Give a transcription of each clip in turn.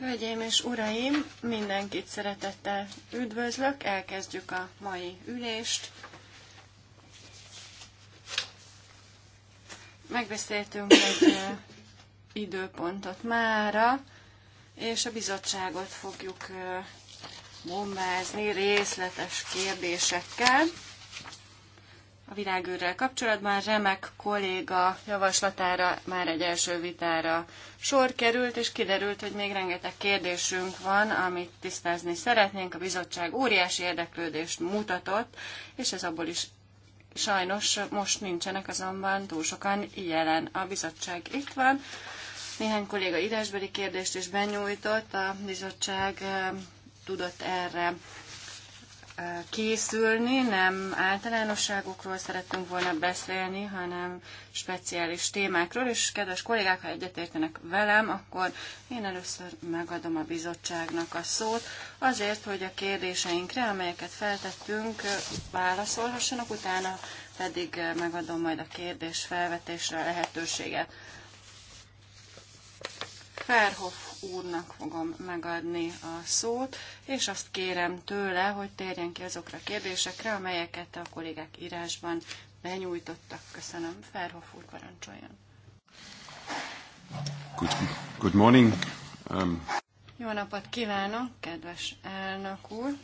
Hölgyeim és uraim, mindenkit szeretettel üdvözlök, elkezdjük a mai ülést. Megbeszéltünk egy időpontot mára, és a bizottságot fogjuk bombázni részletes kérdésekkel a világűrrel kapcsolatban. Remek kolléga javaslatára már egy első vitára sor került, és kiderült, hogy még rengeteg kérdésünk van, amit tisztázni szeretnénk. A bizottság óriási érdeklődést mutatott, és ez abból is sajnos most nincsenek azonban túl sokan jelen. A bizottság itt van. Néhány kolléga írásbeli kérdést is benyújtott, a bizottság eh, tudott erre készülni, nem általánosságokról szerettünk volna beszélni, hanem speciális témákról, és kedves kollégák, ha egyetértenek velem, akkor én először megadom a bizottságnak a szót, azért, hogy a kérdéseinkre, amelyeket feltettünk, válaszolhassanak, utána pedig megadom majd a kérdés felvetésre a lehetőséget. Ferhoff úrnak fogom megadni a szót, és azt kérem tőle, hogy térjen ki azokra a kérdésekre, amelyeket a kollégák írásban benyújtottak. Köszönöm. Ferhoff úr, parancsoljon. Good, good morning. Um... Jó napot kívánok, kedves elnök úr!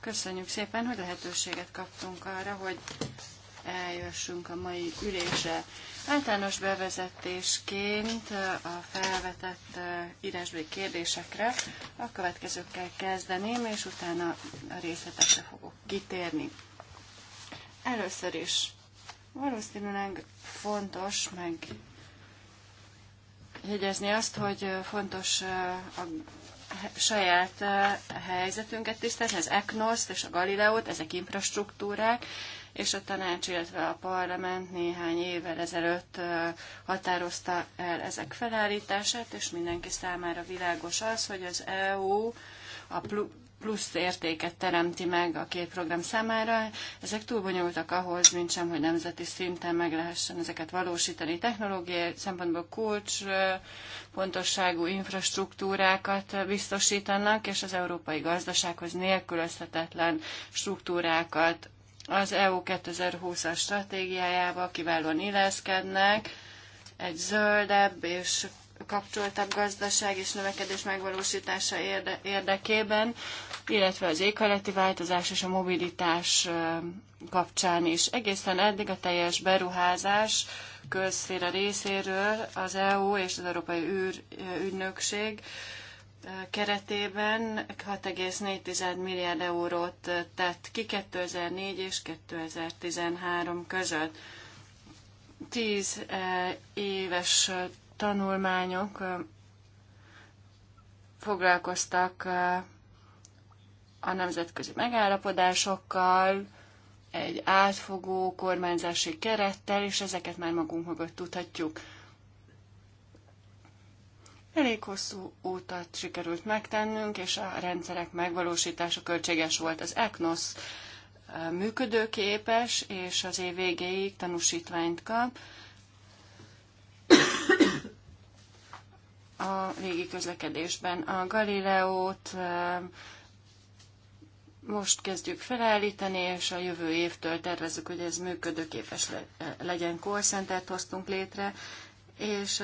Köszönjük szépen, hogy lehetőséget kaptunk arra, hogy eljössünk a mai ülésre. Általános bevezetésként a felvetett írásbeli kérdésekre a következőkkel kezdeném, és utána a részletekre fogok kitérni. Először is valószínűleg fontos meg jegyezni azt, hogy fontos a saját helyzetünket tisztázni, az ecnos és a Galileót, ezek infrastruktúrák, és a tanács, illetve a parlament néhány évvel ezelőtt határozta el ezek felállítását, és mindenki számára világos az, hogy az EU a plusz értéket teremti meg a két program számára. Ezek túl bonyolultak ahhoz, mint sem, hogy nemzeti szinten meg lehessen ezeket valósítani. Technológiai szempontból kulcs, pontosságú infrastruktúrákat biztosítanak, és az európai gazdasághoz nélkülözhetetlen struktúrákat az EU 2020-as stratégiájába kiválóan illeszkednek, egy zöldebb és kapcsoltabb gazdaság és növekedés megvalósítása érde- érdekében, illetve az éghajlati változás és a mobilitás kapcsán is. Egészen eddig a teljes beruházás közszféra részéről az EU és az Európai űr, ügynökség keretében 6,4 milliárd eurót tett ki 2004 és 2013 között. Tíz éves tanulmányok foglalkoztak a nemzetközi megállapodásokkal, egy átfogó kormányzási kerettel, és ezeket már magunk mögött tudhatjuk. Elég hosszú útat sikerült megtennünk, és a rendszerek megvalósítása költséges volt. Az ECNOS működőképes, és az év végéig tanúsítványt kap. A régi közlekedésben a Galileót most kezdjük felállítani, és a jövő évtől tervezzük, hogy ez működőképes legyen. Call hoztunk létre, és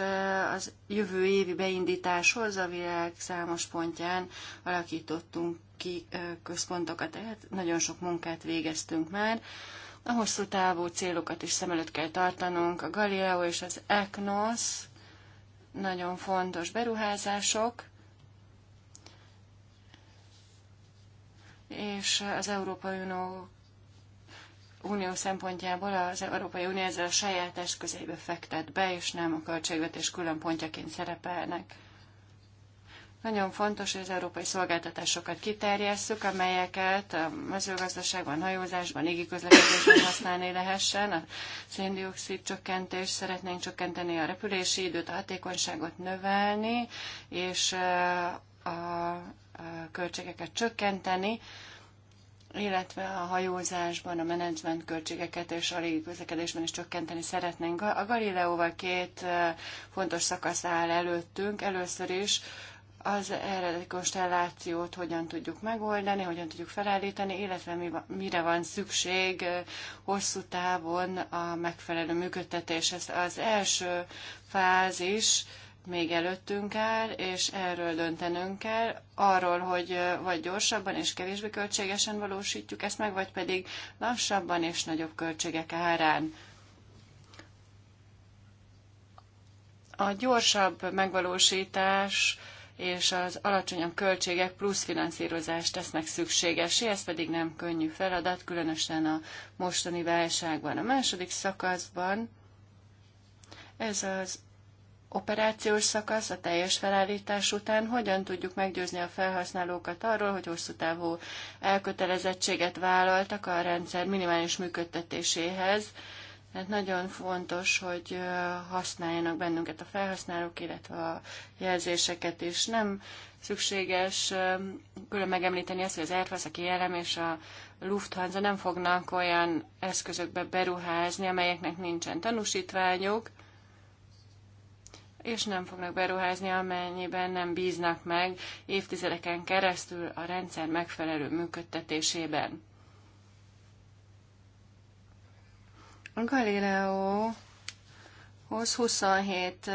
az jövő évi beindításhoz a világ számos pontján alakítottunk ki központokat, tehát nagyon sok munkát végeztünk már. A hosszú távú célokat is szem előtt kell tartanunk. A Galileo és az ECNOS nagyon fontos beruházások, és az Európai Unió Unió szempontjából az Európai Unió ezzel a saját eszközeibe fektet be, és nem a költségvetés külön pontjaként szerepelnek. Nagyon fontos, hogy az európai szolgáltatásokat kiterjesszük, amelyeket a mezőgazdaságban, hajózásban, közlekedésben használni lehessen. A széndiokszid csökkentés szeretnénk csökkenteni a repülési időt, a hatékonyságot növelni, és eh, a költségeket csökkenteni illetve a hajózásban, a menedzsment költségeket és a közlekedésben is csökkenteni szeretnénk. A Galileóval két fontos szakasz áll előttünk. Először is az eredeti konstellációt hogyan tudjuk megoldani, hogyan tudjuk felállítani, illetve mire van szükség hosszú távon a megfelelő működtetéshez. Az első fázis még előttünk áll, és erről döntenünk kell, arról, hogy vagy gyorsabban és kevésbé költségesen valósítjuk ezt meg, vagy pedig lassabban és nagyobb költségek árán. A gyorsabb megvalósítás és az alacsonyabb költségek plusz finanszírozást tesznek szükségesé, ez pedig nem könnyű feladat, különösen a mostani válságban. A második szakaszban ez az operációs szakasz a teljes felállítás után, hogyan tudjuk meggyőzni a felhasználókat arról, hogy hosszú távú elkötelezettséget vállaltak a rendszer minimális működtetéséhez. Tehát nagyon fontos, hogy használjanak bennünket a felhasználók, illetve a jelzéseket is. Nem szükséges külön megemlíteni azt, hogy az Airfasz, a KLM és a Lufthansa nem fognak olyan eszközökbe beruházni, amelyeknek nincsen tanúsítványuk, és nem fognak beruházni, amennyiben nem bíznak meg évtizedeken keresztül a rendszer megfelelő működtetésében. A Galileóhoz 27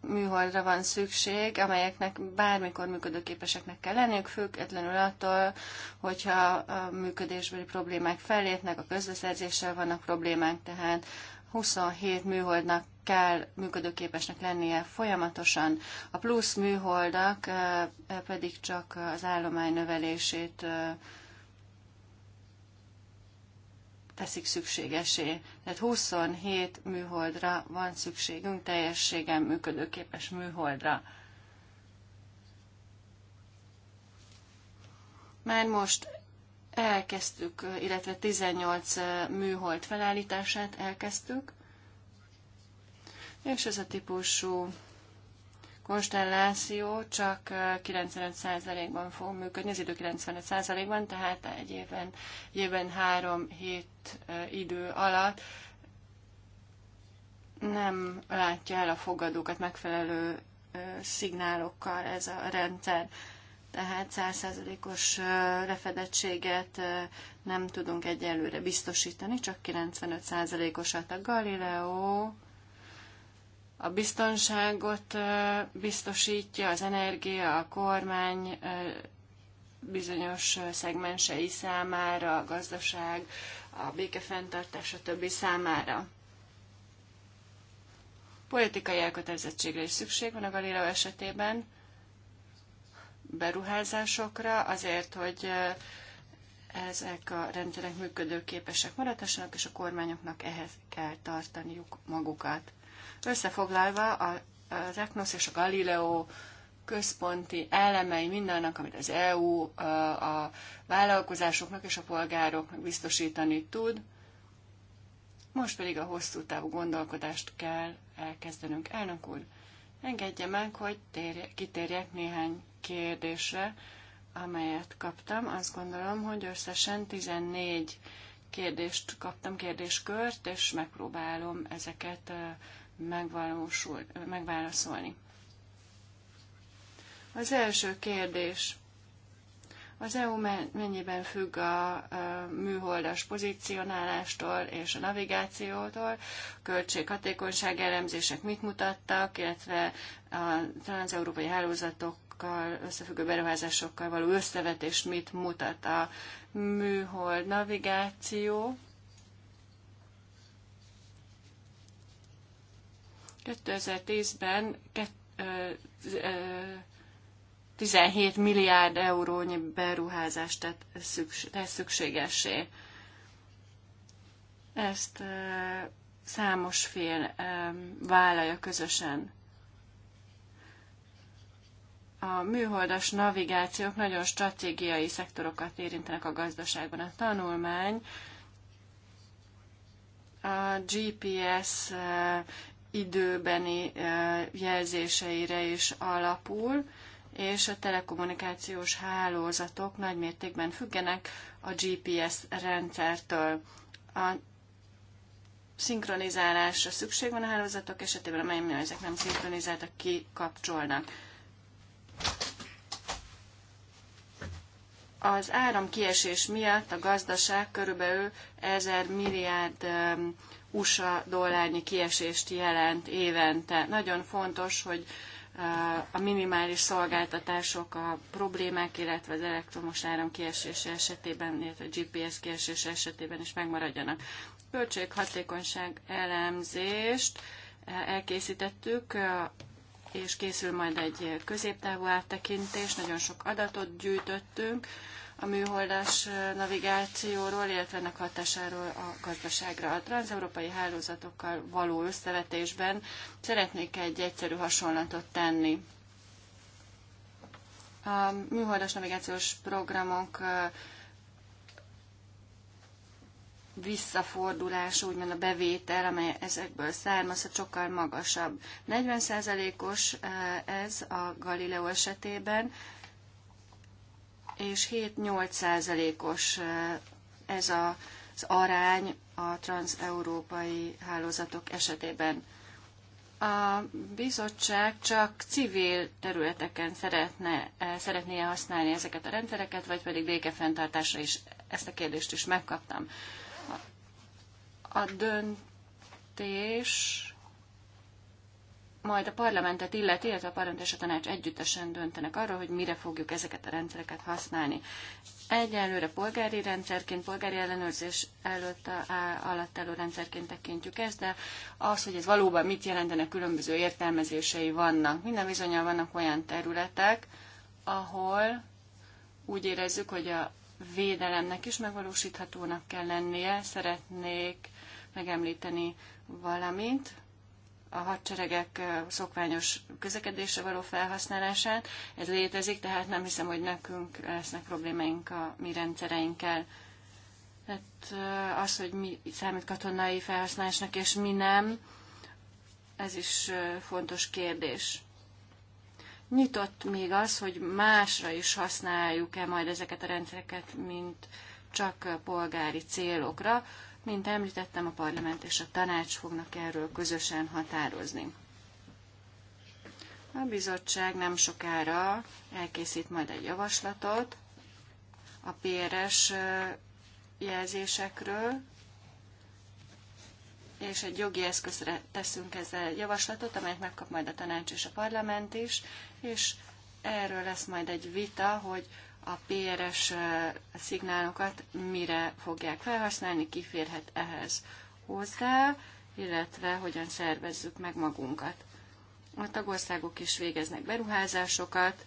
műholdra van szükség, amelyeknek bármikor működőképeseknek kell lenniük, függetlenül attól, hogyha a működésbeli problémák fellépnek, a közbeszerzéssel vannak problémák, tehát 27 műholdnak kell működőképesnek lennie folyamatosan, a plusz műholdak pedig csak az állomány növelését teszik szükségesé. Tehát 27 műholdra van szükségünk, teljességen működőképes műholdra. Már most elkezdtük, illetve 18 műhold felállítását elkezdtük, és ez a típusú konstelláció csak 95%-ban fog működni, az idő 95%-ban, tehát egy évben, egy évben három hét idő alatt nem látja el a fogadókat megfelelő szignálokkal ez a rendszer tehát százszázalékos lefedettséget nem tudunk egyelőre biztosítani, csak 95 százalékosat a Galileo a biztonságot biztosítja, az energia, a kormány bizonyos szegmensei számára, a gazdaság, a békefenntartás, a többi számára. Politikai elkötelezettségre is szükség van a Galileo esetében, beruházásokra, azért, hogy ezek a rendszerek működőképesek maradhassanak, és a kormányoknak ehhez kell tartaniuk magukat. Összefoglalva, az ECNOS és a Galileo központi elemei mindannak, amit az EU a vállalkozásoknak és a polgároknak biztosítani tud, most pedig a hosszú távú gondolkodást kell elkezdenünk. Elnök úr, Engedje meg, hogy térje, kitérjek néhány kérdésre, amelyet kaptam. Azt gondolom, hogy összesen 14 kérdést kaptam, kérdéskört, és megpróbálom ezeket megvalósul, megválaszolni. Az első kérdés az EU mennyiben függ a műholdas pozícionálástól és a navigációtól, költséghatékonyság elemzések mit mutattak, illetve a transeurópai hálózatokkal összefüggő beruházásokkal való összevetés mit mutat a műhold navigáció. 2010-ben 17 milliárd eurónyi beruházást tett tett szükségessé. Ezt számos fél vállalja közösen. A műholdas navigációk nagyon stratégiai szektorokat érintenek a gazdaságban. A tanulmány a GPS időbeni jelzéseire is alapul, és a telekommunikációs hálózatok nagymértékben függenek a GPS rendszertől. A szinkronizálásra szükség van a hálózatok esetében, amelyben ezek nem szinkronizáltak, kikapcsolnak. Az áramkiesés miatt a gazdaság körülbelül 1000 milliárd um, USA dollárnyi kiesést jelent évente. Nagyon fontos, hogy a minimális szolgáltatások, a problémák, illetve az elektromos áram kiesése esetében, illetve a GPS kiesése esetében is megmaradjanak. Költséghatékonyság elemzést eh, elkészítettük, eh, és készül majd egy középtávú áttekintés, nagyon sok adatot gyűjtöttünk, a műholdas navigációról, illetve ennek hatásáról a gazdaságra. A transeurópai hálózatokkal való összevetésben szeretnék egy egyszerű hasonlatot tenni. A műholdas navigációs programok visszafordulás, úgymond a bevétel, amely ezekből származhat, sokkal magasabb. 40%-os ez a Galileo esetében, és 7-8 százalékos ez a, az arány a transeurópai hálózatok esetében. A bizottság csak civil területeken szeretne, szeretné használni ezeket a rendszereket, vagy pedig békefenntartásra is ezt a kérdést is megkaptam. A döntés majd a parlamentet illeti, illetve a parlament és a tanács együttesen döntenek arról, hogy mire fogjuk ezeket a rendszereket használni. Egyelőre polgári rendszerként, polgári ellenőrzés előtt, alatt álló rendszerként tekintjük ezt, de az, hogy ez valóban mit jelentene, különböző értelmezései vannak. Minden bizonyal vannak olyan területek, ahol úgy érezzük, hogy a védelemnek is megvalósíthatónak kell lennie. Szeretnék megemlíteni valamit, a hadseregek szokványos közlekedésre való felhasználását. Ez létezik, tehát nem hiszem, hogy nekünk lesznek problémáink a mi rendszereinkkel. Tehát az, hogy mi számít katonai felhasználásnak, és mi nem, ez is fontos kérdés. Nyitott még az, hogy másra is használjuk-e majd ezeket a rendszereket, mint csak polgári célokra. Mint említettem, a parlament és a tanács fognak erről közösen határozni. A bizottság nem sokára elkészít majd egy javaslatot a PRS jelzésekről, és egy jogi eszközre teszünk ezzel javaslatot, amelyet megkap majd a tanács és a parlament is, és erről lesz majd egy vita, hogy a PRS szignálokat mire fogják felhasználni, kiférhet ehhez hozzá, illetve hogyan szervezzük meg magunkat. A tagországok is végeznek beruházásokat,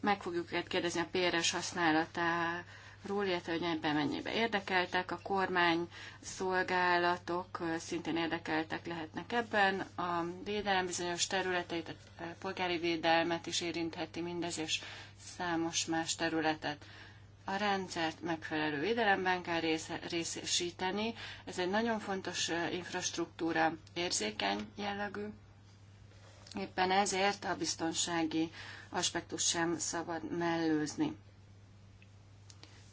meg fogjuk őket kérdezni a PRS használatát, ról, illetve hogy ebben mennyibe érdekeltek. A kormány szolgálatok szintén érdekeltek lehetnek ebben. A védelem bizonyos területeit, a polgári védelmet is érintheti mindez, és számos más területet. A rendszert megfelelő védelemben kell részesíteni. Ez egy nagyon fontos infrastruktúra, érzékeny jellegű. Éppen ezért a biztonsági aspektus sem szabad mellőzni.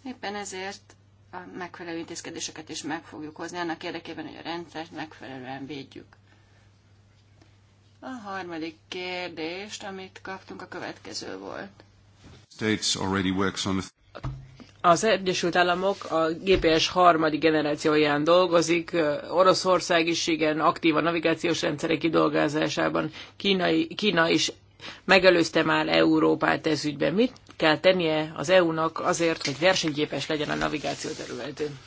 Éppen ezért a megfelelő intézkedéseket is meg fogjuk hozni, annak érdekében, hogy a rendszert megfelelően védjük. A harmadik kérdést, amit kaptunk, a következő volt. Az Egyesült Államok a GPS harmadik generációján dolgozik, Oroszország is igen aktív a navigációs rendszerek kidolgozásában, Kína, Kína is megelőzte már Európát ez ügyben. Mit kell tennie az EU-nak azért, hogy versenyképes legyen a navigáció területén.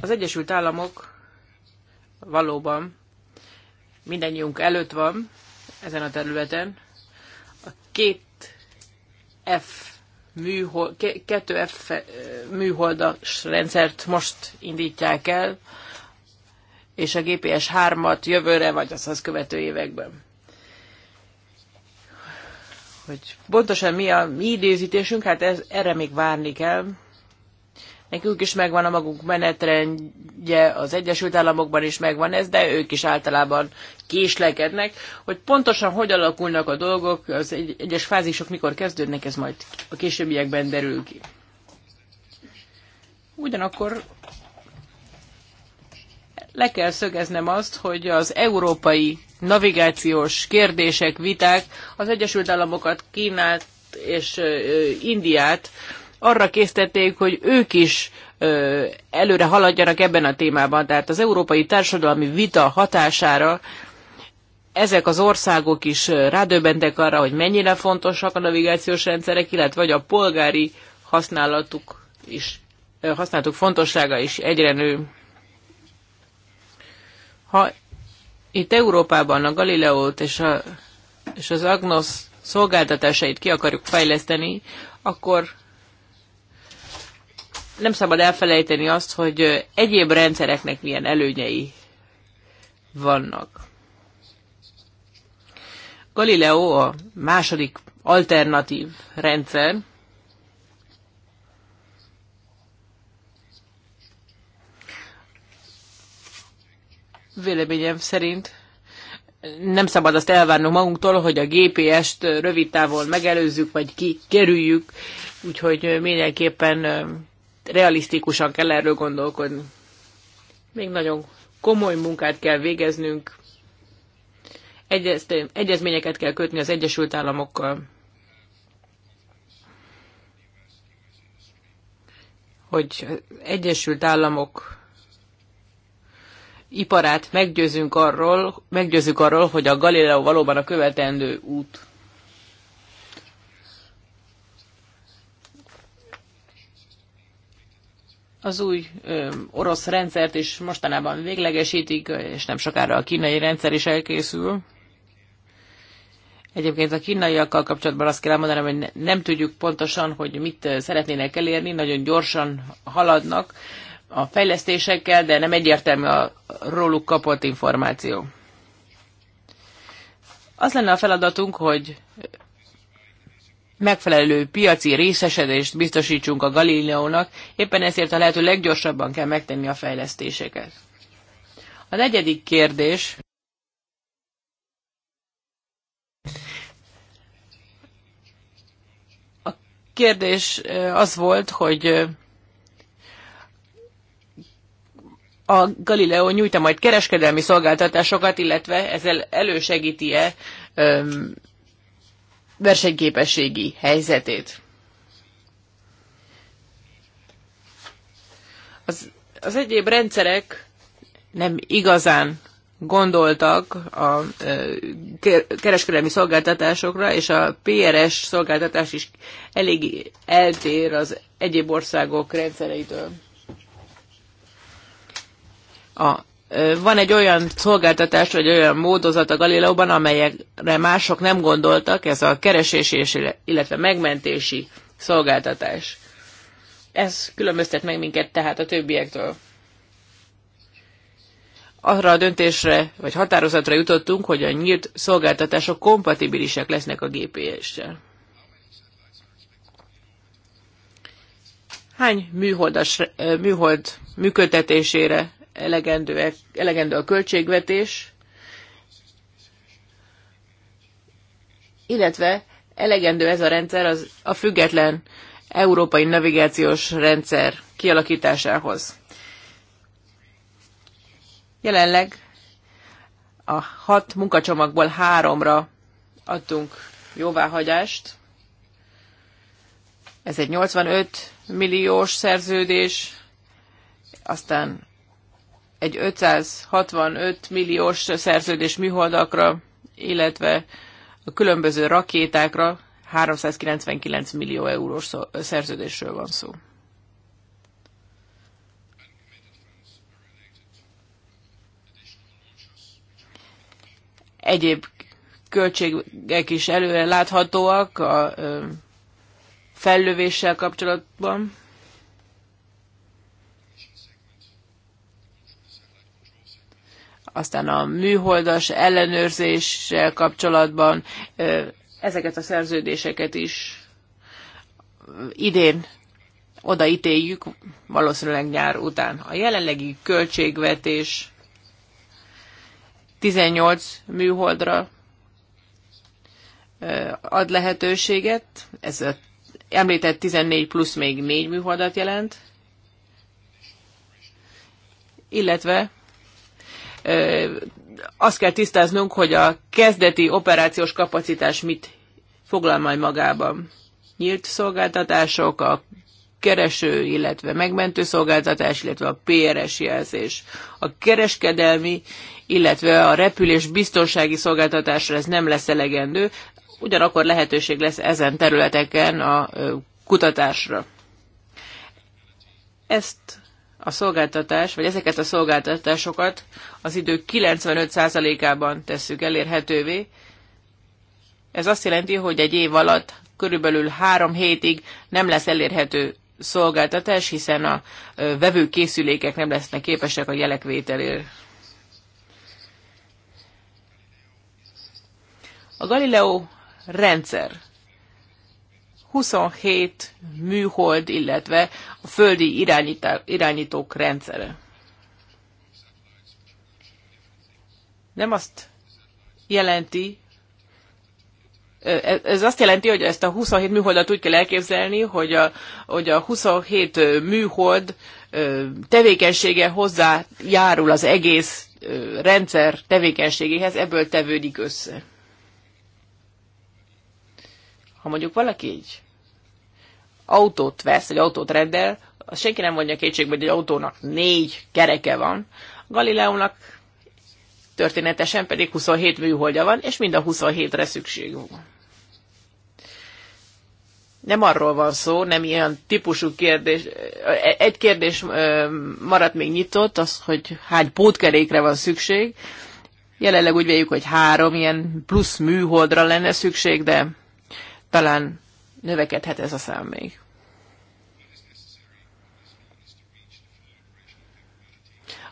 Az Egyesült Államok valóban mindannyiunk előtt van ezen a területen. A két F műhold, kettő F eh, műholdas rendszert most indítják el, és a GPS 3-at jövőre, vagy az az követő években hogy pontosan mi a mi időzítésünk, hát ez, erre még várni kell. Nekünk is megvan a magunk menetrendje, az Egyesült Államokban is megvan ez, de ők is általában késlekednek. Hogy pontosan hogy alakulnak a dolgok, az egy, egyes fázisok mikor kezdődnek, ez majd a későbbiekben derül ki. Ugyanakkor le kell szögeznem azt, hogy az európai navigációs kérdések, viták az Egyesült Államokat, Kínát és Indiát arra késztették, hogy ők is előre haladjanak ebben a témában. Tehát az európai társadalmi vita hatására ezek az országok is rádöbbentek arra, hogy mennyire fontosak a navigációs rendszerek, illetve vagy a polgári használatuk is, használatuk fontossága is egyre nő. Ha itt Európában a Galileót és, a, és az Agnos szolgáltatásait ki akarjuk fejleszteni, akkor nem szabad elfelejteni azt, hogy egyéb rendszereknek milyen előnyei vannak. Galileo a második alternatív rendszer, Véleményem szerint nem szabad azt elvárnunk magunktól, hogy a GPS-t rövid távon megelőzzük, vagy kikerüljük, úgyhogy mindenképpen realisztikusan kell erről gondolkodni. Még nagyon komoly munkát kell végeznünk, egyezményeket kell kötni az Egyesült Államokkal, hogy Egyesült Államok iparát meggyőzünk arról, meggyőzünk arról, hogy a Galileo valóban a követendő út. Az új ö, orosz rendszert is mostanában véglegesítik, és nem sokára a kínai rendszer is elkészül. Egyébként a kínaiakkal kapcsolatban azt kell mondanom, hogy ne, nem tudjuk pontosan, hogy mit szeretnének elérni, nagyon gyorsan haladnak a fejlesztésekkel, de nem egyértelmű a róluk kapott információ. Az lenne a feladatunk, hogy megfelelő piaci részesedést biztosítsunk a Galileónak, éppen ezért a lehető leggyorsabban kell megtenni a fejlesztéseket. A negyedik kérdés a kérdés az volt, hogy a Galileo nyújt majd kereskedelmi szolgáltatásokat, illetve ezzel elősegíti-e versenyképességi helyzetét? Az, az egyéb rendszerek nem igazán gondoltak a kereskedelmi szolgáltatásokra, és a PRS szolgáltatás is elég eltér az egyéb országok rendszereitől a van egy olyan szolgáltatás, vagy olyan módozat a Galileóban, amelyekre mások nem gondoltak, ez a keresési és illetve megmentési szolgáltatás. Ez különböztet meg minket tehát a többiektől. Arra a döntésre, vagy határozatra jutottunk, hogy a nyílt szolgáltatások kompatibilisek lesznek a GPS-sel. Hány műholdas, műhold működtetésére elegendő, elegendő a költségvetés, illetve elegendő ez a rendszer az a független európai navigációs rendszer kialakításához. Jelenleg a hat munkacsomagból háromra adtunk jóváhagyást. Ez egy 85 milliós szerződés, aztán egy 565 milliós szerződés műholdakra, illetve a különböző rakétákra 399 millió eurós szerződésről van szó. Egyéb költségek is előre láthatóak a fellövéssel kapcsolatban. aztán a műholdas ellenőrzéssel kapcsolatban ezeket a szerződéseket is idén odaítéljük, valószínűleg nyár után. A jelenlegi költségvetés 18 műholdra ad lehetőséget, ez a említett 14 plusz még 4 műholdat jelent, illetve azt kell tisztáznunk, hogy a kezdeti operációs kapacitás mit foglal majd magában. Nyílt szolgáltatások, a kereső, illetve megmentő szolgáltatás, illetve a PRS jelzés. A kereskedelmi, illetve a repülés biztonsági szolgáltatásra ez nem lesz elegendő, ugyanakkor lehetőség lesz ezen területeken a kutatásra. Ezt a szolgáltatás, vagy ezeket a szolgáltatásokat az idő 95%-ában tesszük elérhetővé. Ez azt jelenti, hogy egy év alatt körülbelül három hétig nem lesz elérhető szolgáltatás, hiszen a vevőkészülékek nem lesznek képesek a jelekvételére. A Galileo rendszer 27 műhold, illetve a földi irányítók rendszere. Nem azt jelenti, e, ez azt jelenti, hogy ezt a 27 műholdat úgy kell elképzelni, hogy a, hogy a 27 műhold tevékenysége hozzá járul az egész rendszer tevékenységéhez, ebből tevődik össze. Ha mondjuk valaki egy autót vesz, vagy autót rendel, az senki nem mondja kétségbe, hogy egy autónak négy kereke van. Galileónak történetesen pedig 27 műholdja van, és mind a 27-re szükség van. Nem arról van szó, nem ilyen típusú kérdés. E, egy kérdés maradt még nyitott, az, hogy hány pótkerékre van szükség. Jelenleg úgy véljük, hogy három ilyen plusz műholdra lenne szükség, de talán növekedhet ez a szám még.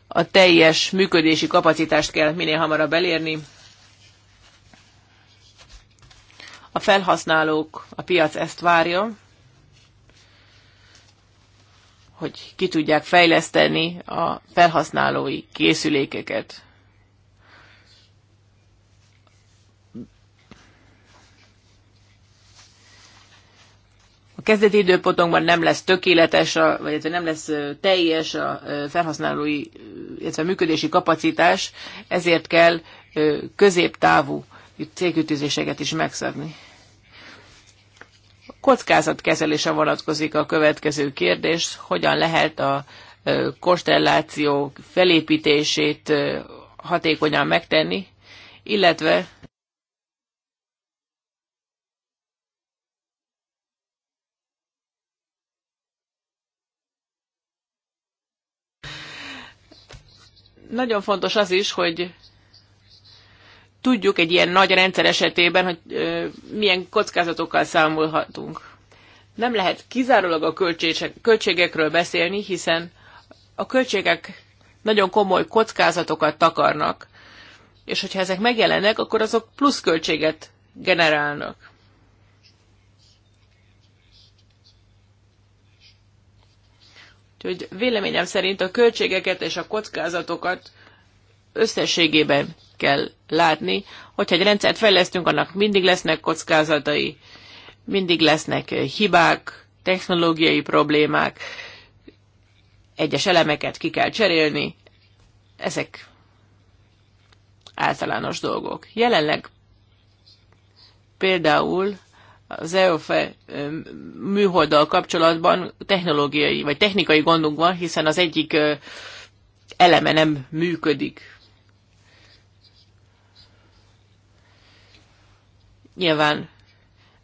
A teljes működési kapacitást kell minél hamarabb elérni. A felhasználók, a piac ezt várja, hogy ki tudják fejleszteni a felhasználói készülékeket. kezdeti időpontokban nem lesz tökéletes, a, vagy nem lesz teljes a felhasználói, illetve a működési kapacitás, ezért kell középtávú célkütőzéseket is megszabni. A kockázatkezelése vonatkozik a következő kérdés, hogyan lehet a konstelláció felépítését hatékonyan megtenni, illetve Nagyon fontos az is, hogy tudjuk egy ilyen nagy rendszer esetében, hogy milyen kockázatokkal számolhatunk. Nem lehet kizárólag a költségekről beszélni, hiszen a költségek nagyon komoly kockázatokat takarnak, és hogyha ezek megjelennek, akkor azok pluszköltséget generálnak. Úgyhogy véleményem szerint a költségeket és a kockázatokat összességében kell látni. Hogyha egy rendszert fejlesztünk, annak mindig lesznek kockázatai, mindig lesznek hibák, technológiai problémák, egyes elemeket ki kell cserélni. Ezek általános dolgok. Jelenleg például az EOFE e, műholddal kapcsolatban technológiai vagy technikai gondunk van, hiszen az egyik eleme nem működik. Nyilván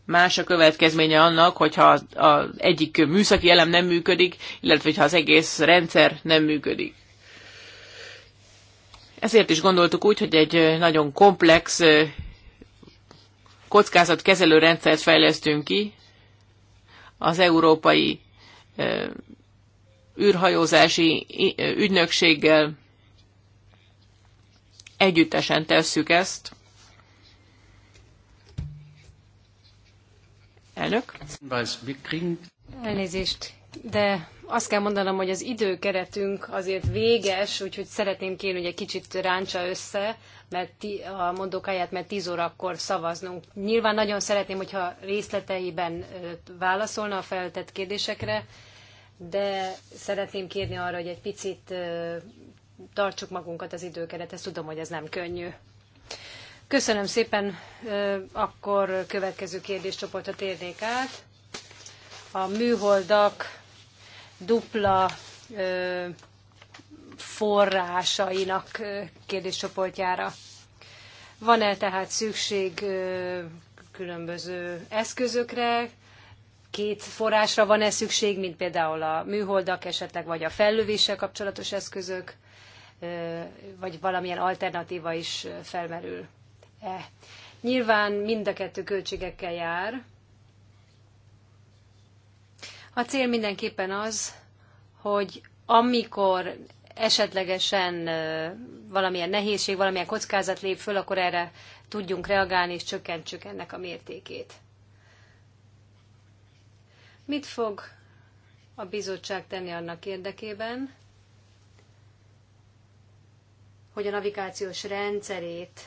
más a következménye annak, hogyha az egyik műszaki elem nem működik, illetve ha az egész rendszer nem működik. Ezért is gondoltuk úgy, hogy egy nagyon komplex kockázatkezelő rendszert fejlesztünk ki, az európai űrhajózási ügynökséggel együttesen tesszük ezt. Elnök. Elnézést de azt kell mondanom, hogy az időkeretünk azért véges, úgyhogy szeretném kérni, hogy egy kicsit ráncsa össze, mert ti, a mondókáját, mert 10 órakor szavaznunk. Nyilván nagyon szeretném, hogyha részleteiben válaszolna a feltett kérdésekre, de szeretném kérni arra, hogy egy picit tartsuk magunkat az ezt Tudom, hogy ez nem könnyű. Köszönöm szépen, akkor következő kérdéscsoportot érnék át. A műholdak dupla forrásainak kérdéscsoportjára. Van-e tehát szükség különböző eszközökre, két forrásra van-e szükség, mint például a műholdak esetleg, vagy a fellövéssel kapcsolatos eszközök, vagy valamilyen alternatíva is felmerül-e. Nyilván mind a kettő költségekkel jár, a cél mindenképpen az, hogy amikor esetlegesen valamilyen nehézség, valamilyen kockázat lép föl, akkor erre tudjunk reagálni és csökkentsük ennek a mértékét. Mit fog a bizottság tenni annak érdekében, hogy a navigációs rendszerét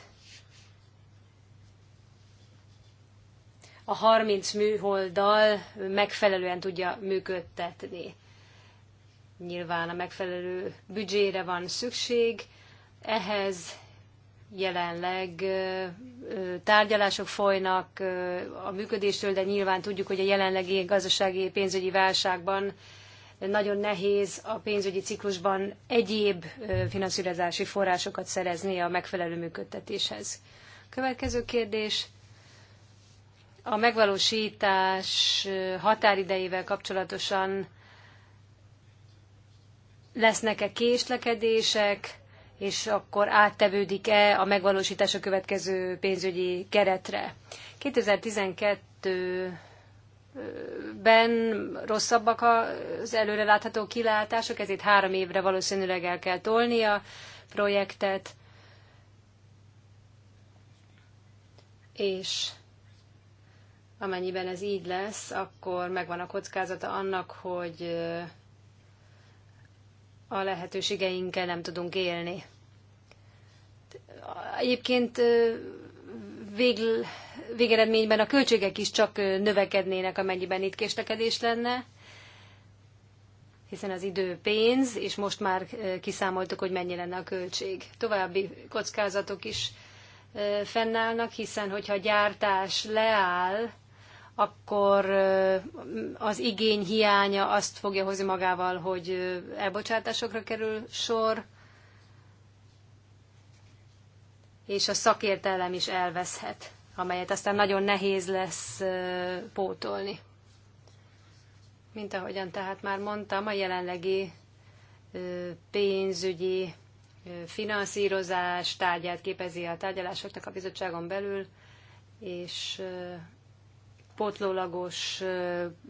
a 30 műholddal megfelelően tudja működtetni. Nyilván a megfelelő büdzsére van szükség, ehhez jelenleg tárgyalások folynak a működéstől, de nyilván tudjuk, hogy a jelenlegi gazdasági pénzügyi válságban nagyon nehéz a pénzügyi ciklusban egyéb finanszírozási forrásokat szerezni a megfelelő működtetéshez. Következő kérdés a megvalósítás határidejével kapcsolatosan lesznek-e késlekedések, és akkor áttevődik-e a megvalósítás a következő pénzügyi keretre. 2012 ben rosszabbak az előrelátható kilátások, ezért három évre valószínűleg el kell tolni a projektet. És Amennyiben ez így lesz, akkor megvan a kockázata annak, hogy a lehetőségeinkkel nem tudunk élni. Egyébként vég, végeredményben a költségek is csak növekednének, amennyiben itt késlekedés lenne, hiszen az idő pénz, és most már kiszámoltuk, hogy mennyi lenne a költség. További kockázatok is fennállnak, hiszen hogyha a gyártás leáll, akkor az igény hiánya azt fogja hozni magával, hogy elbocsátásokra kerül sor, és a szakértelem is elveszhet, amelyet aztán nagyon nehéz lesz pótolni. Mint ahogyan tehát már mondtam, a jelenlegi pénzügyi finanszírozás tárgyát képezi a tárgyalásoknak a bizottságon belül, és pótlólagos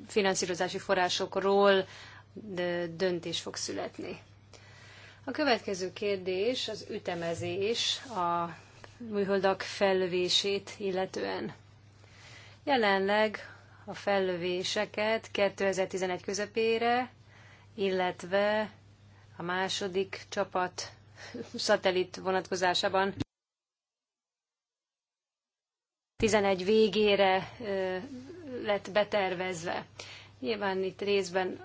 finanszírozási forrásokról döntés fog születni. A következő kérdés az ütemezés a műholdak fellövését illetően. Jelenleg a fellövéseket 2011 közepére, illetve a második csapat szatellit vonatkozásában 11 végére lett betervezve. Nyilván itt részben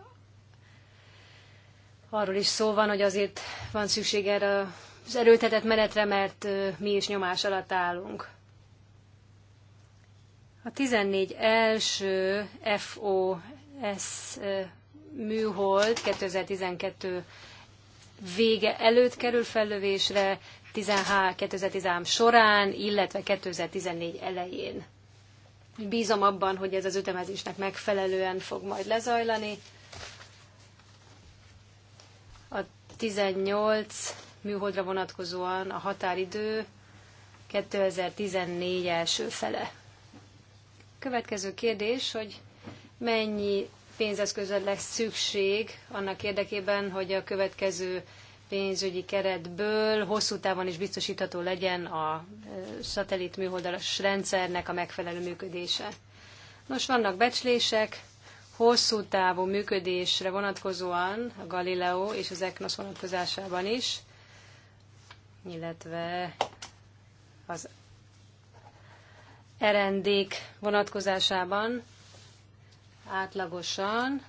arról is szó van, hogy azért van szükség erre az erőltetett menetre, mert mi is nyomás alatt állunk. A 14 első FOS műhold 2012 vége előtt kerül fellövésre, 2013 során, illetve 2014 elején. Bízom abban, hogy ez az ütemezésnek megfelelően fog majd lezajlani. A 18 műholdra vonatkozóan a határidő 2014 első fele. Következő kérdés, hogy mennyi pénzeszközön lesz szükség annak érdekében, hogy a következő pénzügyi keretből hosszú távon is biztosítható legyen a szatellit műholdalas rendszernek a megfelelő működése. Nos, vannak becslések, hosszú távú működésre vonatkozóan a Galileo és az ECNOS vonatkozásában is, illetve az erendék vonatkozásában átlagosan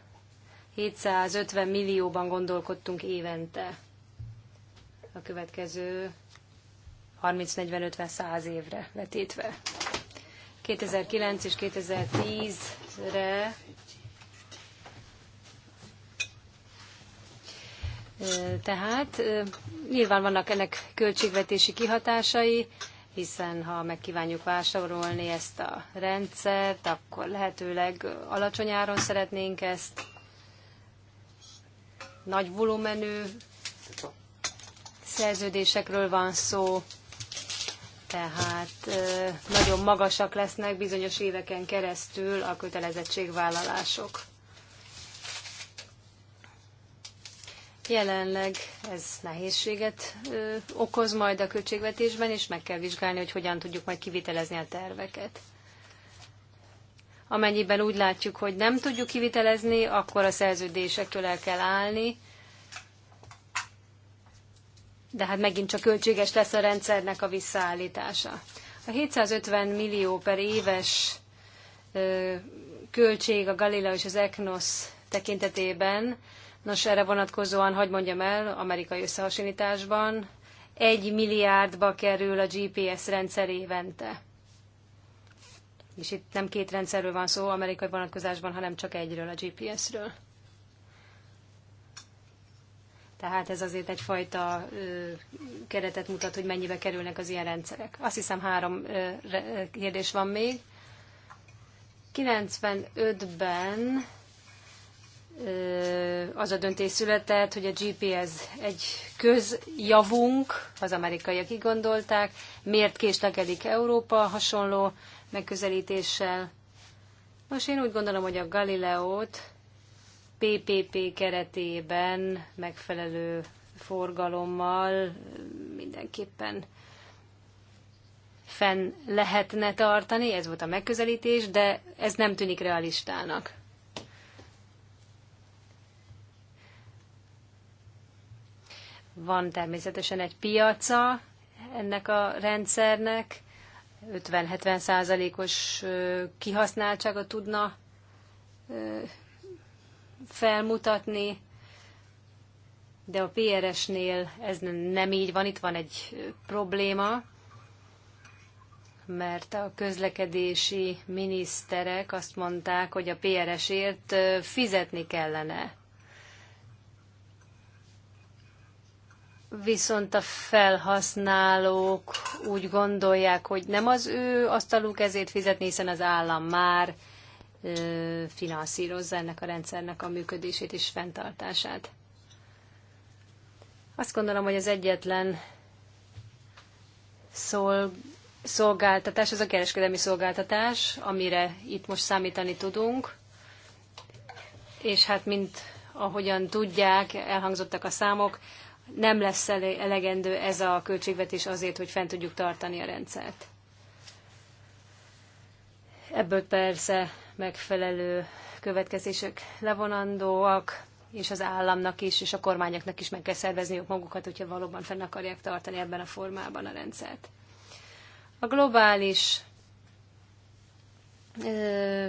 750 millióban gondolkodtunk évente a következő 30-40-50-100 évre vetítve. 2009 és 2010-re Tehát nyilván vannak ennek költségvetési kihatásai, hiszen ha megkívánjuk vásárolni ezt a rendszert, akkor lehetőleg alacsony áron szeretnénk ezt nagy volumenű szerződésekről van szó, tehát nagyon magasak lesznek bizonyos éveken keresztül a kötelezettségvállalások. Jelenleg ez nehézséget ö, okoz majd a költségvetésben, és meg kell vizsgálni, hogy hogyan tudjuk majd kivitelezni a terveket. Amennyiben úgy látjuk, hogy nem tudjuk kivitelezni, akkor a szerződésektől el kell állni, de hát megint csak költséges lesz a rendszernek a visszaállítása. A 750 millió per éves költség a Galileo és az EKNOSZ tekintetében, nos erre vonatkozóan, hagyd mondjam el, amerikai összehasonlításban, egy milliárdba kerül a GPS rendszer évente. És itt nem két rendszerről van szó amerikai vonatkozásban, hanem csak egyről, a GPS-ről. Tehát ez azért egyfajta ö, keretet mutat, hogy mennyibe kerülnek az ilyen rendszerek. Azt hiszem három ö, re, kérdés van még. 95-ben az a döntés született, hogy a GPS egy közjavunk, az amerikaiak így gondolták, miért késlekedik Európa hasonló megközelítéssel. Most én úgy gondolom, hogy a Galileót PPP keretében megfelelő forgalommal mindenképpen fenn lehetne tartani, ez volt a megközelítés, de ez nem tűnik realistának. Van természetesen egy piaca ennek a rendszernek, 50-70 százalékos kihasználtságot tudna felmutatni, de a PRS-nél ez nem így van, itt van egy probléma, mert a közlekedési miniszterek azt mondták, hogy a PRS-ért fizetni kellene. Viszont a felhasználók úgy gondolják, hogy nem az ő asztaluk ezért fizetni, hiszen az állam már finanszírozza ennek a rendszernek a működését és fenntartását. Azt gondolom, hogy az egyetlen szol, szolgáltatás, az a kereskedelmi szolgáltatás, amire itt most számítani tudunk, és hát mint ahogyan tudják, elhangzottak a számok, nem lesz elegendő ez a költségvetés azért, hogy fent tudjuk tartani a rendszert. Ebből persze megfelelő következések levonandóak, és az államnak is, és a kormányoknak is meg kell szervezniük magukat, hogyha valóban fenn akarják tartani ebben a formában a rendszert. A globális ö,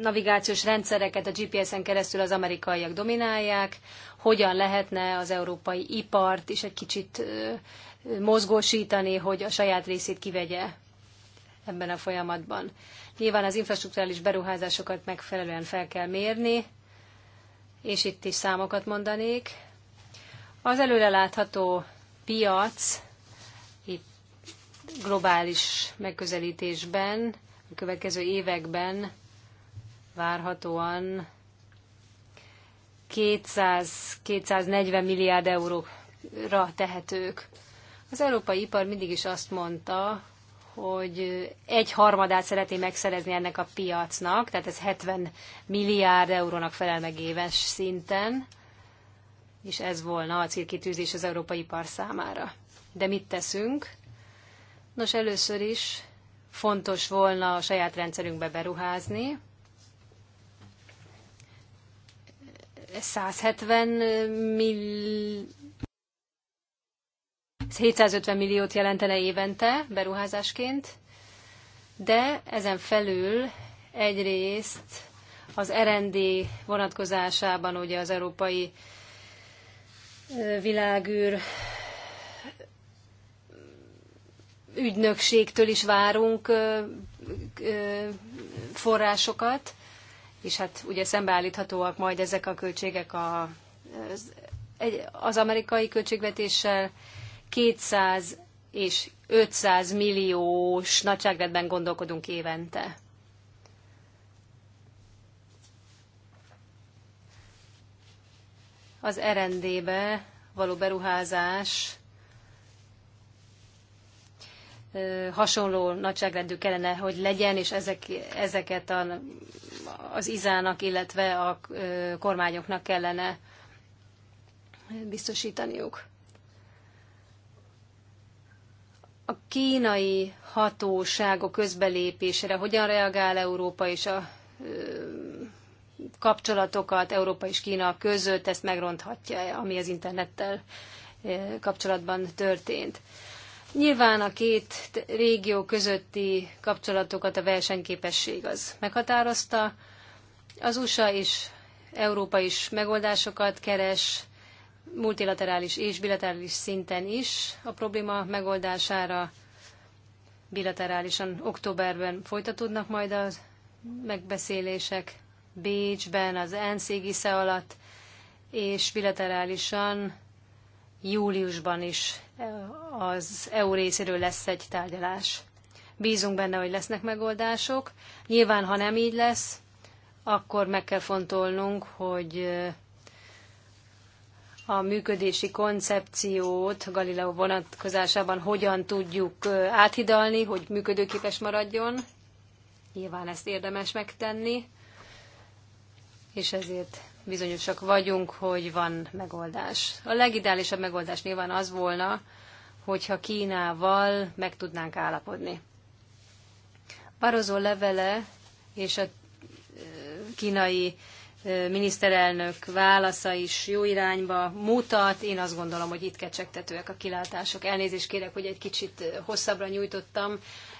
navigációs rendszereket a GPS-en keresztül az amerikaiak dominálják, hogyan lehetne az európai ipart is egy kicsit ö, mozgósítani, hogy a saját részét kivegye ebben a folyamatban. Nyilván az infrastruktúrális beruházásokat megfelelően fel kell mérni, és itt is számokat mondanék. Az előre látható piac itt globális megközelítésben a következő években várhatóan 200-240 milliárd euróra tehetők. Az európai ipar mindig is azt mondta, hogy egy harmadát szeretné megszerezni ennek a piacnak, tehát ez 70 milliárd eurónak felel meg éves szinten, és ez volna a célkitűzés az európai ipar számára. De mit teszünk? Nos, először is fontos volna a saját rendszerünkbe beruházni. 170 mill 750 milliót jelentene évente beruházásként, de ezen felül egyrészt az R&D vonatkozásában ugye az európai világűr ügynökségtől is várunk forrásokat, és hát ugye szembeállíthatóak majd ezek a költségek a, az amerikai költségvetéssel, 200 és 500 milliós nagyságrendben gondolkodunk évente. Az RND-be való beruházás hasonló nagyságrendű kellene, hogy legyen, és ezek, ezeket a, az izának, illetve a kormányoknak kellene biztosítaniuk. a kínai hatóságok közbelépésére hogyan reagál Európa és a kapcsolatokat Európa és Kína között, ezt megronthatja, ami az internettel kapcsolatban történt. Nyilván a két régió közötti kapcsolatokat a versenyképesség az meghatározta. Az USA és Európa is megoldásokat keres, multilaterális és bilaterális szinten is a probléma megoldására. Bilaterálisan októberben folytatódnak majd a megbeszélések Bécsben, az ENSZ égisze alatt, és bilaterálisan júliusban is e, az EU részéről lesz egy tárgyalás. Bízunk benne, hogy lesznek megoldások. Nyilván, ha nem így lesz, akkor meg kell fontolnunk, hogy a működési koncepciót Galileo vonatkozásában hogyan tudjuk áthidalni, hogy működőképes maradjon. Nyilván ezt érdemes megtenni, és ezért bizonyosak vagyunk, hogy van megoldás. A legideálisabb megoldás nyilván az volna, hogyha Kínával meg tudnánk állapodni. Barozó levele és a kínai miniszterelnök válasza is jó irányba mutat. Én azt gondolom, hogy itt kecsegtetőek a kilátások. Elnézést kérek, hogy egy kicsit hosszabbra nyújtottam,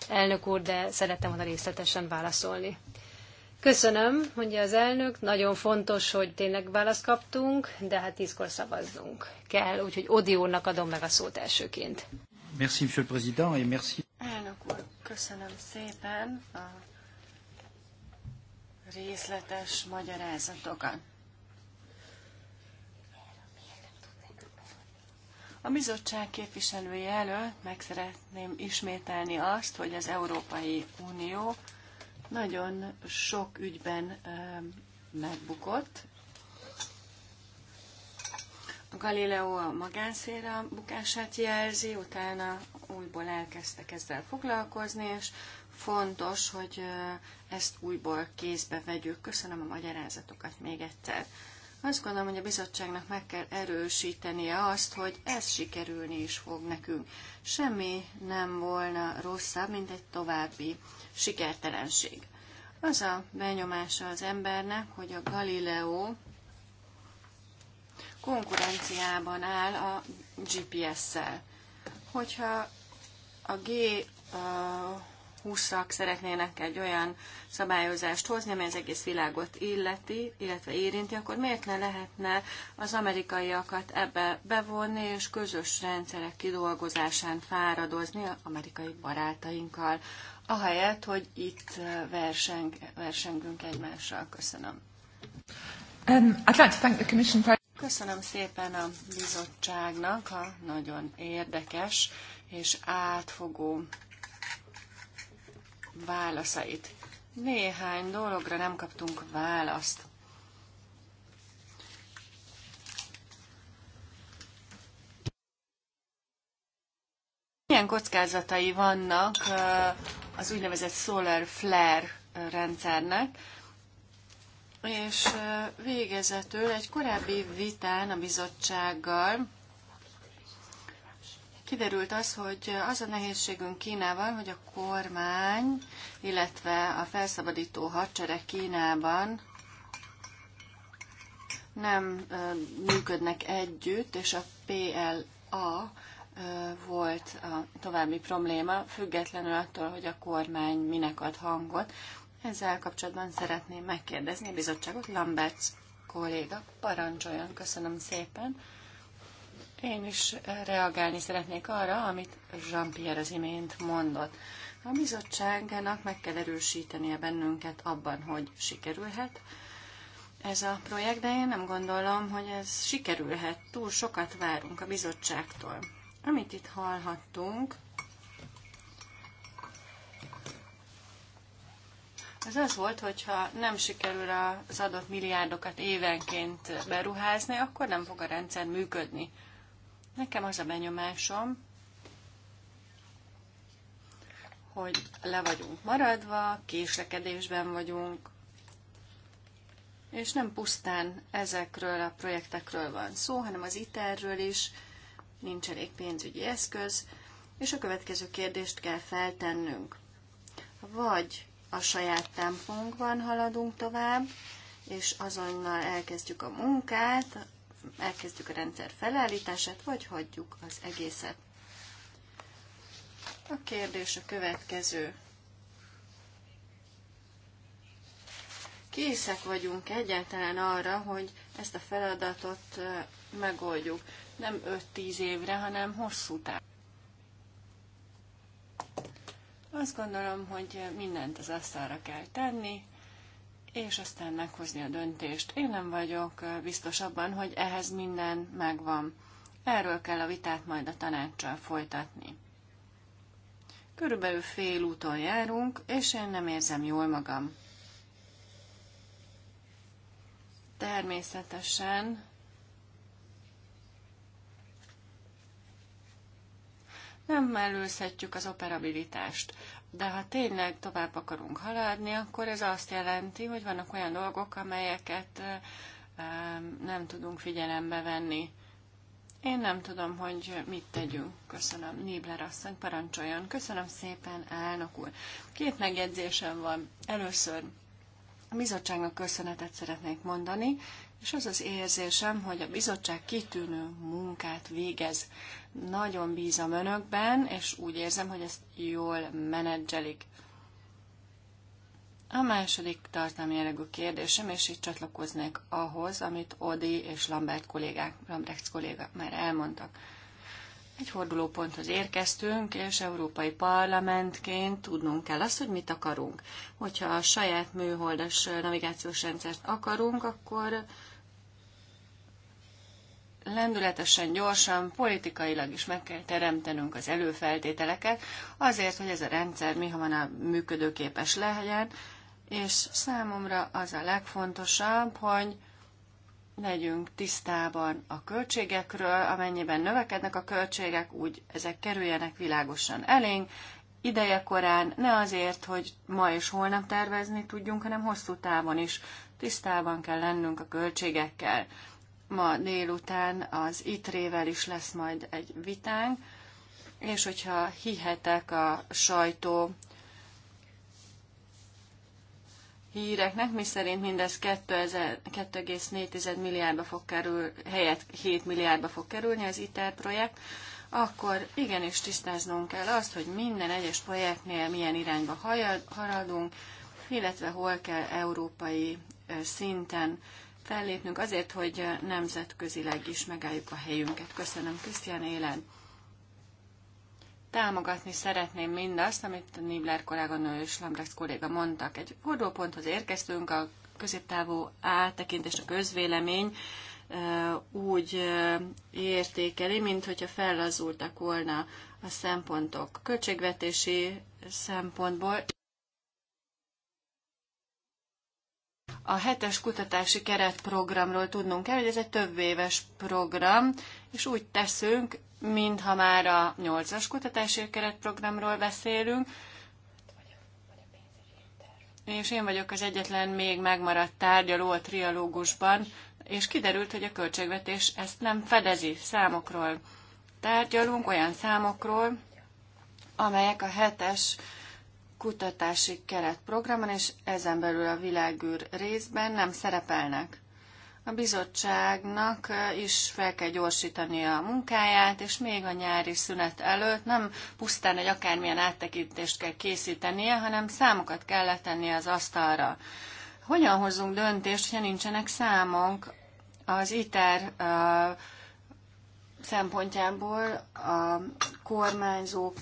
elnök úr, de szerettem volna részletesen válaszolni. Köszönöm, mondja az elnök. Nagyon fontos, hogy tényleg választ kaptunk, de hát tízkor szavazzunk kell, úgyhogy Odi úrnak adom meg a szót elsőként. Merci, monsieur le président, et merci. Elnök úr, köszönöm szépen a részletes magyarázatokat. A bizottság képviselője előtt meg szeretném ismételni azt, hogy az Európai Unió nagyon sok ügyben megbukott. A Galileo a magánszéra bukását jelzi, utána újból elkezdtek ezzel foglalkozni, és fontos, hogy ezt újból kézbe vegyük. Köszönöm a magyarázatokat még egyszer. Azt gondolom, hogy a bizottságnak meg kell erősítenie azt, hogy ez sikerülni is fog nekünk. Semmi nem volna rosszabb, mint egy további sikertelenség. Az a benyomása az embernek, hogy a Galileo konkurenciában áll a GPS-szel. Hogyha a G 20 szeretnének egy olyan szabályozást hozni, amely az egész világot illeti, illetve érinti, akkor miért ne lehetne az amerikaiakat ebbe bevonni, és közös rendszerek kidolgozásán fáradozni az amerikai barátainkkal, ahelyett, hogy itt verseng, versengünk egymással. Köszönöm. Um, Köszönöm szépen a bizottságnak a nagyon érdekes és átfogó válaszait. Néhány dologra nem kaptunk választ. Milyen kockázatai vannak az úgynevezett solar flare rendszernek? És végezetül egy korábbi vitán a bizottsággal kiderült az, hogy az a nehézségünk Kínával, hogy a kormány, illetve a felszabadító hadsereg Kínában nem működnek együtt, és a PLA volt a további probléma, függetlenül attól, hogy a kormány minek ad hangot. Ezzel kapcsolatban szeretném megkérdezni a bizottságot. Lamberts kolléga, parancsoljon, köszönöm szépen. Én is reagálni szeretnék arra, amit Jean-Pierre az imént mondott. A bizottságnak meg kell erősítenie bennünket abban, hogy sikerülhet ez a projekt, de én nem gondolom, hogy ez sikerülhet. Túl sokat várunk a bizottságtól. Amit itt hallhattunk, az az volt, hogyha nem sikerül az adott milliárdokat évenként beruházni, akkor nem fog a rendszer működni. Nekem az a benyomásom, hogy le vagyunk maradva, késlekedésben vagyunk, és nem pusztán ezekről a projektekről van szó, hanem az ITER-ről is, nincs elég pénzügyi eszköz, és a következő kérdést kell feltennünk. Vagy a saját tempónkban haladunk tovább, és azonnal elkezdjük a munkát, elkezdjük a rendszer felállítását, vagy hagyjuk az egészet. A kérdés a következő. Készek vagyunk egyáltalán arra, hogy ezt a feladatot megoldjuk. Nem 5-10 évre, hanem hosszú távon. Azt gondolom, hogy mindent az asztalra kell tenni, és aztán meghozni a döntést. Én nem vagyok biztos abban, hogy ehhez minden megvan. Erről kell a vitát majd a tanácssal folytatni. Körülbelül fél úton járunk, és én nem érzem jól magam. Természetesen nem mellőzhetjük az operabilitást. De ha tényleg tovább akarunk haladni, akkor ez azt jelenti, hogy vannak olyan dolgok, amelyeket nem tudunk figyelembe venni. Én nem tudom, hogy mit tegyünk. Köszönöm. Nibler asszony, parancsoljon. Köszönöm szépen, elnök úr. Két megjegyzésem van. Először a bizottságnak köszönetet szeretnék mondani, és az az érzésem, hogy a bizottság kitűnő munkát végez. Nagyon bízom önökben, és úgy érzem, hogy ezt jól menedzselik. A második tartalmi jellegű kérdésem, és itt csatlakoznék ahhoz, amit Odi és Lambert kollégák, Lambrecht kolléga már elmondtak. Egy fordulóponthoz érkeztünk, és Európai Parlamentként tudnunk kell azt, hogy mit akarunk. Hogyha a saját műholdas navigációs rendszert akarunk, akkor lendületesen, gyorsan, politikailag is meg kell teremtenünk az előfeltételeket azért, hogy ez a rendszer mi működőképes legyen, és számomra az a legfontosabb, hogy legyünk tisztában a költségekről, amennyiben növekednek a költségek, úgy ezek kerüljenek világosan elénk, ideje korán, ne azért, hogy ma és holnap tervezni tudjunk, hanem hosszú távon is tisztában kell lennünk a költségekkel ma délután az ITRÉ-vel is lesz majd egy vitánk, és hogyha hihetek a sajtó híreknek, miszerint mindez 2,4 milliárdba fog kerül, helyett 7 milliárdba fog kerülni az ITER projekt, akkor igenis tisztáznunk kell azt, hogy minden egyes projektnél milyen irányba haladunk, illetve hol kell európai szinten fellépnünk azért, hogy nemzetközileg is megálljuk a helyünket. Köszönöm, Krisztián Élen. Támogatni szeretném mindazt, amit Nibler kolléganő és Lambrecht kolléga mondtak. Egy fordulóponthoz érkeztünk, a középtávú áttekintés, a közvélemény úgy értékeli, mint hogyha fellazultak volna a szempontok költségvetési szempontból. A hetes kutatási keretprogramról tudnunk kell, hogy ez egy több éves program, és úgy teszünk, mintha már a nyolcas kutatási keretprogramról beszélünk, és én vagyok az egyetlen még megmaradt tárgyaló a trialógusban, és kiderült, hogy a költségvetés ezt nem fedezi számokról. Tárgyalunk olyan számokról, amelyek a hetes kutatási keretprogramon, és ezen belül a világűr részben nem szerepelnek. A bizottságnak is fel kell gyorsítani a munkáját, és még a nyári szünet előtt nem pusztán egy akármilyen áttekintést kell készítenie, hanem számokat kell letenni az asztalra. Hogyan hozzunk döntést, ha nincsenek számok? Az ITER uh, szempontjából a kormányzók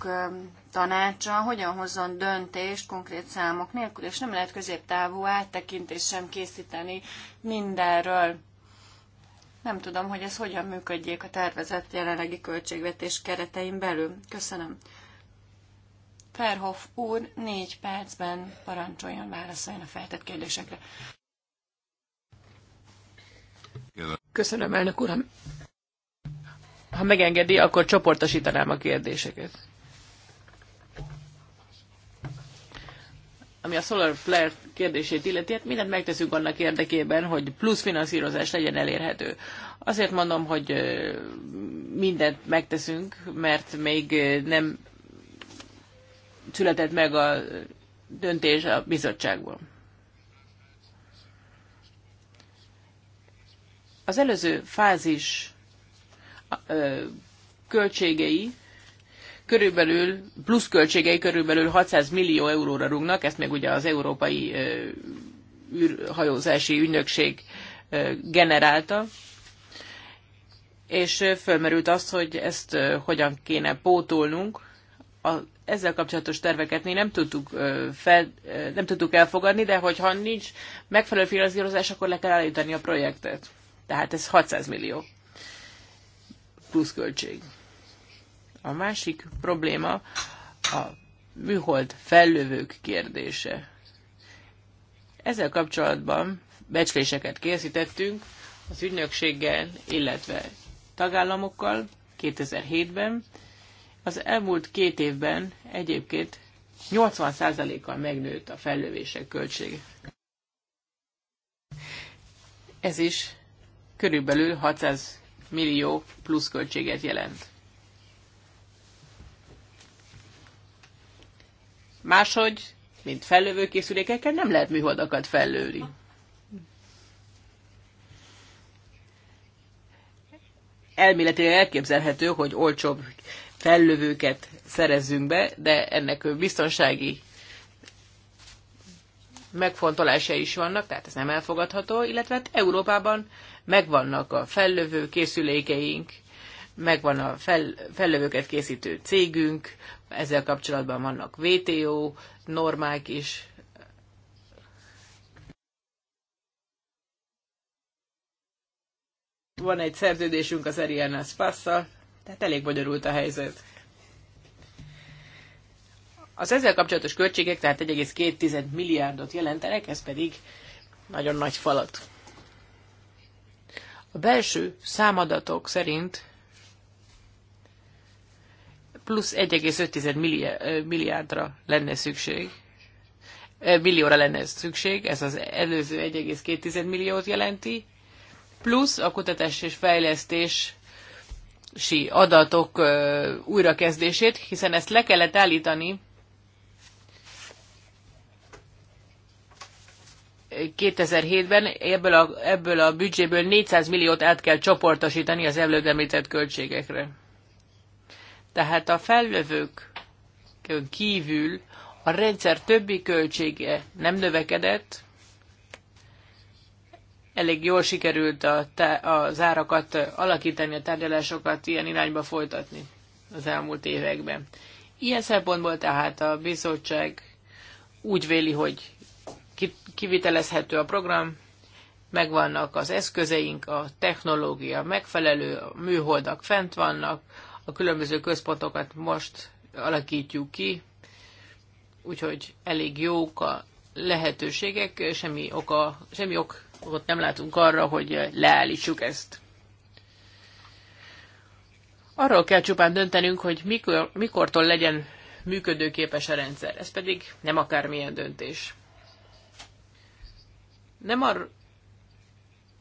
tanácsa hogyan hozzon döntést konkrét számok nélkül, és nem lehet középtávú áttekintést sem készíteni mindenről. Nem tudom, hogy ez hogyan működjék a tervezett jelenlegi költségvetés keretein belül. Köszönöm. Ferhoff úr négy percben parancsoljon, válaszoljon a feltett kérdésekre. Köszönöm, elnök uram ha megengedi, akkor csoportosítanám a kérdéseket. Ami a Solar Flare kérdését illeti, hát mindent megteszünk annak érdekében, hogy plusz finanszírozás legyen elérhető. Azért mondom, hogy mindent megteszünk, mert még nem született meg a döntés a bizottságból. Az előző fázis költségei körülbelül, plusz költségei körülbelül 600 millió euróra rúgnak, ezt még ugye az Európai űrhajózási ügynökség generálta, és fölmerült az, hogy ezt hogyan kéne pótolnunk. A, ezzel kapcsolatos terveket mi nem tudtuk, fel, nem tudtuk elfogadni, de hogyha nincs megfelelő finanszírozás, akkor le kell állítani a projektet. Tehát ez 600 millió pluszköltség. A másik probléma a műhold fellövők kérdése. Ezzel kapcsolatban becsléseket készítettünk az ügynökséggel, illetve tagállamokkal 2007-ben. Az elmúlt két évben egyébként 80%-kal megnőtt a fellövések költsége. Ez is körülbelül 600 millió pluszköltséget jelent. Máshogy, mint fellövő készülékekkel nem lehet műholdakat fellőni. Elméletileg elképzelhető, hogy olcsóbb fellövőket szerezzünk be, de ennek biztonsági megfontolásai is vannak, tehát ez nem elfogadható, illetve hát Európában megvannak a fellövő készülékeink, megvan a fel, fellövőket készítő cégünk, ezzel kapcsolatban vannak VTO normák is. Van egy szerződésünk az Ariana Spassa, tehát elég bonyolult a helyzet. Az ezzel kapcsolatos költségek tehát 1,2 milliárdot jelentenek, ez pedig nagyon nagy falat. A belső számadatok szerint plusz 1,5 milliárdra lenne szükség, millióra lenne szükség, ez az előző 1,2 milliót jelenti, plusz a kutatás és fejlesztés adatok újrakezdését, hiszen ezt le kellett állítani 2007-ben ebből a, ebből a büdzséből 400 milliót át kell csoportosítani az előbb említett költségekre. Tehát a felvevők kívül a rendszer többi költsége nem növekedett, elég jól sikerült a, az árakat alakítani, a tárgyalásokat ilyen irányba folytatni az elmúlt években. Ilyen szempontból tehát a bizottság úgy véli, hogy kivitelezhető a program, megvannak az eszközeink, a technológia megfelelő, a műholdak fent vannak, a különböző központokat most alakítjuk ki, úgyhogy elég jók a lehetőségek, semmi, oka, semmi okot nem látunk arra, hogy leállítsuk ezt. Arról kell csupán döntenünk, hogy mikor, mikortól legyen működőképes a rendszer. Ez pedig nem akármilyen döntés. Nem arról,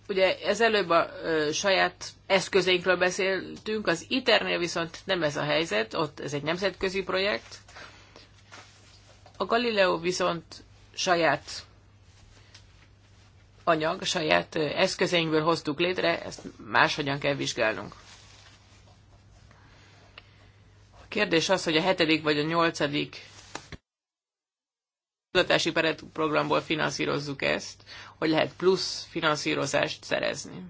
ugye ez előbb a ö, saját eszközeinkről beszéltünk, az ITER-nél viszont nem ez a helyzet, ott ez egy nemzetközi projekt. A Galileo viszont saját anyag, saját eszközeinkből hoztuk létre, ezt máshogyan kell vizsgálnunk. A kérdés az, hogy a hetedik vagy a nyolcadik kutatási programból finanszírozzuk ezt, hogy lehet plusz finanszírozást szerezni.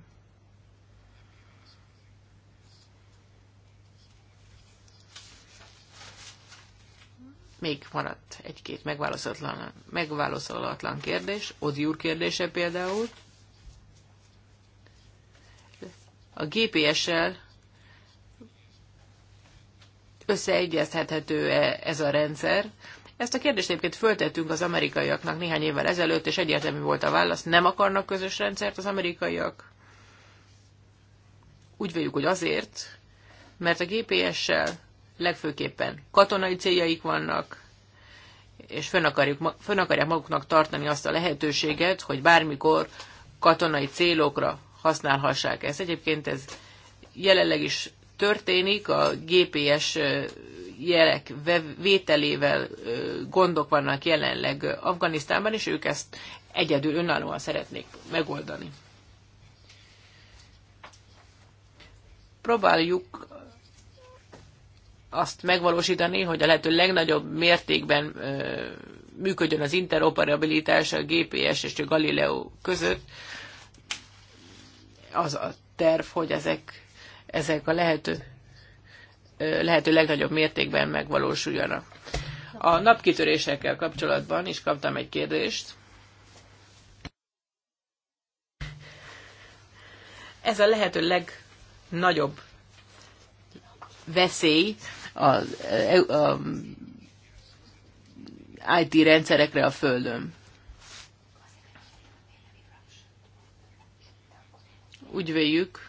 Még maradt egy-két megválaszolatlan, megválaszolatlan kérdés, Odi úr kérdése például. A GPS-sel összeegyeztethető -e ez a rendszer? Ezt a kérdést egyébként föltettünk az amerikaiaknak néhány évvel ezelőtt, és egyértelmű volt a válasz, nem akarnak közös rendszert az amerikaiak. Úgy véljük, hogy azért, mert a GPS-sel legfőképpen katonai céljaik vannak, és fönn, akarjuk, fönn akarják maguknak tartani azt a lehetőséget, hogy bármikor katonai célokra használhassák ezt. Egyébként ez jelenleg is történik, a GPS jelek vételével gondok vannak jelenleg Afganisztánban, és ők ezt egyedül önállóan szeretnék megoldani. Próbáljuk azt megvalósítani, hogy a lehető legnagyobb mértékben működjön az interoperabilitás a GPS és a Galileo között. Az a terv, hogy ezek ezek a lehető, lehető legnagyobb mértékben megvalósuljanak. A napkitörésekkel kapcsolatban is kaptam egy kérdést. Ez a lehető legnagyobb veszély az, a e, IT rendszerekre a Földön. Úgy véljük,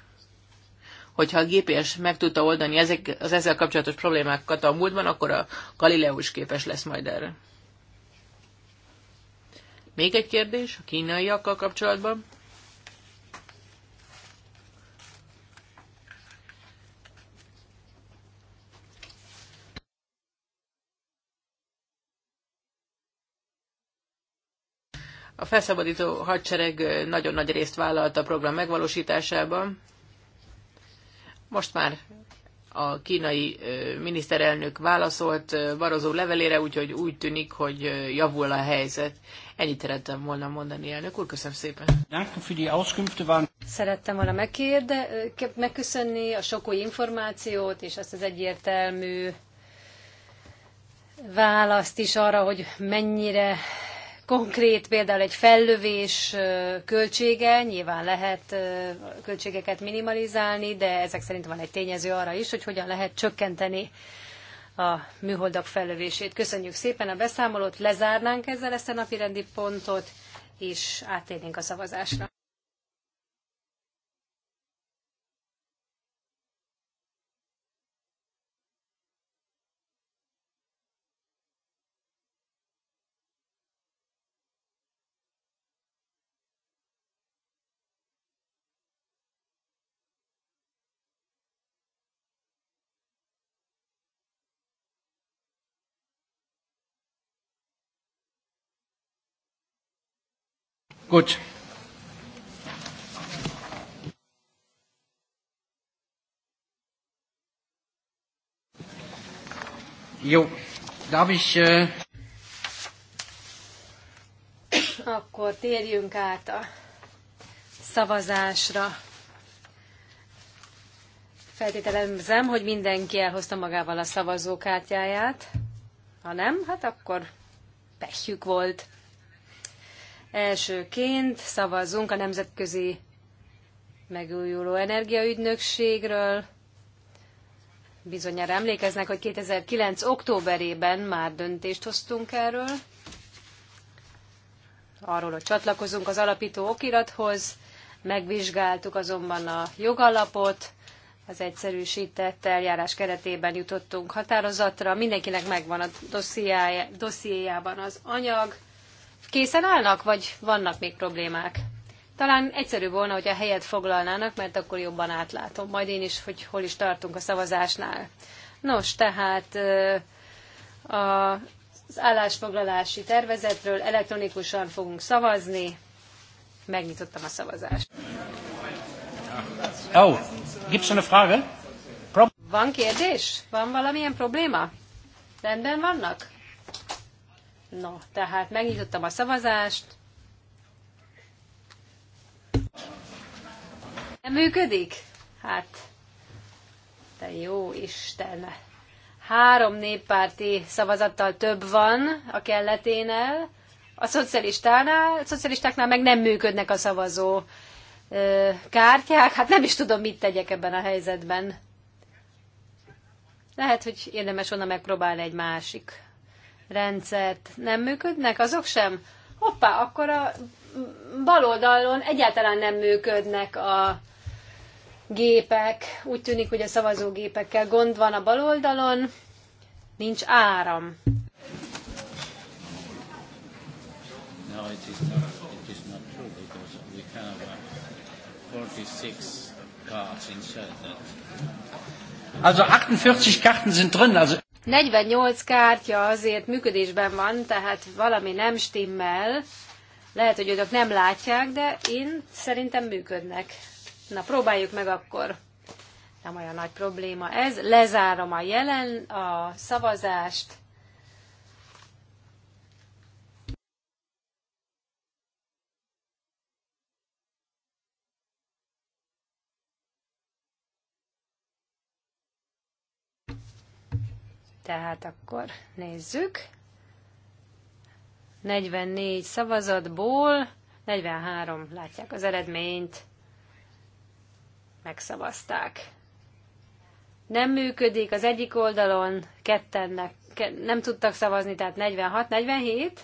hogyha a GPS meg tudta oldani ezek, az ezzel kapcsolatos problémákat a múltban, akkor a Galileo is képes lesz majd erre. Még egy kérdés a kínaiakkal kapcsolatban. A felszabadító hadsereg nagyon nagy részt vállalt a program megvalósításában. Most már a kínai miniszterelnök válaszolt Barozó levelére, úgyhogy úgy tűnik, hogy javul a helyzet. Ennyit szerettem volna mondani, elnök úr, köszönöm szépen. Szerettem volna megkérde, megköszönni a sok új információt, és azt az egyértelmű választ is arra, hogy mennyire konkrét például egy fellövés költsége, nyilván lehet költségeket minimalizálni, de ezek szerint van egy tényező arra is, hogy hogyan lehet csökkenteni a műholdak fellövését. Köszönjük szépen a beszámolót, lezárnánk ezzel ezt a napi rendi pontot, és áttérnénk a szavazásra. Gut. Jó, darf ich... Äh, akkor térjünk át a szavazásra. Feltételezem, hogy mindenki elhozta magával a szavazókártyáját. Ha nem, hát akkor pehjük volt. Elsőként szavazzunk a Nemzetközi Megújuló Energiaügynökségről. Bizonyára emlékeznek, hogy 2009. októberében már döntést hoztunk erről. Arról, hogy csatlakozunk az alapító okirathoz. Megvizsgáltuk azonban a jogalapot, az egyszerűsített eljárás keretében jutottunk határozatra. Mindenkinek megvan a Dossziéjában az anyag, készen állnak, vagy vannak még problémák? Talán egyszerű volna, hogy a helyet foglalnának, mert akkor jobban átlátom. Majd én is, hogy hol is tartunk a szavazásnál. Nos, tehát az állásfoglalási tervezetről elektronikusan fogunk szavazni. Megnyitottam a szavazást. Oh, gibt's eine Frage? Pro- van kérdés? Van valamilyen probléma? Rendben vannak? No, tehát megnyitottam a szavazást. Nem működik? Hát, te jó Isten! Három néppárti szavazattal több van a kelleténél, a szocialistánál, a szocialistáknál meg nem működnek a szavazó ö, kártyák. Hát nem is tudom, mit tegyek ebben a helyzetben. Lehet, hogy érdemes onnan megpróbálni egy másik rendszert nem működnek, azok sem? Hoppá, akkor a bal oldalon egyáltalán nem működnek a gépek. Úgy tűnik, hogy a szavazógépekkel gond van a bal oldalon, nincs áram. No, it is not, it is not true because we have 46 cards inserted. Also 48 Karten sind drin, also 48 kártya azért működésben van, tehát valami nem stimmel. Lehet, hogy önök nem látják, de én szerintem működnek. Na, próbáljuk meg akkor. Nem olyan nagy probléma ez. Lezárom a jelen a szavazást. Tehát akkor nézzük. 44 szavazatból 43 látják az eredményt. Megszavazták. Nem működik az egyik oldalon, kettennek, nem tudtak szavazni, tehát 46-47.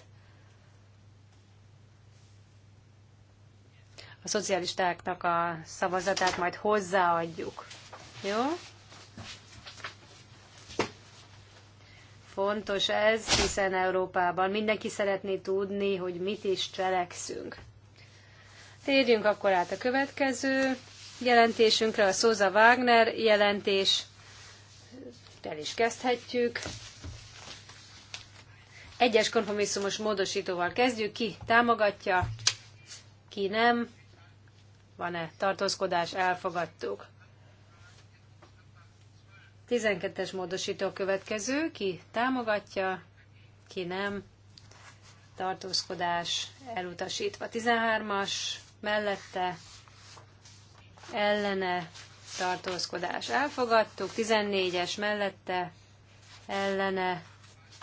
A szocialistáknak a szavazatát majd hozzáadjuk. Jó? fontos ez, hiszen Európában mindenki szeretné tudni, hogy mit is cselekszünk. Térjünk akkor át a következő jelentésünkre, a Szóza Wagner jelentés. El is kezdhetjük. Egyes kompromisszumos módosítóval kezdjük. Ki támogatja, ki nem. Van-e tartózkodás? Elfogadtuk. 12-es módosító következő, ki támogatja, ki nem, tartózkodás elutasítva. 13-as mellette ellene tartózkodás elfogadtuk, 14-es mellette ellene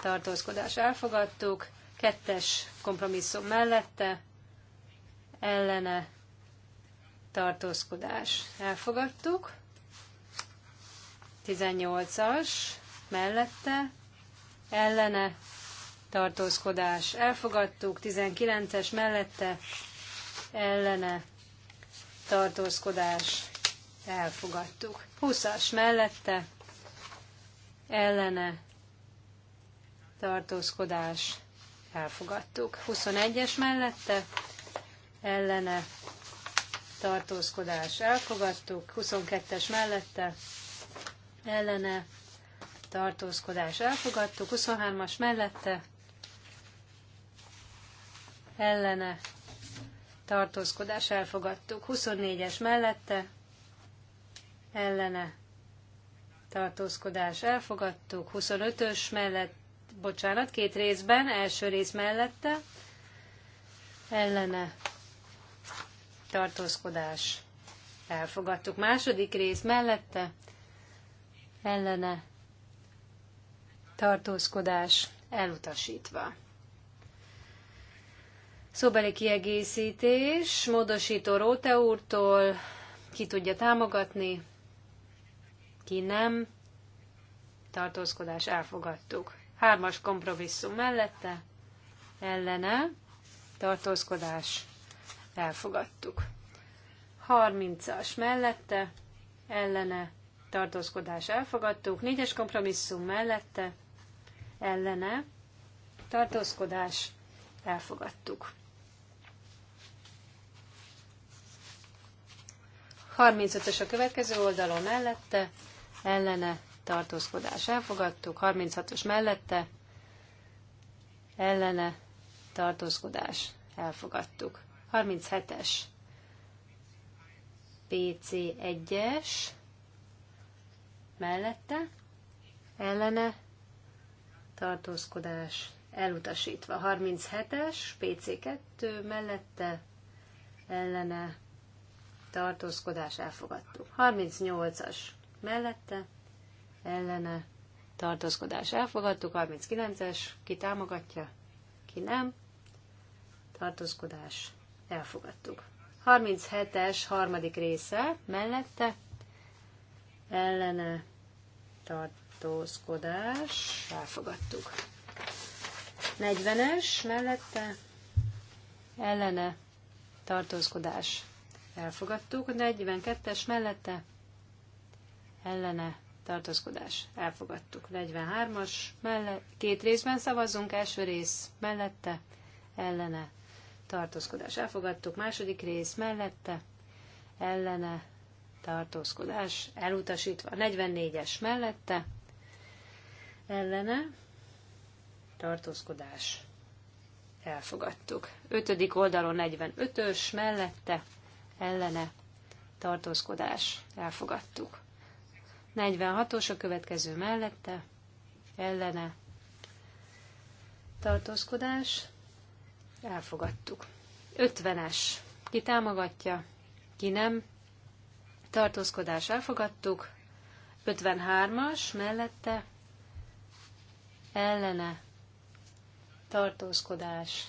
tartózkodás elfogadtuk, 2-es kompromisszum mellette ellene tartózkodás elfogadtuk, 18-as mellette ellene tartózkodás elfogadtuk, 19-es mellette ellene tartózkodás elfogadtuk. 20-as mellette ellene tartózkodás elfogadtuk. 21-es mellette ellene tartózkodás elfogadtuk, 22-es mellette ellene tartózkodás elfogadtuk, 23-as mellette ellene tartózkodás elfogadtuk, 24-es mellette ellene tartózkodás elfogadtuk, 25-ös mellett, bocsánat, két részben, első rész mellette ellene tartózkodás elfogadtuk, második rész mellette ellene tartózkodás elutasítva. Szóbeli kiegészítés, módosító Róte úrtól, ki tudja támogatni, ki nem, tartózkodás elfogadtuk. Hármas kompromisszum mellette, ellene, tartózkodás elfogadtuk. Harmincas mellette, ellene, tartózkodás elfogadtuk, négyes kompromisszum mellette, ellene, tartózkodás elfogadtuk. 35-ös a következő oldalon mellette, ellene, tartózkodás elfogadtuk, 36-os mellette, ellene, tartózkodás elfogadtuk. 37-es, PC1-es, mellette, ellene, tartózkodás elutasítva. 37-es, PC2 mellette, ellene, tartózkodás elfogadtuk. 38-as mellette, ellene, tartózkodás elfogadtuk. 39-es, ki támogatja, ki nem, tartózkodás elfogadtuk. 37-es harmadik része mellette, ellene tartózkodás, elfogadtuk. 40-es mellette ellene tartózkodás, elfogadtuk. 42-es mellette ellene tartózkodás, elfogadtuk. 43-as mellette két részben szavazzunk, első rész mellette ellene tartózkodás, elfogadtuk. Második rész mellette ellene tartózkodás elutasítva. 44-es mellette ellene tartózkodás elfogadtuk. 5. oldalon 45-ös mellette ellene tartózkodás elfogadtuk. 46-os a következő mellette ellene tartózkodás elfogadtuk. 50-es ki támogatja, ki nem, tartózkodás elfogadtuk, 53-as mellette ellene tartózkodás,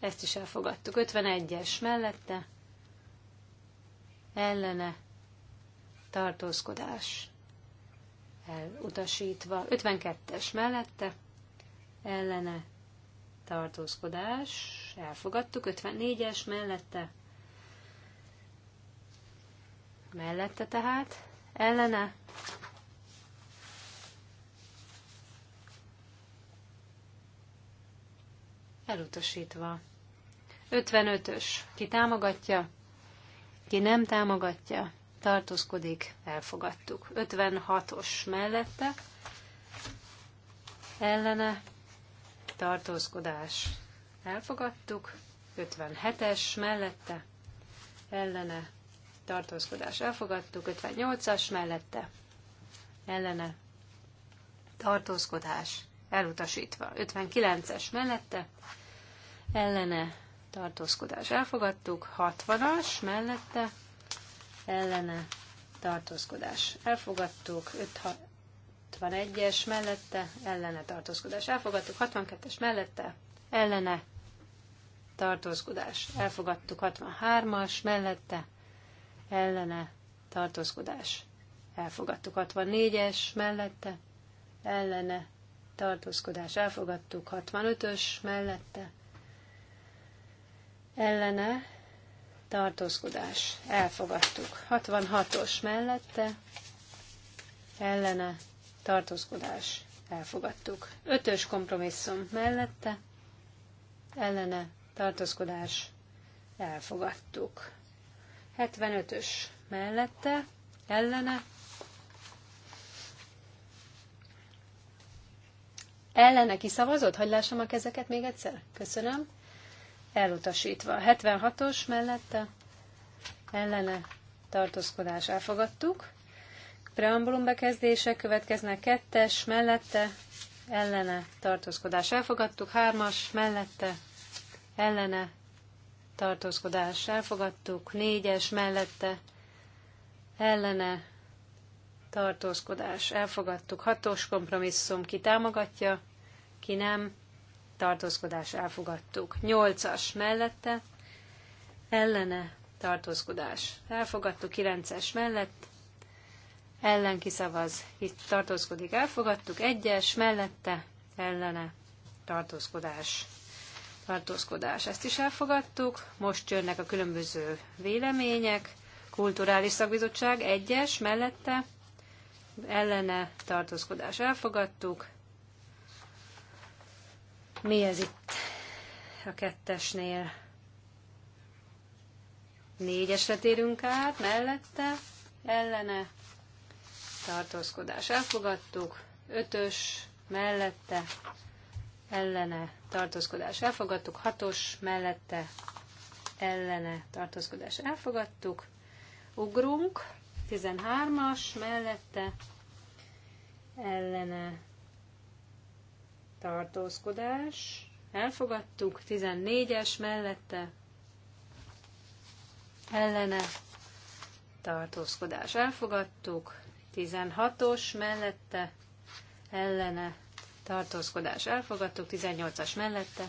ezt is elfogadtuk, 51-es mellette ellene tartózkodás elutasítva, 52-es mellette ellene tartózkodás, elfogadtuk, 54-es mellette mellette tehát, ellene, elutasítva. 55-ös, ki támogatja, ki nem támogatja, tartózkodik, elfogadtuk. 56-os mellette, ellene, tartózkodás, elfogadtuk. 57-es mellette, ellene, tartózkodás elfogadtuk, 58-as mellette ellene tartózkodás elutasítva, 59-es mellette ellene tartózkodás elfogadtuk, 60-as mellette ellene tartózkodás elfogadtuk, 51 es mellette ellene tartózkodás elfogadtuk, 62-es mellette ellene tartózkodás elfogadtuk, 63-as mellette ellene tartózkodás. Elfogadtuk 64-es mellette, ellene tartózkodás. Elfogadtuk 65-ös mellette, ellene tartózkodás. Elfogadtuk 66-os mellette, ellene tartózkodás. Elfogadtuk. Ötös kompromisszum mellette, ellene tartózkodás. Elfogadtuk. 75-ös mellette, ellene. Ellene kiszavazott? Hagy lássam a kezeket még egyszer? Köszönöm. Elutasítva. 76-os mellette, ellene tartózkodás elfogadtuk. Preambulum bekezdések következnek kettes, mellette, ellene tartózkodás elfogadtuk, hármas, mellette, ellene tartózkodás elfogadtuk, négyes mellette ellene tartózkodás elfogadtuk, hatos kompromisszum ki támogatja, ki nem, tartózkodás elfogadtuk, nyolcas mellette ellene tartózkodás elfogadtuk, kilences mellett ellen kiszavaz, itt tartózkodik, elfogadtuk, egyes mellette ellene tartózkodás tartózkodás. Ezt is elfogadtuk. Most jönnek a különböző vélemények. Kulturális szakbizottság egyes mellette ellene tartózkodás elfogadtuk. Mi ez itt a kettesnél? Négyesre térünk át, mellette, ellene, tartózkodás elfogadtuk, ötös, mellette, ellene, tartózkodás elfogadtuk, hatos mellette ellene tartózkodás elfogadtuk, ugrunk, 13-as mellette ellene tartózkodás elfogadtuk, 14-es mellette ellene tartózkodás elfogadtuk, 16-os mellette ellene tartózkodás elfogadtuk, 18-as mellette,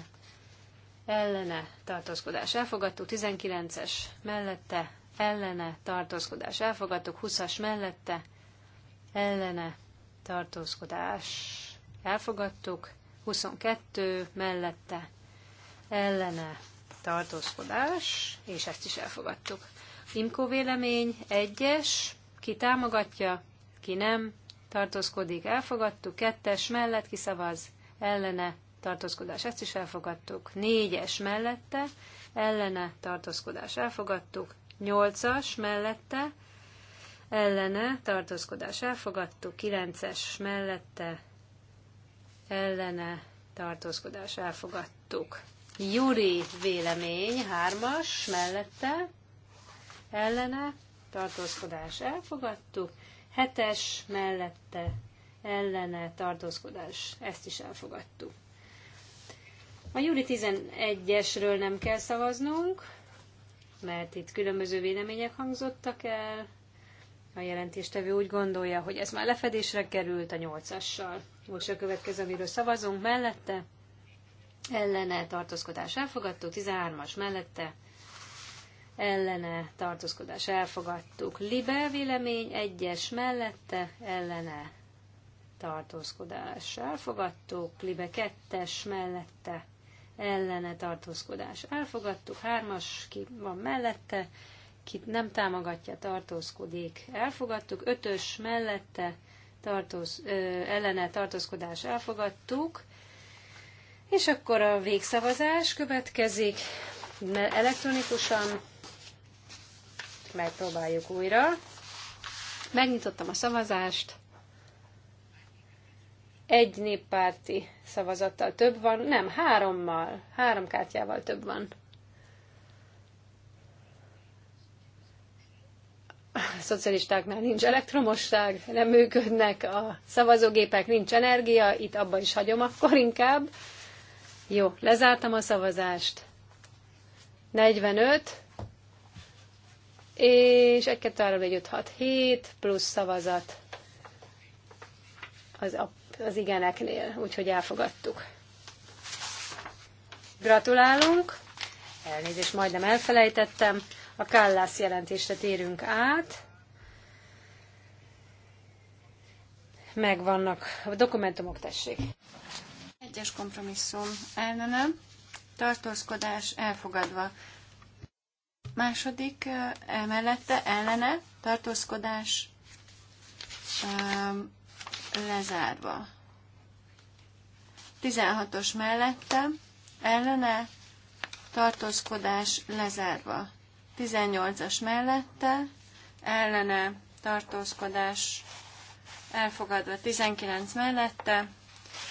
ellene tartózkodás elfogadtuk, 19-es mellette, ellene tartózkodás elfogadtuk, 20-as mellette, ellene tartózkodás elfogadtuk, 22 mellette, ellene tartózkodás, és ezt is elfogadtuk. Imkó vélemény, egyes, ki támogatja, ki nem, tartózkodik, elfogadtuk, kettes mellett kiszavaz, ellene tartózkodás, ezt is elfogadtuk, négyes mellette, ellene tartózkodás, elfogadtuk, nyolcas mellette, ellene tartózkodás, elfogadtuk, kilences mellette, ellene tartózkodás, elfogadtuk. Juri vélemény, hármas mellette, ellene tartózkodás, elfogadtuk, hetes mellette ellene tartózkodás. Ezt is elfogadtuk. A júli 11-esről nem kell szavaznunk, mert itt különböző vélemények hangzottak el. A jelentéstevő úgy gondolja, hogy ez már lefedésre került a 8-assal. Most a következő, amiről szavazunk mellette. Ellene tartózkodás elfogadtuk, 13-as mellette ellene tartózkodás elfogadtuk. Libe vélemény egyes mellette ellene tartózkodás elfogadtuk. Libe kettes mellette ellene tartózkodás elfogadtuk. Hármas ki van mellette, kit nem támogatja tartózkodik. Elfogadtuk. Ötös mellette tartóz, ö, ellene tartózkodás elfogadtuk. És akkor a végszavazás következik elektronikusan megpróbáljuk újra. Megnyitottam a szavazást. Egy néppárti szavazattal több van, nem, hárommal, három kártyával több van. A szocialistáknál nincs elektromosság, nem működnek a szavazógépek, nincs energia, itt abba is hagyom akkor inkább. Jó, lezártam a szavazást. 45, és 1, 2, 3, 4, 5, 6, 7 plusz szavazat az, az igeneknél, úgyhogy elfogadtuk. Gratulálunk! Elnézést, majdnem elfelejtettem. A Kállász jelentésre térünk át. Megvannak a dokumentumok, tessék. Egyes kompromisszum ellenem, tartózkodás elfogadva. Második mellette ellene tartózkodás lezárva. 16-os mellette ellene tartózkodás lezárva. 18-as mellette ellene tartózkodás elfogadva. 19 mellette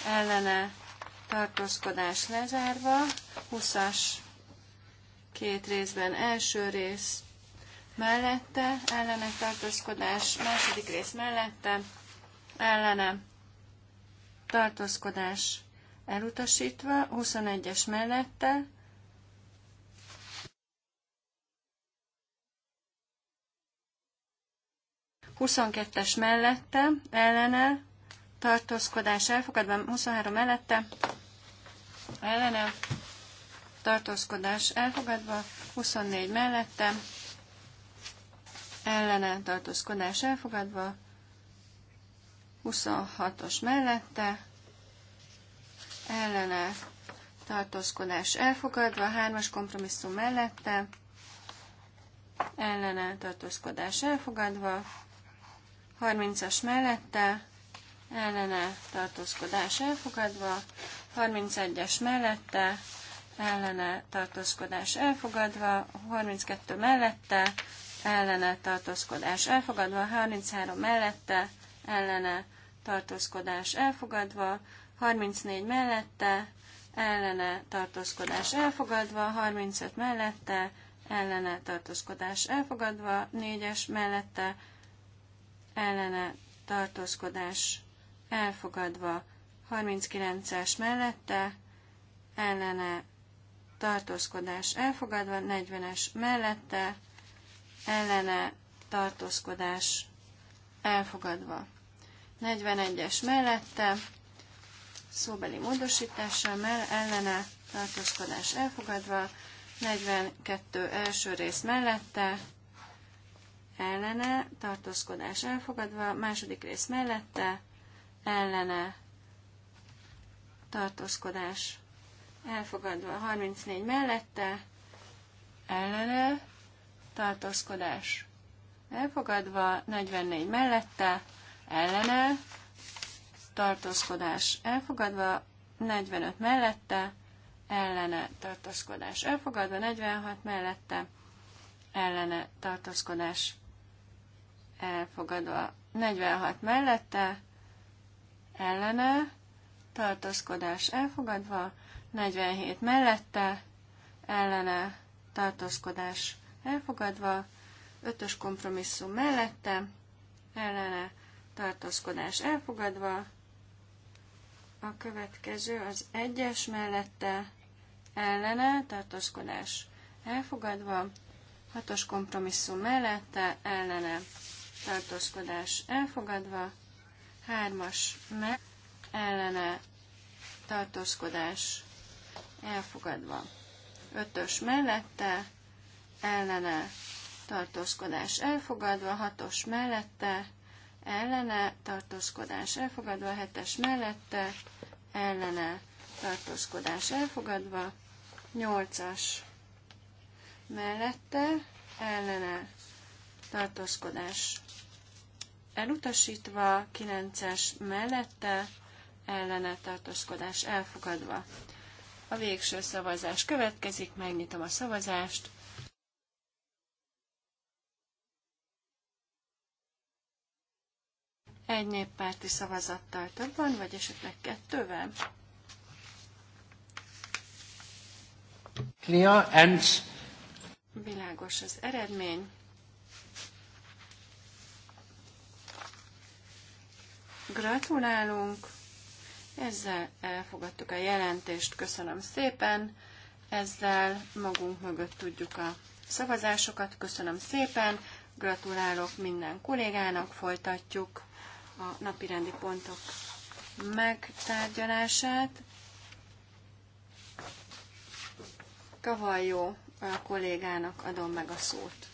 ellene tartózkodás lezárva. 20-as két részben. Első rész mellette, ellene tartózkodás, második rész mellette, ellene tartózkodás elutasítva, 21-es mellette, Huszonkettes mellette, ellene, tartózkodás elfogadva, 23 mellette, ellene, tartózkodás elfogadva, 24 mellette, ellene tartózkodás elfogadva, 26-os mellette, ellene tartózkodás elfogadva, 3-as kompromisszum mellette, ellene tartózkodás elfogadva, 30-as mellette, ellene tartózkodás elfogadva, 31-es mellette, ellene tartózkodás elfogadva, 32 mellette, ellene tartózkodás elfogadva, 33 mellette, ellene tartózkodás elfogadva, 34 mellette, ellene tartózkodás elfogadva, 35 mellette, ellene tartózkodás elfogadva, 4-es mellette, ellene tartózkodás elfogadva, 39-es mellette, ellene tartózkodás elfogadva, 40-es mellette, ellene tartózkodás elfogadva. 41-es mellette, szóbeli módosítással mell ellene tartózkodás elfogadva, 42 első rész mellette, ellene tartózkodás elfogadva, második rész mellette, ellene tartózkodás elfogadva 34 mellette, ellene, tartózkodás elfogadva, 44 mellette, ellene, tartózkodás elfogadva, 45 mellette, ellene, tartózkodás elfogadva, 46 mellette, ellene, tartózkodás elfogadva, 46 mellette, ellene, tartózkodás elfogadva, 46 47 mellette, ellene tartózkodás elfogadva, 5-ös kompromisszum mellette, ellene tartózkodás elfogadva, a következő az 1-es mellette, ellene tartózkodás elfogadva, 6-os kompromisszum mellette, ellene tartózkodás elfogadva, 3-as mellette, ellene tartózkodás elfogadva, elfogadva. Ötös mellette, ellene tartózkodás elfogadva, hatos mellette, ellene tartózkodás elfogadva, hetes mellette, ellene tartózkodás elfogadva, nyolcas mellette, ellene tartózkodás elutasítva, kilences mellette ellene tartózkodás elfogadva. A végső szavazás következik, megnyitom a szavazást. Egy néppárti szavazattal több van, vagy esetleg kettővel? Clear and... Világos az eredmény. Gratulálunk! Ezzel elfogadtuk a jelentést, köszönöm szépen. Ezzel magunk mögött tudjuk a szavazásokat, köszönöm szépen. Gratulálok minden kollégának, folytatjuk a napirendi pontok megtárgyalását. a kollégának adom meg a szót.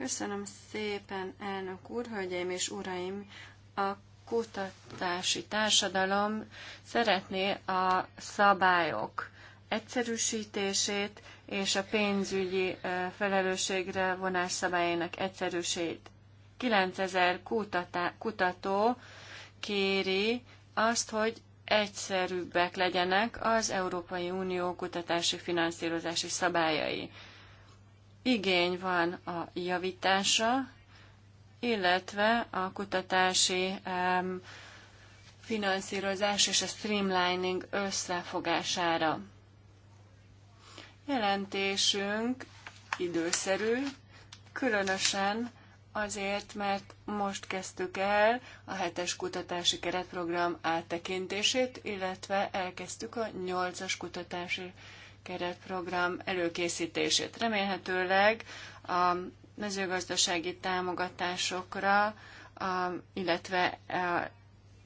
Köszönöm szépen, elnök úr, hölgyeim és uraim! A kutatási társadalom szeretné a szabályok egyszerűsítését és a pénzügyi felelősségre vonás szabályainak egyszerűsét. 9000 kutatá- kutató kéri azt, hogy egyszerűbbek legyenek az Európai Unió kutatási finanszírozási szabályai igény van a javításra, illetve a kutatási um, finanszírozás és a streamlining összefogására. Jelentésünk időszerű, különösen azért, mert most kezdtük el a hetes kutatási keretprogram áttekintését, illetve elkezdtük a nyolcas kutatási keretprogram előkészítését. Remélhetőleg a mezőgazdasági támogatásokra, illetve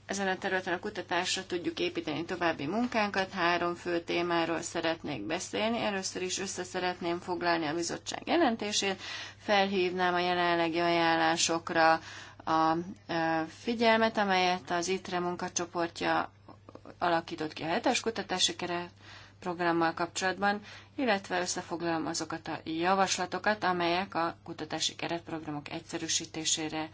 ezen a területen a kutatásra tudjuk építeni további munkánkat. Három fő témáról szeretnék beszélni. Először is össze szeretném foglalni a bizottság jelentését, felhívnám a jelenlegi ajánlásokra a e, figyelmet, amelyet az ITRE munkacsoportja alakított ki a hetes kutatási keret programmal kapcsolatban, illetve összefoglalom azokat a javaslatokat, amelyek a kutatási keretprogramok egyszerűsítésére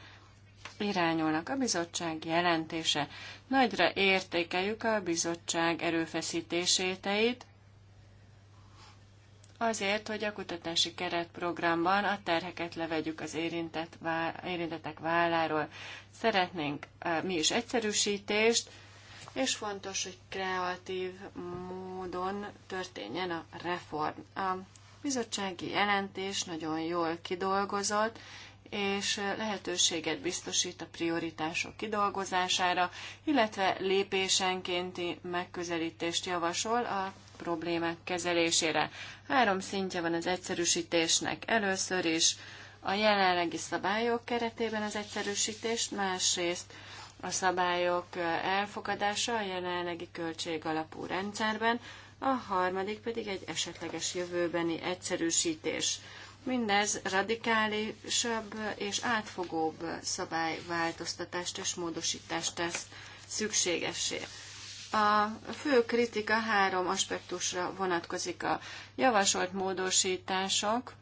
irányulnak. A bizottság jelentése. Nagyra értékeljük a bizottság erőfeszítését, azért, hogy a kutatási keretprogramban a terheket levegyük az érintett, érintettek válláról. Szeretnénk eh, mi is egyszerűsítést, és fontos, hogy kreatív módon történjen a reform. A bizottsági jelentés nagyon jól kidolgozott, és lehetőséget biztosít a prioritások kidolgozására, illetve lépésenkénti megközelítést javasol a problémák kezelésére. Három szintje van az egyszerűsítésnek. Először is a jelenlegi szabályok keretében az egyszerűsítést, másrészt a szabályok elfogadása a jelenlegi költség alapú rendszerben, a harmadik pedig egy esetleges jövőbeni egyszerűsítés. Mindez radikálisabb és átfogóbb szabályváltoztatást és módosítást tesz szükségessé. A fő kritika három aspektusra vonatkozik a javasolt módosítások,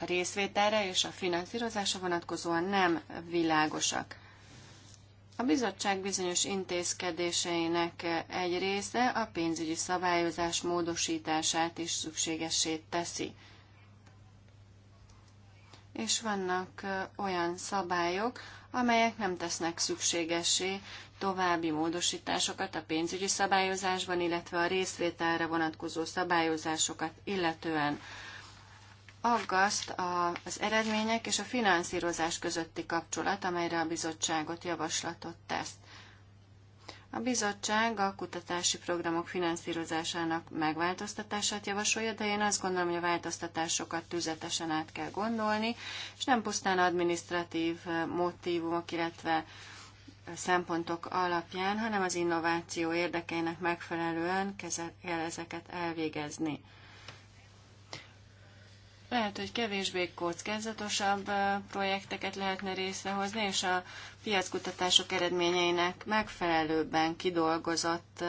a részvételre és a finanszírozásra vonatkozóan nem világosak. A bizottság bizonyos intézkedéseinek egy része a pénzügyi szabályozás módosítását is szükségessé teszi. És vannak olyan szabályok, amelyek nem tesznek szükségessé további módosításokat a pénzügyi szabályozásban, illetve a részvételre vonatkozó szabályozásokat illetően aggaszt az eredmények és a finanszírozás közötti kapcsolat, amelyre a bizottságot javaslatot tesz. A bizottság a kutatási programok finanszírozásának megváltoztatását javasolja, de én azt gondolom, hogy a változtatásokat tüzetesen át kell gondolni, és nem pusztán administratív eh, motívumok, illetve eh, szempontok alapján, hanem az innováció érdekeinek megfelelően kell ezeket elvégezni. Lehet, hogy kevésbé kockázatosabb projekteket lehetne részrehozni, és a piackutatások eredményeinek megfelelőbben kidolgozott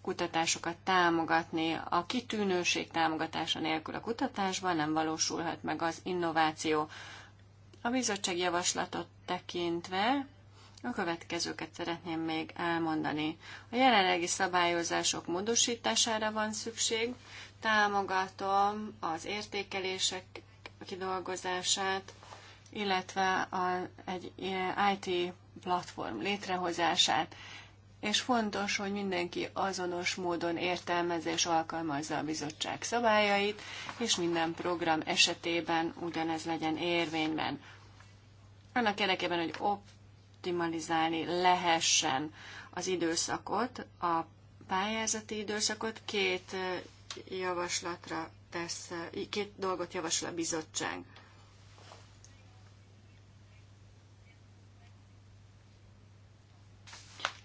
kutatásokat támogatni. A kitűnőség támogatása nélkül a kutatásban nem valósulhat meg az innováció. A bizottság javaslatot tekintve a következőket szeretném még elmondani. A jelenlegi szabályozások módosítására van szükség, Támogatom az értékelések kidolgozását, illetve a, egy IT platform létrehozását, és fontos, hogy mindenki azonos módon értelmezze és alkalmazza a bizottság szabályait, és minden program esetében ugyanez legyen érvényben. Annak érdekében, hogy optimalizálni lehessen az időszakot, a pályázati időszakot két javaslatra tesz, két dolgot javasol a bizottság.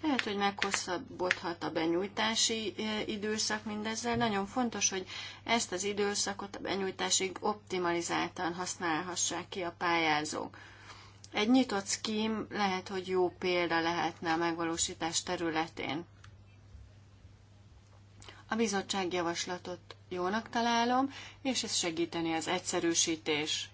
Lehet, hogy meghosszabbodhat a benyújtási e, időszak mindezzel. Nagyon fontos, hogy ezt az időszakot a benyújtásig optimalizáltan használhassák ki a pályázók. Egy nyitott szkím lehet, hogy jó példa lehetne a megvalósítás területén. A bizottság javaslatot jónak találom, és ez segíteni az egyszerűsítés.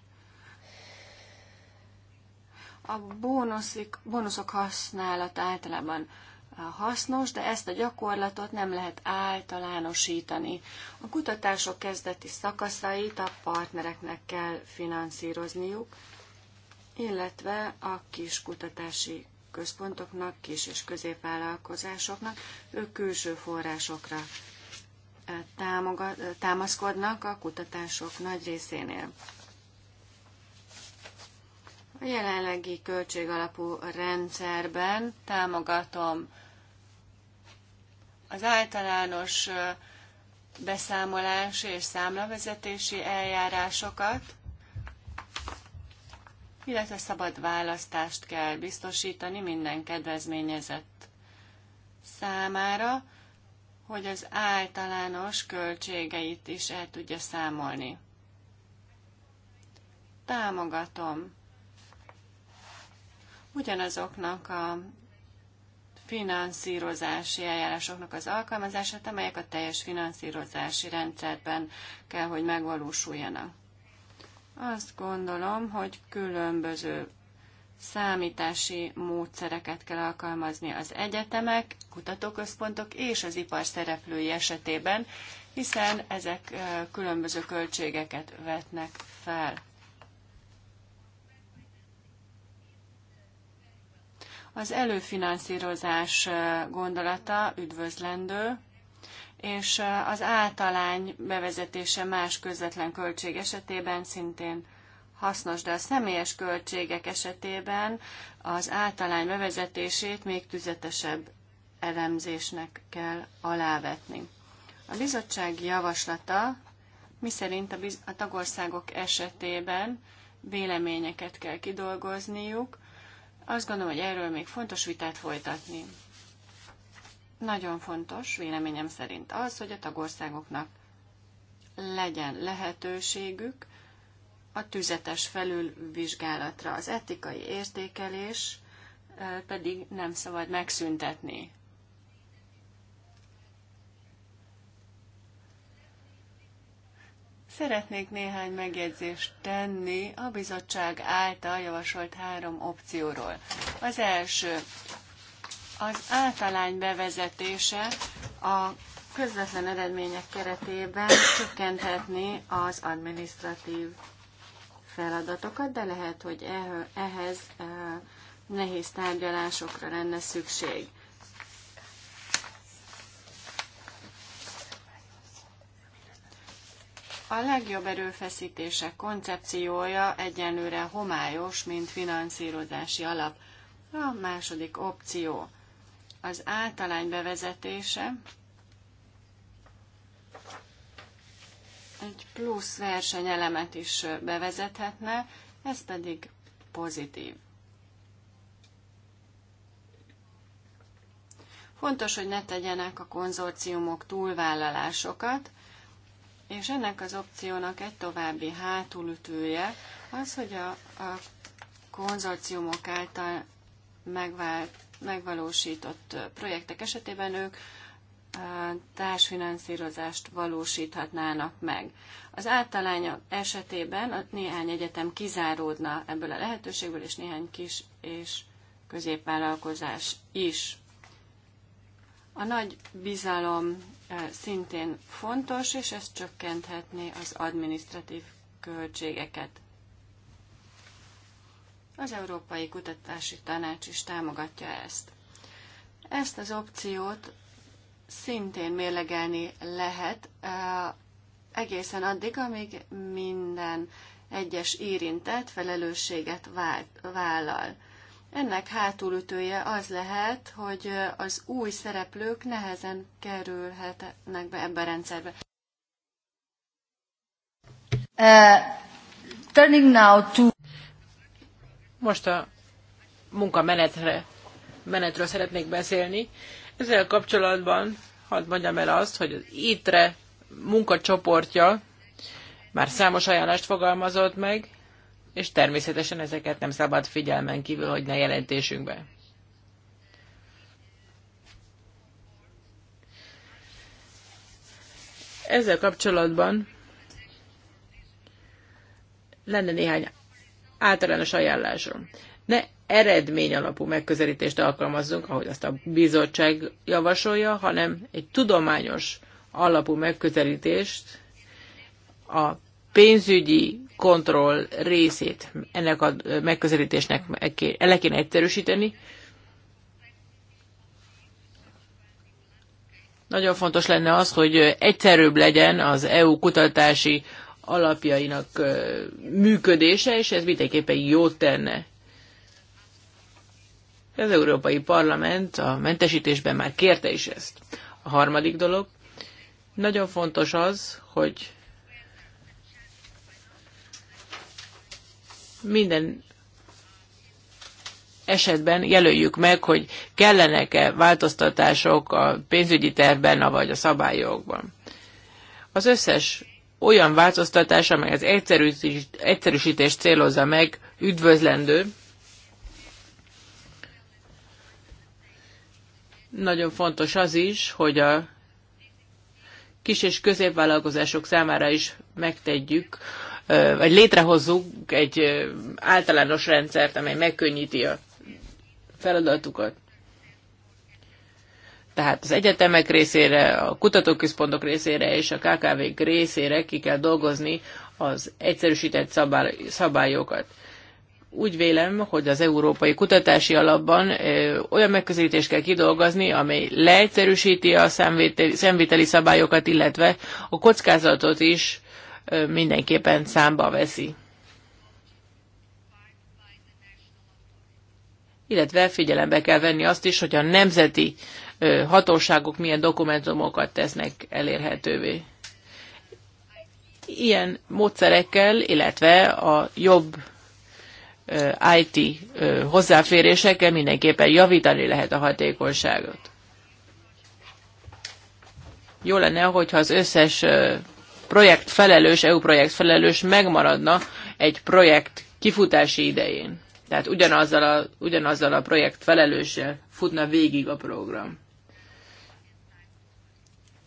A bónuszik, bónuszok használata általában eh, hasznos, de ezt a gyakorlatot nem lehet általánosítani. A kutatások kezdeti szakaszait a partnereknek kell finanszírozniuk, illetve a kis kutatási központoknak, kis és középvállalkozásoknak, ők külső forrásokra támogat, támaszkodnak a kutatások nagy részénél. A jelenlegi költségalapú rendszerben támogatom az általános beszámolás és számlavezetési eljárásokat, illetve szabad választást kell biztosítani minden kedvezményezett számára, hogy az általános költségeit is el tudja számolni. Támogatom ugyanazoknak a finanszírozási eljárásoknak az alkalmazását, amelyek a teljes finanszírozási rendszerben kell, hogy megvalósuljanak. Azt gondolom, hogy különböző számítási módszereket kell alkalmazni az egyetemek, kutatóközpontok és az ipar szereplői esetében, hiszen ezek különböző költségeket vetnek fel. Az előfinanszírozás gondolata üdvözlendő, és az általány bevezetése más közvetlen költség esetében szintén hasznos, de a személyes költségek esetében az általány bevezetését még tüzetesebb elemzésnek kell alávetni. A bizottság javaslata, miszerint a, biz- a tagországok esetében véleményeket kell kidolgozniuk, azt gondolom, hogy erről még fontos vitát folytatni. Nagyon fontos, véleményem szerint az, hogy a tagországoknak legyen lehetőségük a tüzetes felülvizsgálatra. Az etikai értékelés pedig nem szabad megszüntetni. Szeretnék néhány megjegyzést tenni a bizottság által javasolt három opcióról. Az első, az általány bevezetése a közvetlen eredmények keretében csökkenthetni az administratív feladatokat, de lehet, hogy eh, ehhez eh, nehéz tárgyalásokra lenne szükség. A legjobb erőfeszítések koncepciója egyenlőre homályos, mint finanszírozási alap. A második opció az általány bevezetése, egy plusz versenyelemet is bevezethetne, ez pedig pozitív. Fontos, hogy ne tegyenek a konzorciumok túlvállalásokat, és ennek az opciónak egy további hátulütője az, hogy a, a konzorciumok által megvált, megvalósított projektek esetében ők társfinanszírozást valósíthatnának meg. Az általánya esetében a néhány egyetem kizáródna ebből a lehetőségből, és néhány kis és középvállalkozás is. A nagy bizalom e, szintén fontos, és ez csökkenthetné az administratív költségeket. Az Európai Kutatási Tanács is támogatja ezt. Ezt az opciót szintén mérlegelni lehet eh, egészen addig, amíg minden egyes érintett felelősséget vállal. Ennek hátulütője az lehet, hogy az új szereplők nehezen kerülhetnek be ebbe a rendszerbe. Uh, turning now to... Most a munkamenetről szeretnék beszélni. Uh, ezzel kapcsolatban hadd mondjam el azt, hogy az ITRE munkacsoportja már számos ajánlást fogalmazott meg, és természetesen ezeket nem szabad figyelmen kívül hagyni a jelentésünkbe. Ezzel kapcsolatban lenne néhány általános ajánlásom. Ne eredmény alapú megközelítést alkalmazzunk, ahogy azt a bizottság javasolja, hanem egy tudományos alapú megközelítést, a pénzügyi kontroll részét ennek a megközelítésnek el kéne egyszerűsíteni. Nagyon fontos lenne az, hogy egyszerűbb legyen az EU kutatási alapjainak működése, és ez mindenképpen jót tenne az Európai Parlament a mentesítésben már kérte is ezt. A harmadik dolog, nagyon fontos az, hogy minden esetben jelöljük meg, hogy kellenek-e változtatások a pénzügyi tervben, vagy a szabályokban. Az összes olyan változtatás, amely az egyszerűsítést célozza meg, üdvözlendő, Nagyon fontos az is, hogy a kis és középvállalkozások számára is megtegyük, vagy létrehozzuk egy általános rendszert, amely megkönnyíti a feladatukat. Tehát az egyetemek részére, a kutatóközpontok részére és a KKV-k részére ki kell dolgozni az egyszerűsített szabály, szabályokat úgy vélem, hogy az Európai Kutatási Alapban olyan megközelítést kell kidolgozni, amely leegyszerűsíti a számvételi, számviteli szabályokat, illetve a kockázatot is mindenképpen számba veszi. Illetve figyelembe kell venni azt is, hogy a nemzeti hatóságok milyen dokumentumokat tesznek elérhetővé. Ilyen módszerekkel, illetve a jobb IT hozzáférésekkel mindenképpen javítani lehet a hatékonyságot. Jó lenne, hogyha az összes projekt felelős, EU projekt felelős megmaradna egy projekt kifutási idején. Tehát ugyanazzal a, ugyanazzal a projekt felelőse futna végig a program.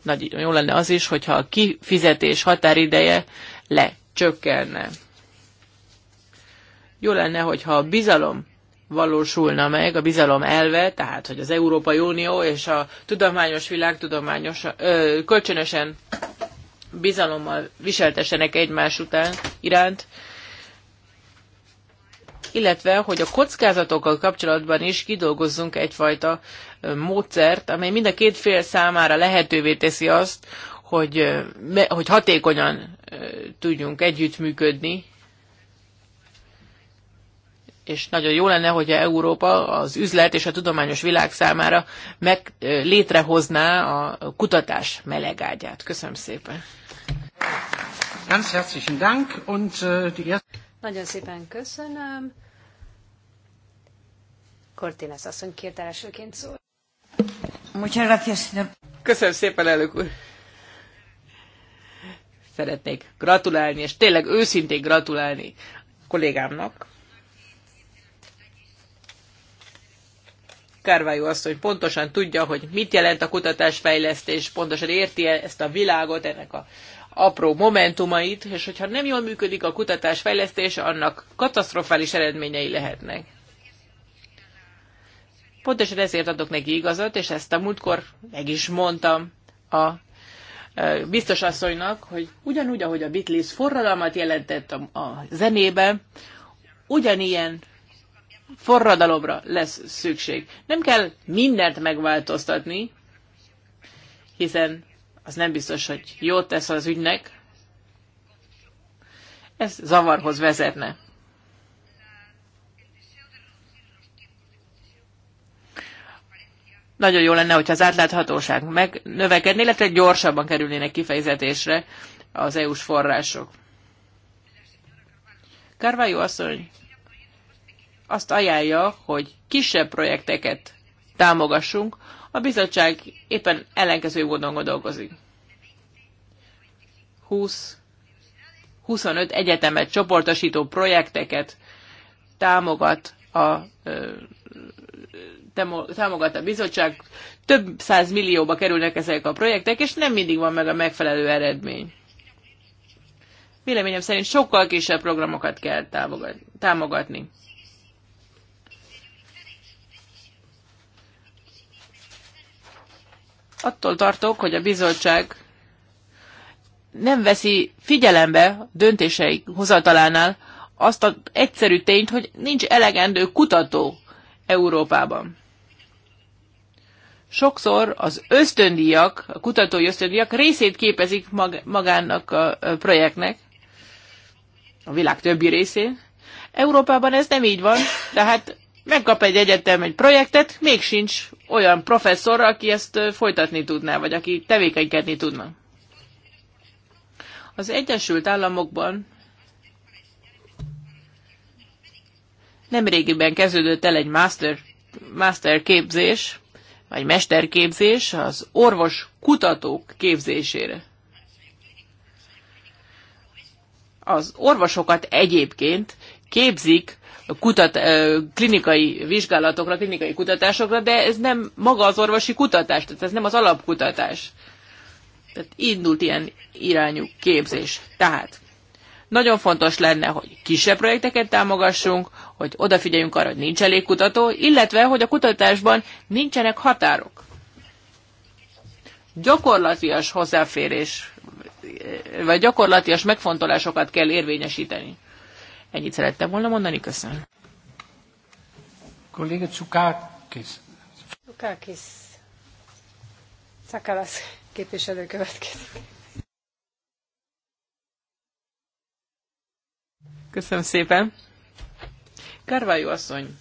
Nagyon jó lenne az is, hogyha a kifizetés határideje lecsökkenne. Jó lenne, hogyha a bizalom valósulna meg, a bizalom elve, tehát hogy az Európai Unió és a tudományos világ tudományos, ö, kölcsönösen bizalommal viseltessenek egymás után iránt, illetve hogy a kockázatokkal kapcsolatban is kidolgozzunk egyfajta módszert, amely mind a két fél számára lehetővé teszi azt, hogy, hogy hatékonyan tudjunk együttműködni, és nagyon jó lenne, a Európa az üzlet és a tudományos világ számára meg létrehozná a kutatás melegágyát. Köszönöm szépen. Ganz herzlichen Dank und äh, die Nagyon szépen köszönöm. Cortines asszony kért elsőként szól. Muchas gracias, señor. Köszönöm szépen, elnök úr. Szeretnék gratulálni, és tényleg őszintén gratulálni kollégámnak, Kárvályó hogy pontosan tudja, hogy mit jelent a kutatásfejlesztés, pontosan érti -e ezt a világot, ennek a apró momentumait, és hogyha nem jól működik a kutatásfejlesztés, annak katasztrofális eredményei lehetnek. Pontosan ezért adok neki igazat, és ezt a múltkor meg is mondtam a e, biztos asszonynak, hogy ugyanúgy, ahogy a Beatles forradalmat jelentett a, a zenébe, ugyanilyen forradalomra lesz szükség. Nem kell mindent megváltoztatni, hiszen az nem biztos, hogy jót tesz az ügynek. Ez zavarhoz vezetne. Nagyon jó lenne, hogyha az átláthatóság megnövekedne, illetve gyorsabban kerülnének kifejezetésre az EU-s források. Carvalho asszony azt ajánlja, hogy kisebb projekteket támogassunk, a bizottság éppen ellenkező módon gondolkozik. 20 25 egyetemet csoportosító projekteket támogat a, támogat a bizottság. Több száz millióba kerülnek ezek a projektek, és nem mindig van meg a megfelelő eredmény. Véleményem szerint sokkal kisebb programokat kell támogatni. attól tartok, hogy a bizottság nem veszi figyelembe döntéseik hozatalánál azt az egyszerű tényt, hogy nincs elegendő kutató Európában. Sokszor az ösztöndíjak, a kutatói ösztöndíjak részét képezik mag- magának a projektnek, a világ többi részén. Európában ez nem így van, tehát megkap egy egyetem egy projektet, még sincs olyan professzor, aki ezt folytatni tudná, vagy aki tevékenykedni tudna. Az Egyesült Államokban nemrégiben kezdődött el egy master, master képzés, vagy mesterképzés az orvos kutatók képzésére. Az orvosokat egyébként képzik kutat, klinikai vizsgálatokra, klinikai kutatásokra, de ez nem maga az orvosi kutatás, tehát ez nem az alapkutatás. Tehát indult ilyen irányú képzés. Tehát nagyon fontos lenne, hogy kisebb projekteket támogassunk, hogy odafigyeljünk arra, hogy nincs elég kutató, illetve, hogy a kutatásban nincsenek határok. Gyakorlatias hozzáférés, vagy gyakorlatias megfontolásokat kell érvényesíteni. Ennyit szerettem volna mondani, köszönöm. Kolléga Csukákis. Csukákis. Szakalász képviselő következik. Köszönöm szépen. Karvajó asszony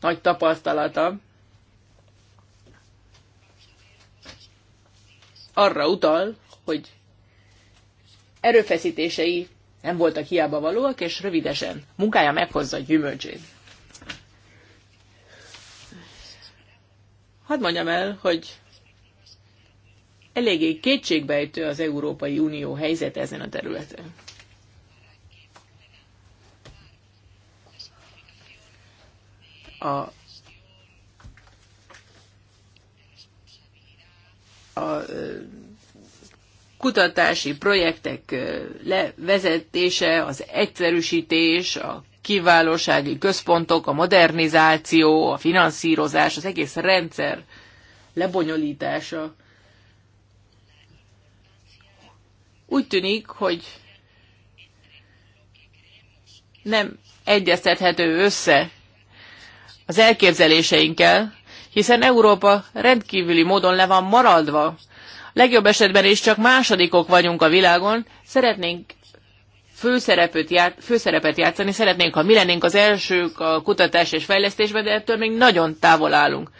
nagy tapasztalata arra utal, hogy erőfeszítései nem voltak hiába valóak, és rövidesen munkája meghozza a gyümölcsét. Hadd mondjam el, hogy eléggé kétségbejtő az Európai Unió helyzet ezen a területen. a, a kutatási projektek levezetése, az egyszerűsítés, a kiválósági központok, a modernizáció, a finanszírozás, az egész rendszer lebonyolítása. Úgy tűnik, hogy nem egyeztethető össze az elképzeléseinkkel, hiszen Európa rendkívüli módon le van maradva legjobb esetben is csak másodikok vagyunk a világon, szeretnénk főszerepet, ját, főszerepet játszani, szeretnénk, ha mi lennénk az elsők a kutatás és fejlesztésben, de ettől még nagyon távol állunk.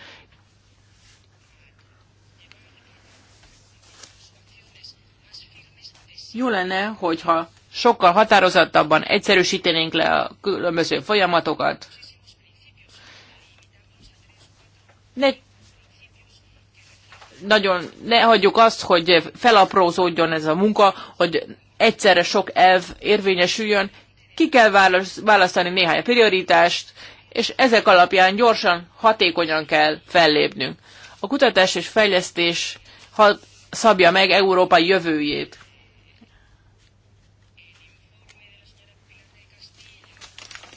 Jó lenne, hogyha sokkal határozottabban egyszerűsítenénk le a különböző folyamatokat. Ne nagyon ne hagyjuk azt, hogy felaprózódjon ez a munka, hogy egyszerre sok elv érvényesüljön, ki kell választani néhány prioritást, és ezek alapján gyorsan, hatékonyan kell fellépnünk. A kutatás és fejlesztés szabja meg Európa jövőjét.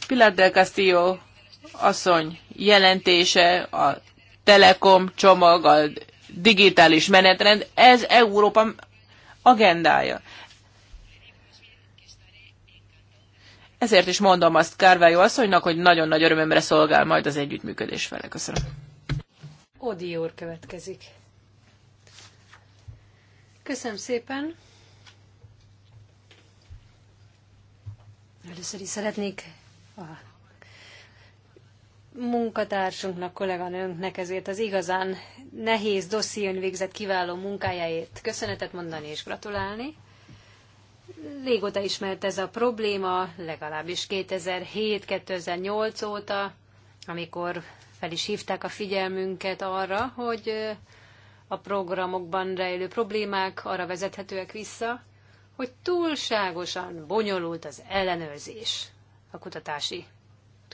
Pilar del Castillo asszony jelentése, a Telekom csomag, a digitális menetrend, ez Európa agendája. Ezért is mondom azt Kárvályó asszonynak, hogy nagyon nagy örömömre szolgál majd az együttműködés vele. Köszönöm. Odi úr következik. Köszönöm szépen. Először is szeretnék a munkatársunknak, kolléganőnknek ezért az igazán nehéz dosszién végzett kiváló munkájáért köszönetet mondani és gratulálni. Régóta ismert ez a probléma, legalábbis 2007-2008 óta, amikor fel is hívták a figyelmünket arra, hogy a programokban rejlő problémák arra vezethetőek vissza, hogy túlságosan bonyolult az ellenőrzés a kutatási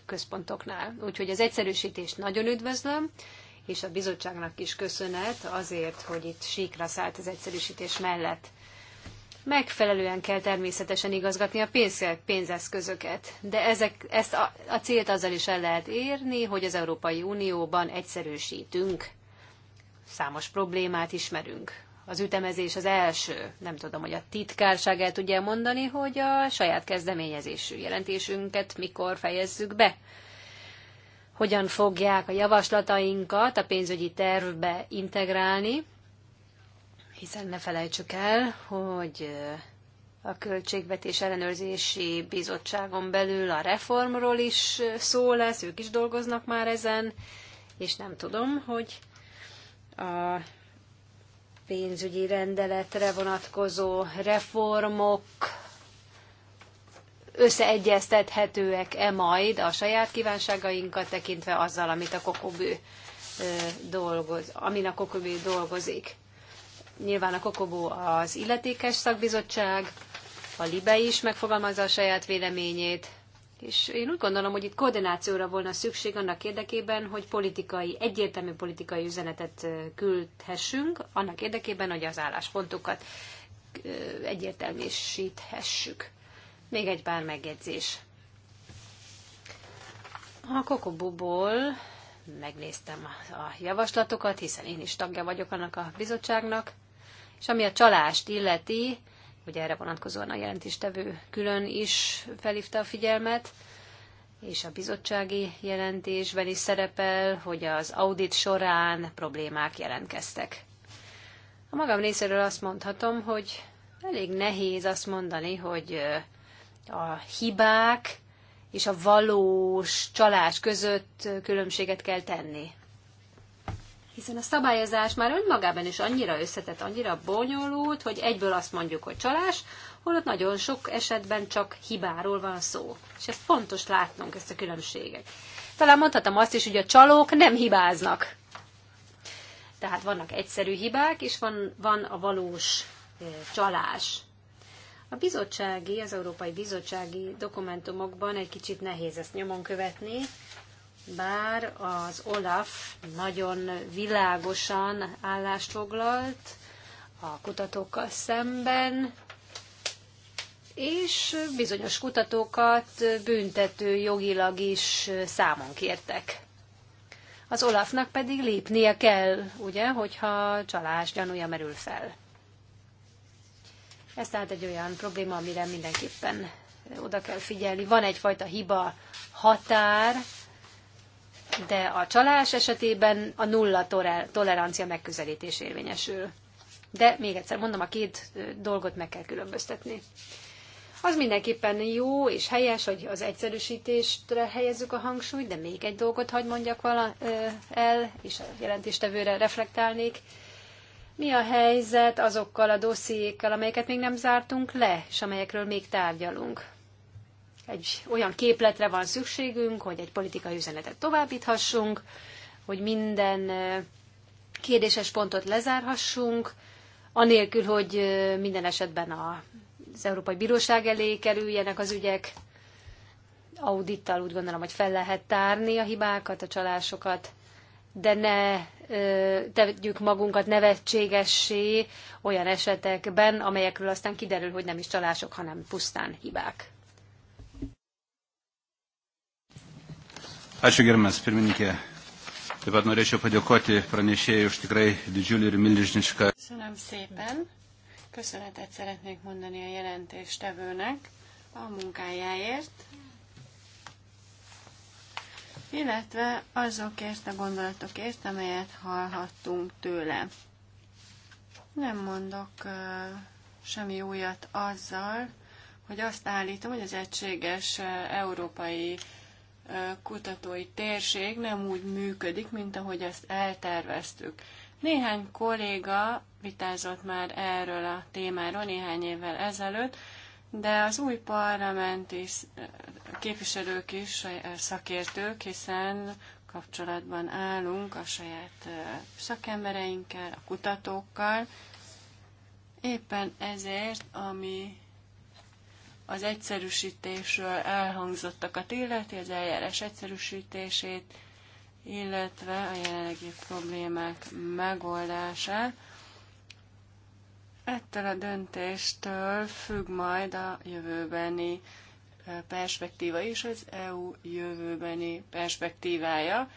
központoknál. Úgyhogy az egyszerűsítést nagyon üdvözlöm, és a bizottságnak is köszönet azért, hogy itt síkra szállt az egyszerűsítés mellett. Megfelelően kell természetesen igazgatni a pénzeszközöket, de ezek, ezt a, a célt azzal is el lehet érni, hogy az Európai Unióban egyszerűsítünk. Számos problémát ismerünk az ütemezés az első. Nem tudom, hogy a titkárság el tudja mondani, hogy a saját kezdeményezésű jelentésünket mikor fejezzük be. Hogyan fogják a javaslatainkat a pénzügyi tervbe integrálni, hiszen ne felejtsük el, hogy a Költségvetés Ellenőrzési Bizottságon belül a reformról is szó lesz, ők is dolgoznak már ezen, és nem tudom, hogy a pénzügyi rendeletre vonatkozó reformok összeegyeztethetőek-e majd a saját kívánságainkat tekintve azzal, amit a kokobő dolgoz, amin a kokobő dolgozik. Nyilván a kokobó az illetékes szakbizottság, a Libe is megfogalmazza a saját véleményét, és én úgy gondolom, hogy itt koordinációra volna szükség annak érdekében, hogy politikai, egyértelmű politikai üzenetet küldhessünk, annak érdekében, hogy az álláspontokat egyértelműsíthessük. Még egy pár megjegyzés. A Kokobuból megnéztem a javaslatokat, hiszen én is tagja vagyok annak a bizottságnak, és ami a csalást illeti, hogy erre vonatkozóan a jelentéstevő külön is felhívta a figyelmet, és a bizottsági jelentésben is szerepel, hogy az audit során problémák jelentkeztek. A magam részéről azt mondhatom, hogy elég nehéz azt mondani, hogy a hibák és a valós csalás között különbséget kell tenni hiszen a szabályozás már önmagában is annyira összetett, annyira bonyolult, hogy egyből azt mondjuk, hogy csalás, holott nagyon sok esetben csak hibáról van szó. És ezt fontos látnunk, ezt a különbséget. Talán mondhatom azt is, hogy a csalók nem hibáznak. Tehát vannak egyszerű hibák, és van, van a valós csalás. A bizottsági, az Európai Bizottsági dokumentumokban egy kicsit nehéz ezt nyomon követni, bár az Olaf nagyon világosan állást foglalt a kutatókkal szemben, és bizonyos kutatókat büntető jogilag is számon kértek. Az Olafnak pedig lépnie kell, ugye, hogyha csalás gyanúja merül fel. Ez tehát egy olyan probléma, amire mindenképpen oda kell figyelni. Van egyfajta hiba határ, de a csalás esetében a nulla tolerancia megközelítés érvényesül. De még egyszer mondom, a két dolgot meg kell különböztetni. Az mindenképpen jó és helyes, hogy az egyszerűsítésre helyezzük a hangsúlyt, de még egy dolgot hagy mondjak vala, el, és a jelentéstevőre reflektálnék. Mi a helyzet azokkal a dossziékkal, amelyeket még nem zártunk le, és amelyekről még tárgyalunk? egy olyan képletre van szükségünk, hogy egy politikai üzenetet továbbíthassunk, hogy minden kérdéses pontot lezárhassunk, anélkül, hogy minden esetben az Európai Bíróság elé kerüljenek az ügyek. Audittal úgy gondolom, hogy fel lehet tárni a hibákat, a csalásokat, de ne tegyük magunkat nevetségessé olyan esetekben, amelyekről aztán kiderül, hogy nem is csalások, hanem pusztán hibák. Ačiū gerbiamas pirmininkė. Taip pat norėčiau padėkoti pranešėjai už tikrai didžiulį ir milžinišką. Köszönöm szépen. Köszönetet szeretnék mondani a jelentéstevőnek a munkájáért, illetve azokért a gondolatokért, amelyet hallhattunk tőle. Nem mondok uh, semmi újat azzal, hogy azt állítom, hogy az egységes európai kutatói térség nem úgy működik, mint ahogy ezt elterveztük. Néhány kolléga vitázott már erről a témáról néhány évvel ezelőtt, de az új parlament is, képviselők is szakértők, hiszen kapcsolatban állunk a saját szakembereinkkel, a kutatókkal. Éppen ezért, ami az egyszerűsítésről elhangzottakat illeti, az eljárás egyszerűsítését, illetve a jelenlegi problémák megoldását. Ettől a döntéstől függ majd a jövőbeni perspektíva is az EU jövőbeni perspektívája,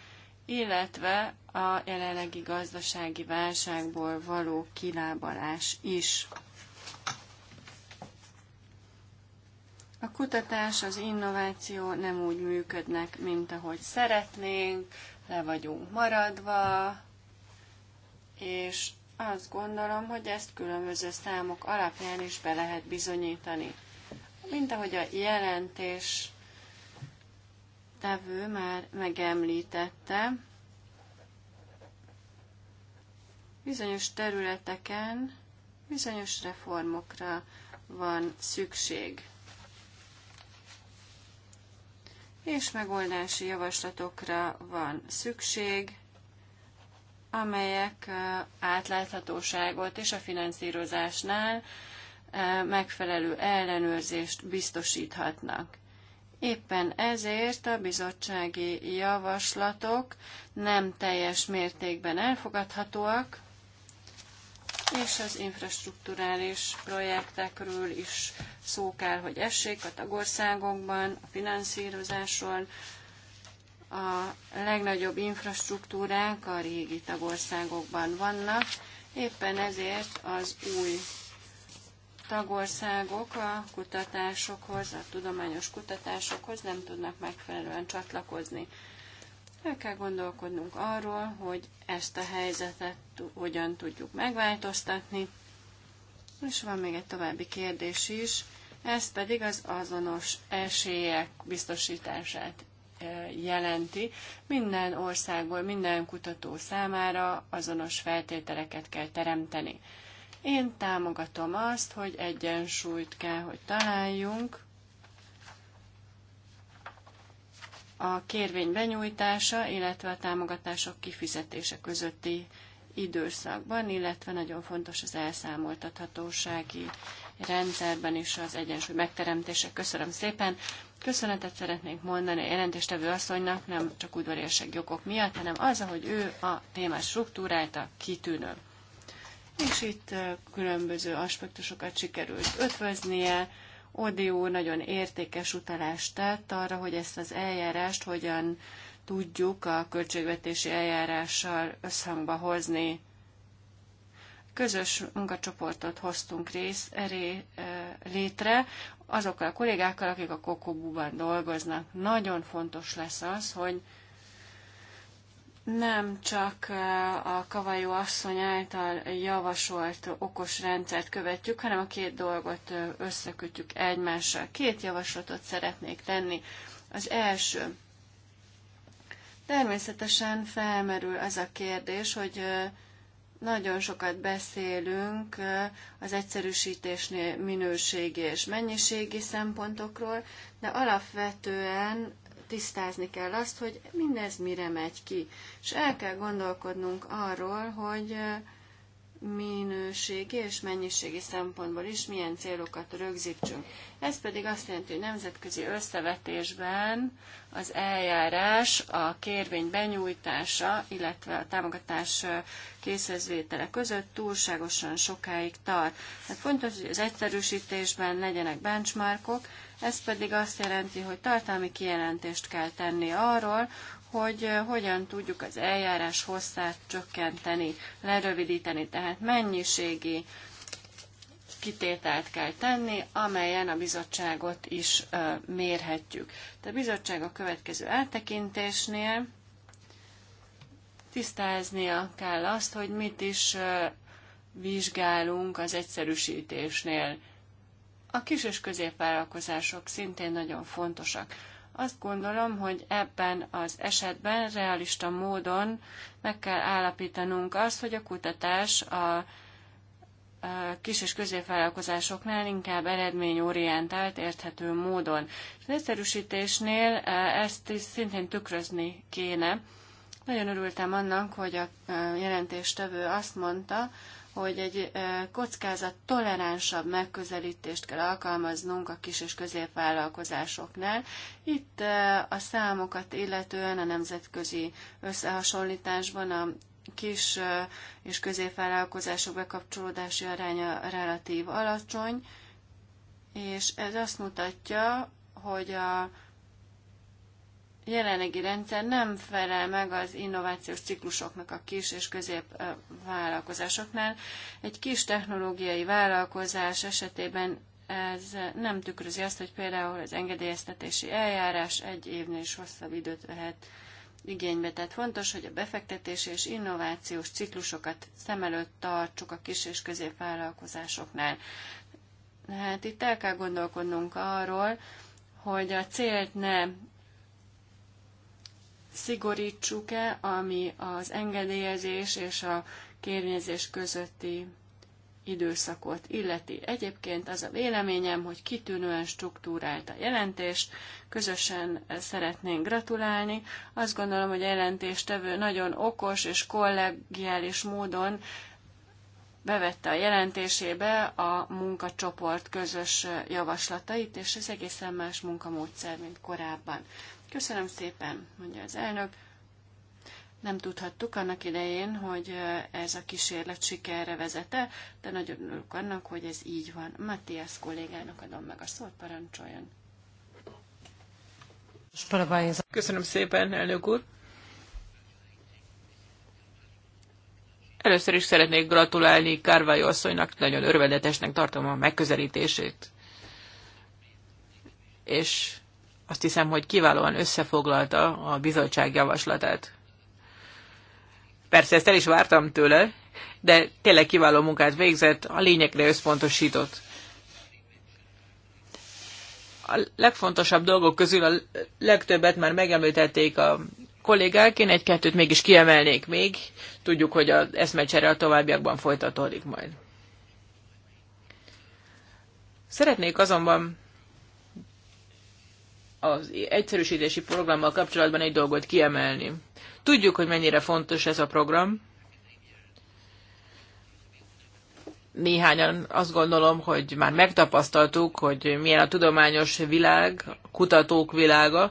illetve a jelenlegi gazdasági válságból való kilábalás is. A kutatás, az innováció nem úgy működnek, mint ahogy szeretnénk, le vagyunk maradva, és azt gondolom, hogy ezt különböző számok alapján is be lehet bizonyítani. Mint ahogy a jelentés tevő már megemlítette, bizonyos területeken bizonyos reformokra van szükség. és megoldási javaslatokra van szükség, amelyek átláthatóságot és a finanszírozásnál megfelelő ellenőrzést biztosíthatnak. Éppen ezért a bizottsági javaslatok nem teljes mértékben elfogadhatóak, és az infrastruktúrális projektekről is szó kell, hogy essék a tagországokban, a finanszírozáson A legnagyobb infrastruktúrák a régi tagországokban vannak, éppen ezért az új tagországok a kutatásokhoz, a tudományos kutatásokhoz nem tudnak megfelelően csatlakozni. El kell gondolkodnunk arról, hogy ezt a helyzetet hogyan tudjuk megváltoztatni. És van még egy további kérdés is, ez pedig az azonos esélyek biztosítását jelenti. Minden országból, minden kutató számára azonos feltételeket kell teremteni. Én támogatom azt, hogy egyensúlyt kell, hogy találjunk a kérvény benyújtása, illetve a támogatások kifizetése közötti időszakban, illetve nagyon fontos az elszámoltathatósági rendszerben is az egyensúly megteremtése. Köszönöm szépen! Köszönetet szeretnék mondani a jelentéstevő asszonynak, nem csak udvariasság jogok miatt, hanem az, hogy ő a témás a kitűnő. És itt különböző aspektusokat sikerült ötvöznie, Odi úr nagyon értékes utalást tett arra, hogy ezt az eljárást hogyan tudjuk a költségvetési eljárással összhangba hozni. Közös munkacsoportot hoztunk rész, eré, létre azokkal a kollégákkal, akik a Kokobúban dolgoznak. Nagyon fontos lesz az, hogy nem csak eh, a Kavajó asszony által javasolt okos rendszert követjük, hanem a két dolgot eh, összekötjük egymással. Két javaslatot szeretnék tenni. Az első. Természetesen felmerül az a kérdés, hogy eh, nagyon sokat beszélünk az egyszerűsítésnél minőségi és mennyiségi szempontokról, de alapvetően tisztázni kell azt, hogy mindez mire megy ki. És el kell gondolkodnunk arról, hogy minőségi és mennyiségi szempontból is milyen célokat rögzítsünk. Ez pedig azt jelenti, hogy nemzetközi összevetésben az eljárás, a kérvény benyújtása, illetve a támogatás készhezvétele között túlságosan sokáig tart. Tehát fontos, hogy az egyszerűsítésben legyenek benchmarkok, ez pedig azt jelenti, hogy tartalmi kijelentést kell tenni arról, hogy hogyan tudjuk az eljárás hosszát csökkenteni, lerövidíteni, tehát mennyiségi kitételt kell tenni, amelyen a bizottságot is mérhetjük. De a bizottság a következő áttekintésnél tisztáznia kell azt, hogy mit is vizsgálunk az egyszerűsítésnél. A kis és középvállalkozások szintén nagyon fontosak. Azt gondolom, hogy ebben az esetben realista módon meg kell állapítanunk azt, hogy a kutatás a kis és középvállalkozásoknál inkább eredményorientált, érthető módon. És az egyszerűsítésnél e, ezt is szintén tükrözni kéne. Nagyon örültem annak, hogy a e, jelentéstevő azt mondta, hogy egy kockázat toleránsabb megközelítést kell alkalmaznunk a kis és középvállalkozásoknál. Itt a számokat illetően a nemzetközi összehasonlításban a kis és középvállalkozások bekapcsolódási aránya relatív alacsony, és ez azt mutatja, hogy a jelenlegi rendszer nem felel meg az innovációs ciklusoknak a kis és közép vállalkozásoknál. Egy kis technológiai vállalkozás esetében ez nem tükrözi azt, hogy például az engedélyeztetési eljárás egy évnél is hosszabb időt vehet igénybe. Tehát fontos, hogy a befektetési és innovációs ciklusokat szem előtt tartsuk a kis és vállalkozásoknál. Hát itt el kell gondolkodnunk arról, hogy a célt ne szigorítsuk-e, ami az engedélyezés és a kérvényezés közötti időszakot illeti. Egyébként az a véleményem, hogy kitűnően struktúrált a jelentést. közösen szeretnénk gratulálni. Azt gondolom, hogy a jelentéstevő nagyon okos és kollegiális módon bevette a jelentésébe a munkacsoport közös javaslatait, és ez egészen más munkamódszer, mint korábban. Köszönöm szépen, mondja az elnök. Nem tudhattuk annak idején, hogy ez a kísérlet sikerre vezete, de nagyon örülök annak, hogy ez így van. Matthias kollégának adom meg a szót, parancsoljon. Köszönöm szépen, elnök úr. Először is szeretnék gratulálni Kárvályó asszonynak, nagyon örvendetesnek tartom a megközelítését. És azt hiszem, hogy kiválóan összefoglalta a bizottság javaslatát. Persze ezt el is vártam tőle, de tényleg kiváló munkát végzett, a lényekre összpontosított. A legfontosabb dolgok közül a legtöbbet már megemlítették a kollégák, én egy-kettőt mégis kiemelnék még. Tudjuk, hogy az eszmecsere a továbbiakban folytatódik majd. Szeretnék azonban az egyszerűsítési programmal kapcsolatban egy dolgot kiemelni. Tudjuk, hogy mennyire fontos ez a program. Néhányan azt gondolom, hogy már megtapasztaltuk, hogy milyen a tudományos világ, a kutatók világa,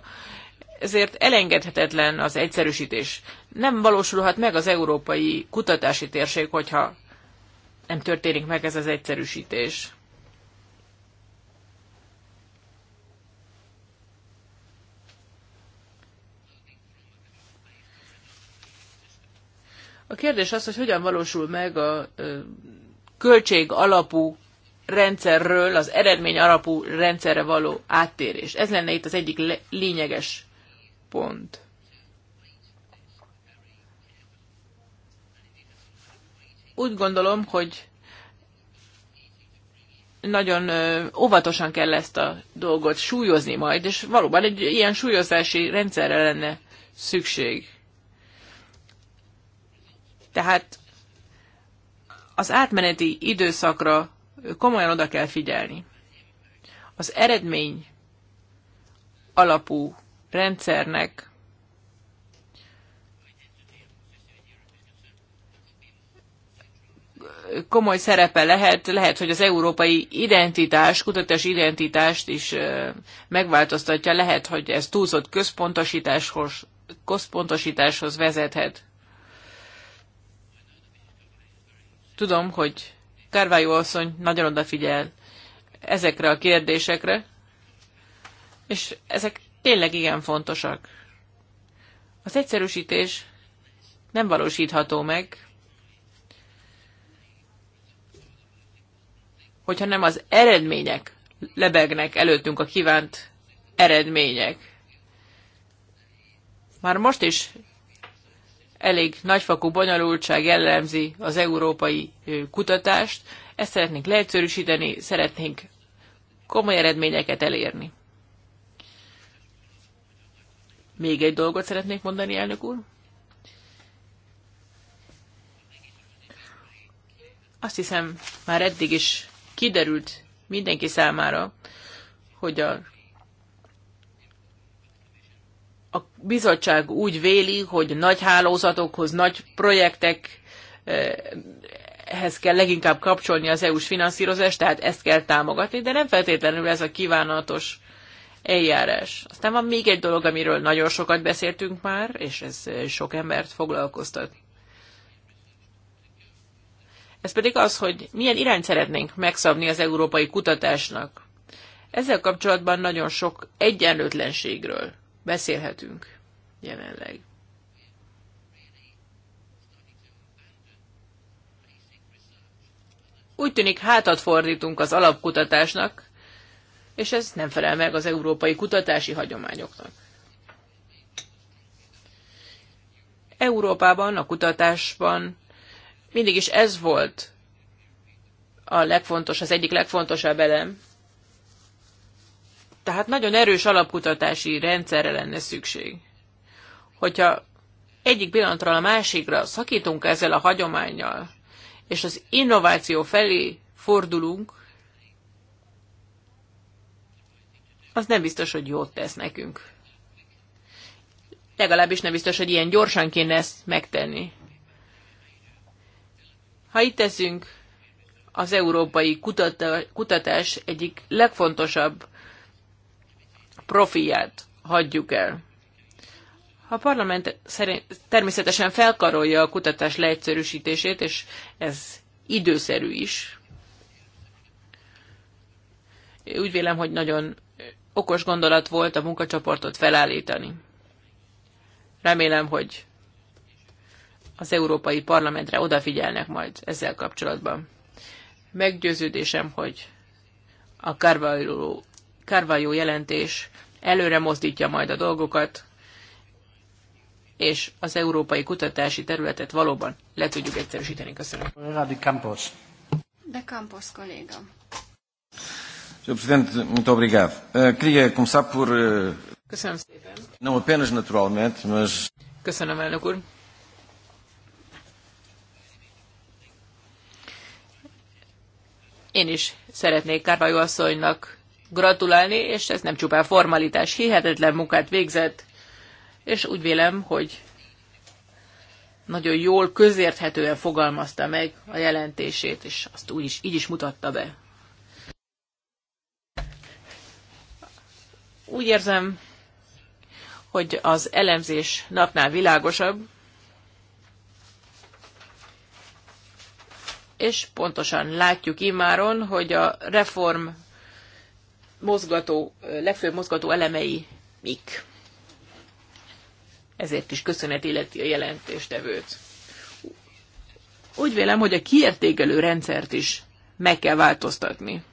ezért elengedhetetlen az egyszerűsítés. Nem valósulhat meg az európai kutatási térség, hogyha nem történik meg ez az egyszerűsítés. A kérdés az, hogy hogyan valósul meg a költség alapú rendszerről az eredmény alapú rendszerre való áttérés. Ez lenne itt az egyik lényeges pont. Úgy gondolom, hogy nagyon óvatosan kell ezt a dolgot súlyozni majd, és valóban egy ilyen súlyozási rendszerre lenne szükség. Tehát az átmeneti időszakra komolyan oda kell figyelni. Az eredmény alapú rendszernek komoly szerepe lehet, lehet, hogy az európai identitás, kutatás identitást is megváltoztatja, lehet, hogy ez túlzott központosításhoz, központosításhoz vezethet. Tudom, hogy Kárvályó asszony nagyon odafigyel ezekre a kérdésekre, és ezek tényleg igen fontosak. Az egyszerűsítés nem valósítható meg, hogyha nem az eredmények lebegnek előttünk a kívánt eredmények. Már most is elég nagyfakú bonyolultság jellemzi az európai kutatást. Ezt szeretnénk leegyszerűsíteni, szeretnénk komoly eredményeket elérni. Még egy dolgot szeretnék mondani, elnök úr. Azt hiszem, már eddig is kiderült mindenki számára, hogy a a bizottság úgy véli, hogy nagy hálózatokhoz, nagy projektekhez eh, kell leginkább kapcsolni az EU-s finanszírozást, tehát ezt kell támogatni, de nem feltétlenül ez a kívánatos eljárás. Aztán van még egy dolog, amiről nagyon sokat beszéltünk már, és ez sok embert foglalkoztat. Ez pedig az, hogy milyen irányt szeretnénk megszabni az európai kutatásnak. Ezzel kapcsolatban nagyon sok egyenlőtlenségről beszélhetünk jelenleg. Úgy tűnik, hátat fordítunk az alapkutatásnak, és ez nem felel meg az európai kutatási hagyományoknak. Európában, a kutatásban mindig is ez volt a legfontos, az egyik legfontosabb elem, tehát nagyon erős alapkutatási rendszerre lenne szükség. Hogyha egyik pillanatról a másikra szakítunk ezzel a hagyományjal, és az innováció felé fordulunk, az nem biztos, hogy jót tesz nekünk. Legalábbis nem biztos, hogy ilyen gyorsan kéne ezt megtenni. Ha itt teszünk, az európai kutatás egyik legfontosabb profiát hagyjuk el. A parlament szerint, természetesen felkarolja a kutatás leegyszerűsítését, és ez időszerű is. Úgy vélem, hogy nagyon okos gondolat volt a munkacsoportot felállítani. Remélem, hogy az Európai Parlamentre odafigyelnek majd ezzel kapcsolatban. Meggyőződésem, hogy a Carvalho Carvalho jelentés előre mozdítja majd a dolgokat, és az európai kutatási területet valóban le tudjuk egyszerűsíteni. Köszönöm. De Campos. De Campos kolléga. Sr. Presidente, muito obrigado. Uh, queria começar por... Uh, Köszönöm szépen. Não apenas naturalmente, mas... Köszönöm, elnök úr. Én is szeretnék Kárvajó asszonynak gratulálni, és ez nem csupán formalitás, hihetetlen munkát végzett, és úgy vélem, hogy nagyon jól, közérthetően fogalmazta meg a jelentését, és azt úgy is, így is mutatta be. Úgy érzem, hogy az elemzés napnál világosabb, és pontosan látjuk imáron, hogy a reform mozgató, legfőbb mozgató elemei mik. Ezért is köszönet illeti a jelentéstevőt. Úgy vélem, hogy a kiértékelő rendszert is meg kell változtatni.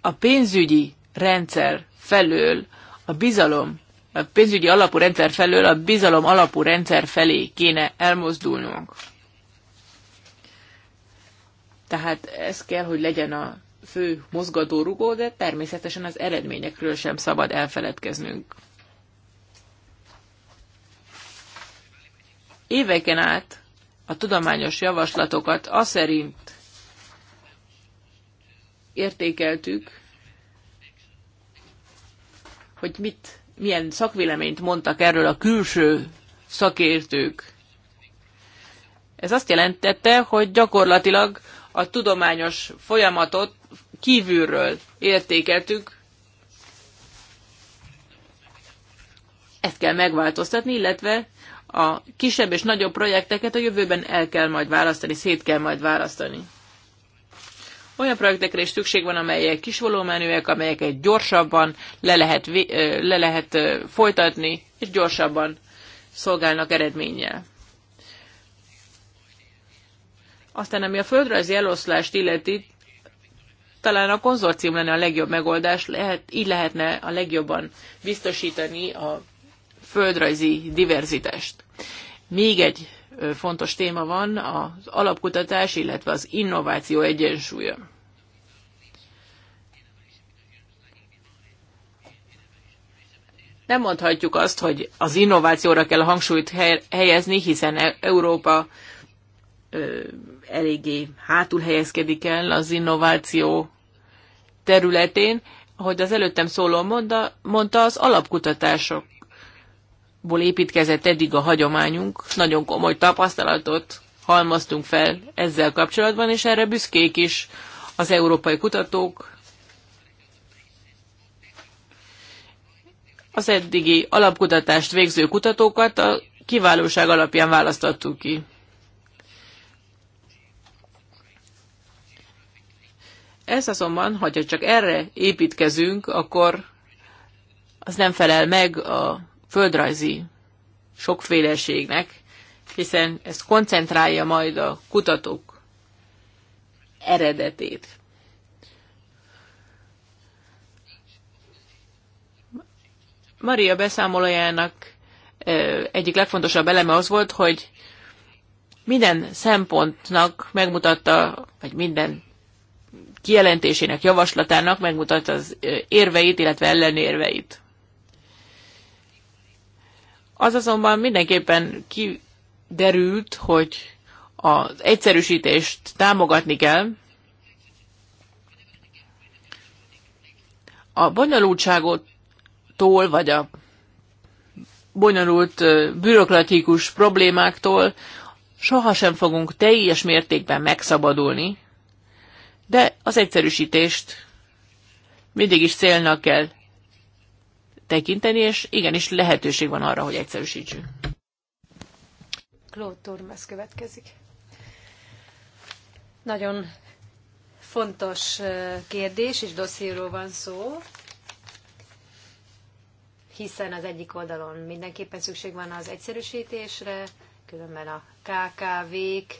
A pénzügyi rendszer felől a bizalom, a pénzügyi alapú rendszer felől a bizalom alapú rendszer felé kéne elmozdulnunk. Tehát ez kell, hogy legyen a fő mozgatórugó, de természetesen az eredményekről sem szabad elfeledkeznünk. Éveken át a tudományos javaslatokat aszerint értékeltük, hogy mit, milyen szakvéleményt mondtak erről a külső szakértők. Ez azt jelentette, hogy gyakorlatilag a tudományos folyamatot kívülről értékeltük, ezt kell megváltoztatni, illetve a kisebb és nagyobb projekteket a jövőben el kell majd választani, szét kell majd választani. Olyan projektekre is szükség van, amelyek kis volumenűek, amelyeket gyorsabban le lehet, le lehet folytatni, és gyorsabban szolgálnak eredménnyel. Aztán ami a földrajzi eloszlást illeti, talán a konzorcium lenne a legjobb megoldás, lehet, így lehetne a legjobban biztosítani a földrajzi diverzitást. Még egy fontos téma van, az alapkutatás, illetve az innováció egyensúlya. Nem mondhatjuk azt, hogy az innovációra kell a hangsúlyt helyezni, hiszen e- Európa eléggé hátul helyezkedik el az innováció területén. Ahogy az előttem szóló mondta, mondta az alapkutatásokból építkezett eddig a hagyományunk, nagyon komoly tapasztalatot halmaztunk fel ezzel kapcsolatban, és erre büszkék is az európai kutatók. Az eddigi alapkutatást végző kutatókat a kiválóság alapján választottuk ki. Ez azonban, hogyha csak erre építkezünk, akkor az nem felel meg a földrajzi sokféleségnek, hiszen ez koncentrálja majd a kutatók eredetét. Maria beszámolójának egyik legfontosabb eleme az volt, hogy minden szempontnak megmutatta, vagy minden kijelentésének, javaslatának megmutatja az érveit, illetve ellenérveit. Az azonban mindenképpen kiderült, hogy az egyszerűsítést támogatni kell. A bonyolultságotól, vagy a bonyolult bürokratikus problémáktól sohasem fogunk teljes mértékben megszabadulni, de az egyszerűsítést mindig is célnak kell tekinteni, és igenis lehetőség van arra, hogy egyszerűsítsünk. Claude Tormes következik. Nagyon fontos kérdés, és dossziéról van szó, hiszen az egyik oldalon mindenképpen szükség van az egyszerűsítésre, különben a KKV-k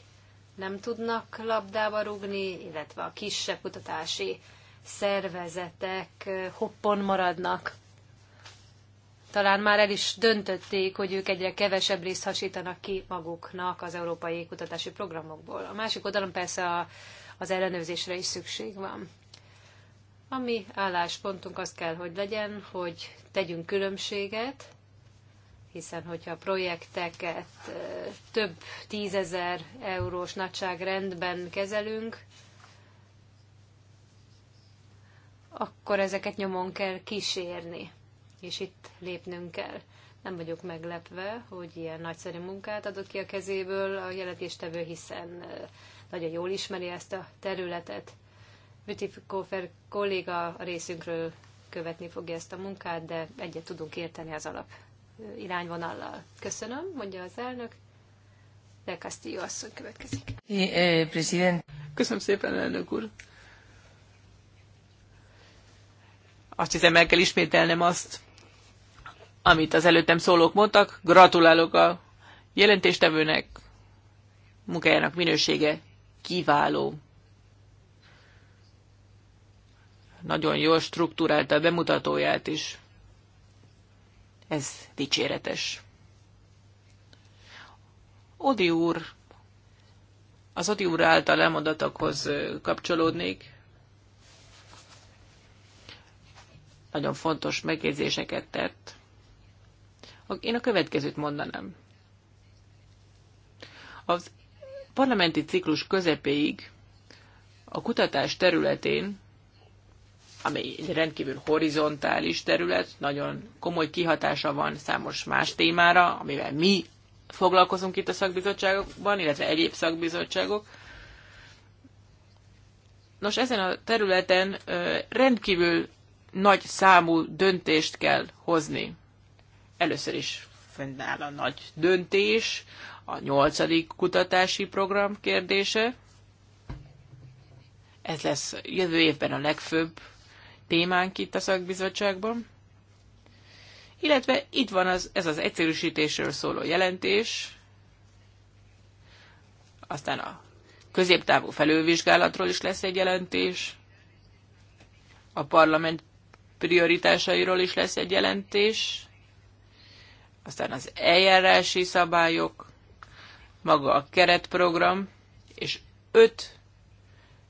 nem tudnak labdába rugni, illetve a kisebb kutatási szervezetek eh, hoppon maradnak. Talán már el is döntötték, hogy ők egyre kevesebb részt hasítanak ki maguknak az európai kutatási programokból. A másik oldalon persze a, az ellenőrzésre is szükség van. A mi álláspontunk azt kell, hogy legyen, hogy tegyünk különbséget hiszen hogyha a projekteket több tízezer eurós nagyságrendben kezelünk, akkor ezeket nyomon kell kísérni, és itt lépnünk kell. Nem vagyok meglepve, hogy ilyen nagyszerű munkát adott ki a kezéből a jelentéstevő, hiszen nagyon jól ismeri ezt a területet. Bütikofer kolléga a részünkről követni fogja ezt a munkát, de egyet tudunk érteni az alap irányvonallal. Köszönöm, mondja az elnök. De Castillo asszony következik. Eh, Köszönöm szépen, elnök úr. Azt hiszem, meg kell ismételnem azt, amit az előttem szólók mondtak. Gratulálok a jelentéstevőnek. Munkájának minősége kiváló. Nagyon jól struktúrálta a bemutatóját is. Ez dicséretes. Odi úr, az Odi úr által elmondatokhoz kapcsolódnék. Nagyon fontos megjegyzéseket tett. Én a következőt mondanám. Az parlamenti ciklus közepéig a kutatás területén amely egy rendkívül horizontális terület, nagyon komoly kihatása van számos más témára, amivel mi foglalkozunk itt a szakbizottságokban, illetve egyéb szakbizottságok. Nos, ezen a területen rendkívül nagy számú döntést kell hozni. Először is fennáll a nagy döntés, a nyolcadik kutatási program kérdése. Ez lesz jövő évben a legfőbb témánk itt a szakbizottságban. Illetve itt van az, ez az egyszerűsítésről szóló jelentés, aztán a középtávú felővizsgálatról is lesz egy jelentés, a parlament prioritásairól is lesz egy jelentés, aztán az eljárási szabályok, maga a keretprogram, és öt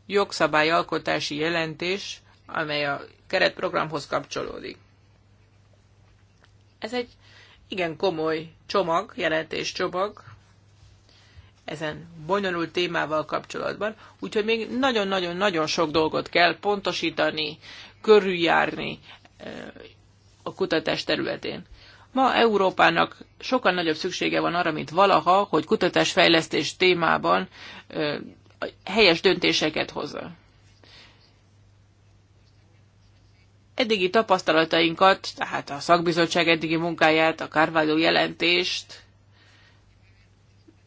jogszabályalkotási jelentés, amely a keretprogramhoz kapcsolódik. Ez egy igen komoly csomag, jelentés csomag, ezen bonyolult témával kapcsolatban, úgyhogy még nagyon-nagyon-nagyon sok dolgot kell pontosítani, körüljárni eh, a kutatás területén. Ma Európának sokkal nagyobb szüksége van arra, mint valaha, hogy kutatásfejlesztés témában eh, helyes döntéseket hozza. eddigi tapasztalatainkat, tehát a szakbizottság eddigi munkáját, a Carvalho jelentést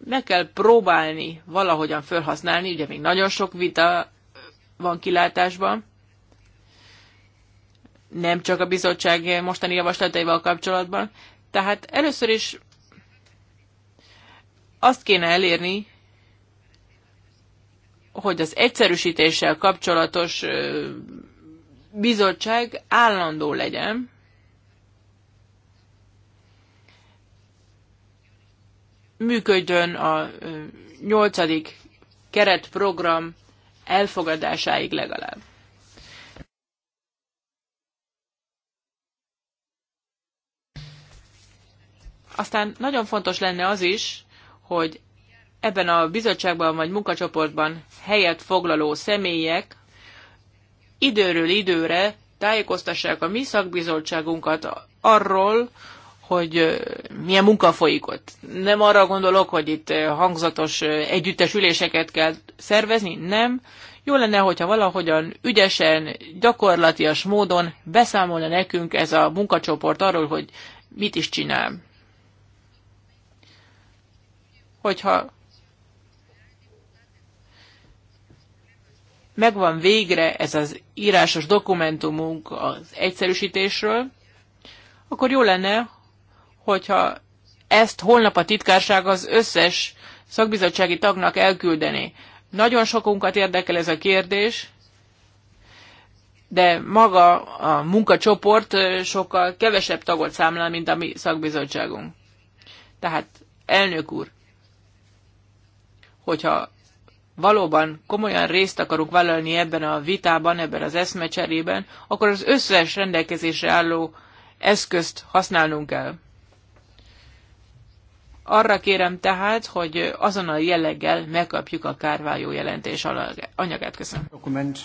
meg kell próbálni valahogyan felhasználni, ugye még nagyon sok vita van kilátásban, nem csak a bizottság mostani javaslataival kapcsolatban. Tehát először is azt kéne elérni, hogy az egyszerűsítéssel kapcsolatos bizottság állandó legyen, működjön a nyolcadik keretprogram elfogadásáig legalább. Aztán nagyon fontos lenne az is, hogy ebben a bizottságban vagy munkacsoportban helyet foglaló személyek időről időre tájékoztassák a mi szakbizottságunkat arról, hogy milyen munka folyik ott. Nem arra gondolok, hogy itt hangzatos együttes üléseket kell szervezni, nem. Jó lenne, hogyha valahogyan ügyesen, gyakorlatias módon beszámolna nekünk ez a munkacsoport arról, hogy mit is csinál. Hogyha megvan végre ez az írásos dokumentumunk az egyszerűsítésről, akkor jó lenne, hogyha ezt holnap a titkárság az összes szakbizottsági tagnak elküldené. Nagyon sokunkat érdekel ez a kérdés, de maga a munkacsoport sokkal kevesebb tagot számlál, mint a mi szakbizottságunk. Tehát, elnök úr, hogyha valóban komolyan részt akarunk vállalni ebben a vitában, ebben az eszmecserében, akkor az összes rendelkezésre álló eszközt használnunk kell. Arra kérem tehát, hogy azon a jelleggel megkapjuk a kárvájó jelentés anyagát. Köszönöm. Dokument.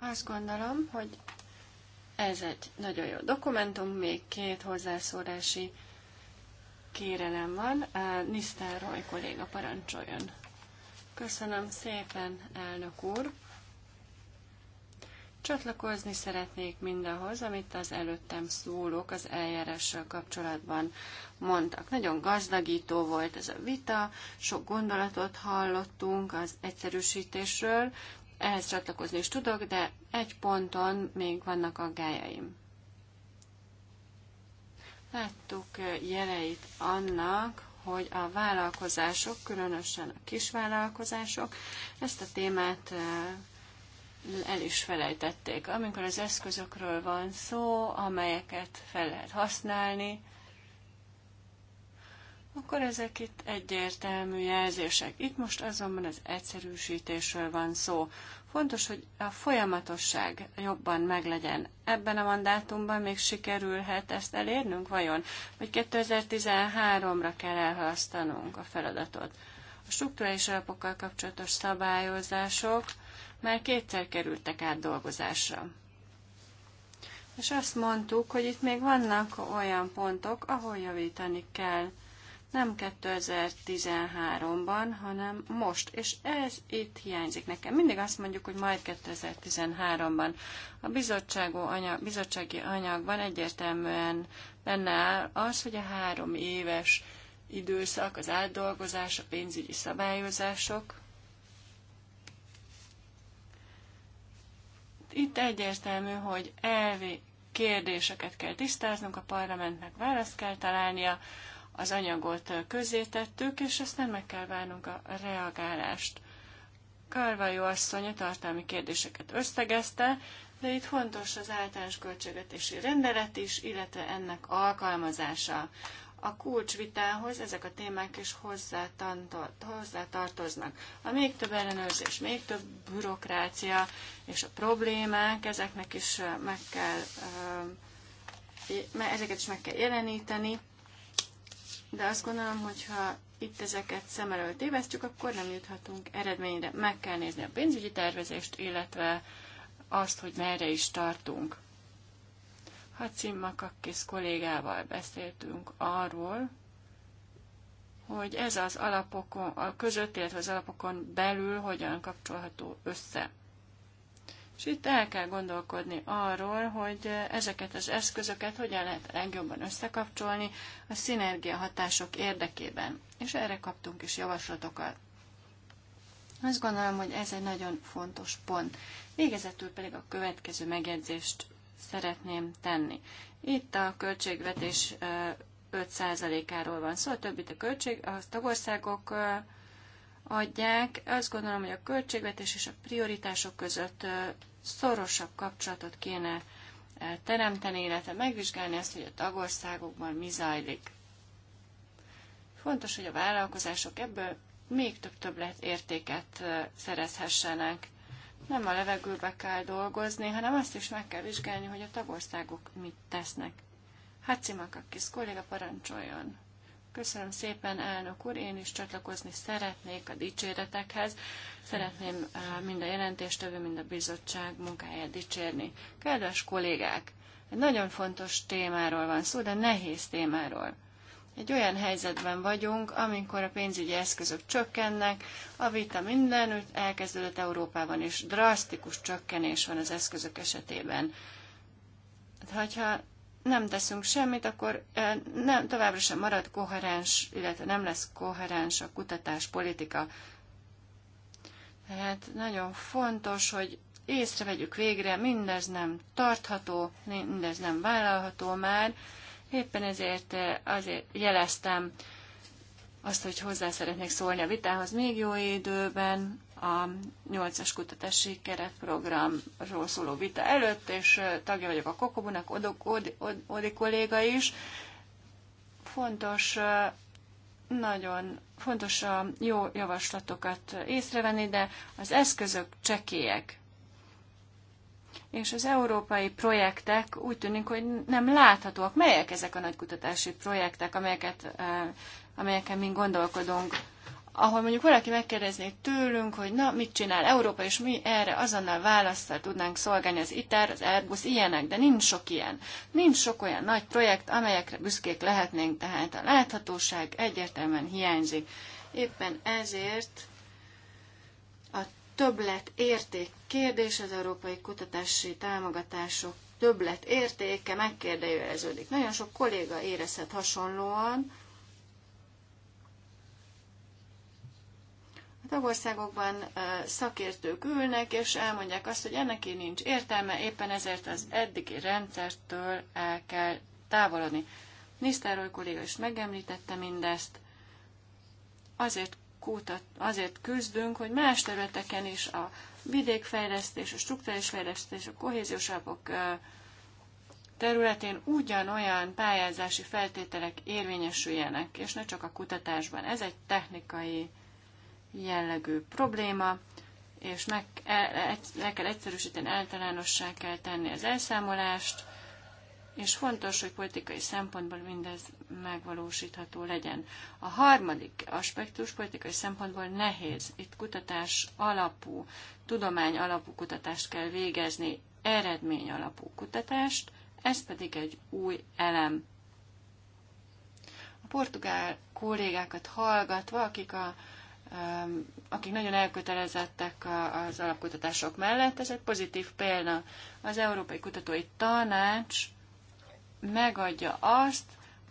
Azt gondolom, hogy ez egy nagyon jó dokumentum, még két hozzászólási kérelem van. Nisztároly kolléga parancsoljon. Köszönöm szépen, elnök úr. Csatlakozni szeretnék mindahhoz, amit az előttem szólók az eljárással kapcsolatban mondtak. Nagyon gazdagító volt ez a vita, sok gondolatot hallottunk az egyszerűsítésről, ehhez csatlakozni is tudok, de egy ponton még vannak a aggájaim. Láttuk jeleit annak, hogy a vállalkozások, különösen a kisvállalkozások ezt a témát el is felejtették. Amikor az eszközökről van szó, amelyeket fel lehet használni, akkor ezek itt egyértelmű jelzések. Itt most azonban az egyszerűsítésről van szó. Fontos, hogy a folyamatosság jobban meglegyen. Ebben a mandátumban még sikerülhet ezt elérnünk vajon? hogy 2013-ra kell elhalasztanunk a feladatot? A struktúrális alapokkal kapcsolatos szabályozások már kétszer kerültek át dolgozásra. És azt mondtuk, hogy itt még vannak olyan pontok, ahol javítani kell nem 2013-ban, hanem most. És ez itt hiányzik nekem. Mindig azt mondjuk, hogy majd 2013-ban. A anyag, bizottsági anyagban egyértelműen benne áll az, hogy a három éves időszak, az átdolgozás, a pénzügyi szabályozások. Itt egyértelmű, hogy elvi kérdéseket kell tisztáznunk, a parlamentnek választ kell találnia, az anyagot közzétettük, és nem meg kell várnunk a reagálást. Karvajó asszony a tartalmi kérdéseket összegezte, de itt fontos az általános költségvetési rendelet is, illetve ennek alkalmazása. A kulcsvitához ezek a témák is hozzátartoznak. A még több ellenőrzés, még több bürokrácia és a problémák, ezeknek is meg kell, ezeket is meg kell jeleníteni de azt gondolom, hogy ha itt ezeket szem előtt tévesztjük, akkor nem juthatunk eredményre. Meg kell nézni a pénzügyi tervezést, illetve azt, hogy merre is tartunk. Hacim Makakis kollégával beszéltünk arról, hogy ez az alapokon, a között, illetve az alapokon belül hogyan kapcsolható össze. És itt el kell gondolkodni arról, hogy ezeket az eszközöket hogyan lehet legjobban összekapcsolni a szinergia hatások érdekében. És erre kaptunk is javaslatokat. Azt gondolom, hogy ez egy nagyon fontos pont. Végezetül pedig a következő megjegyzést szeretném tenni. Itt a költségvetés 5%-áról van szó, szóval a többit a, költség, a tagországok adják. Azt gondolom, hogy a költségvetés és a prioritások között szorosabb kapcsolatot kéne e, teremteni, illetve megvizsgálni azt, hogy a tagországokban mi zajlik. Fontos, hogy a vállalkozások ebből még több többlet értéket e, szerezhessenek. Nem a levegőbe kell dolgozni, hanem azt is meg kell vizsgálni, hogy a tagországok mit tesznek. Hát Cimakakis kolléga parancsoljon! Köszönöm szépen, elnök úr. Én is csatlakozni szeretnék a dicséretekhez. Szeretném eh, mind a jelentéstevő, mind a bizottság munkáját dicsérni. Kedves kollégák, egy nagyon fontos témáról van szó, de nehéz témáról. Egy olyan helyzetben vagyunk, amikor a pénzügyi eszközök csökkennek, a vita mindenütt elkezdődött Európában, és drasztikus csökkenés van az eszközök esetében. Hát, ha nem teszünk semmit, akkor nem, továbbra sem marad koherens, illetve nem lesz koherens a kutatás politika. Tehát nagyon fontos, hogy észrevegyük végre, mindez nem tartható, mindez nem vállalható már. Éppen ezért azért jeleztem azt, hogy hozzá szeretnék szólni a vitához még jó időben, a 8-as kutatási keretprogramról szóló vita előtt, és tagja vagyok a Kokobunak, Odi, kolléga is. Fontos, nagyon fontos a jó javaslatokat észrevenni, de az eszközök csekélyek. És az európai projektek úgy tűnik, hogy nem láthatóak. Melyek ezek a nagykutatási projektek, amelyeket, amelyeken mi gondolkodunk? ahol mondjuk valaki megkérdezné tőlünk, hogy na, mit csinál Európa, és mi erre azonnal választal tudnánk szolgálni az ITER, az Airbus, ilyenek, de nincs sok ilyen. Nincs sok olyan nagy projekt, amelyekre büszkék lehetnénk, tehát a láthatóság egyértelműen hiányzik. Éppen ezért a többlet érték kérdés az európai kutatási támogatások többlet értéke megkérdőjeleződik. Nagyon sok kolléga érezhet hasonlóan, tagországokban szakértők ülnek, és elmondják azt, hogy ennek így nincs értelme, éppen ezért az eddigi rendszertől el kell távolodni. Nisztároly kolléga is megemlítette mindezt. Azért, kutat, azért küzdünk, hogy más területeken is a vidékfejlesztés, a struktúrális fejlesztés, a kohéziós alapok területén ugyanolyan pályázási feltételek érvényesüljenek, és ne csak a kutatásban. Ez egy technikai jellegű probléma, és meg el, el kell egyszerűsíteni, általánossá kell tenni az elszámolást, és fontos, hogy politikai szempontból mindez megvalósítható legyen. A harmadik aspektus politikai szempontból nehéz. Itt kutatás alapú, tudomány alapú kutatást kell végezni, eredmény alapú kutatást, ez pedig egy új elem. A portugál kollégákat hallgatva, akik a akik nagyon elkötelezettek az alapkutatások mellett. Ez egy pozitív példa. Az Európai Kutatói Tanács megadja azt,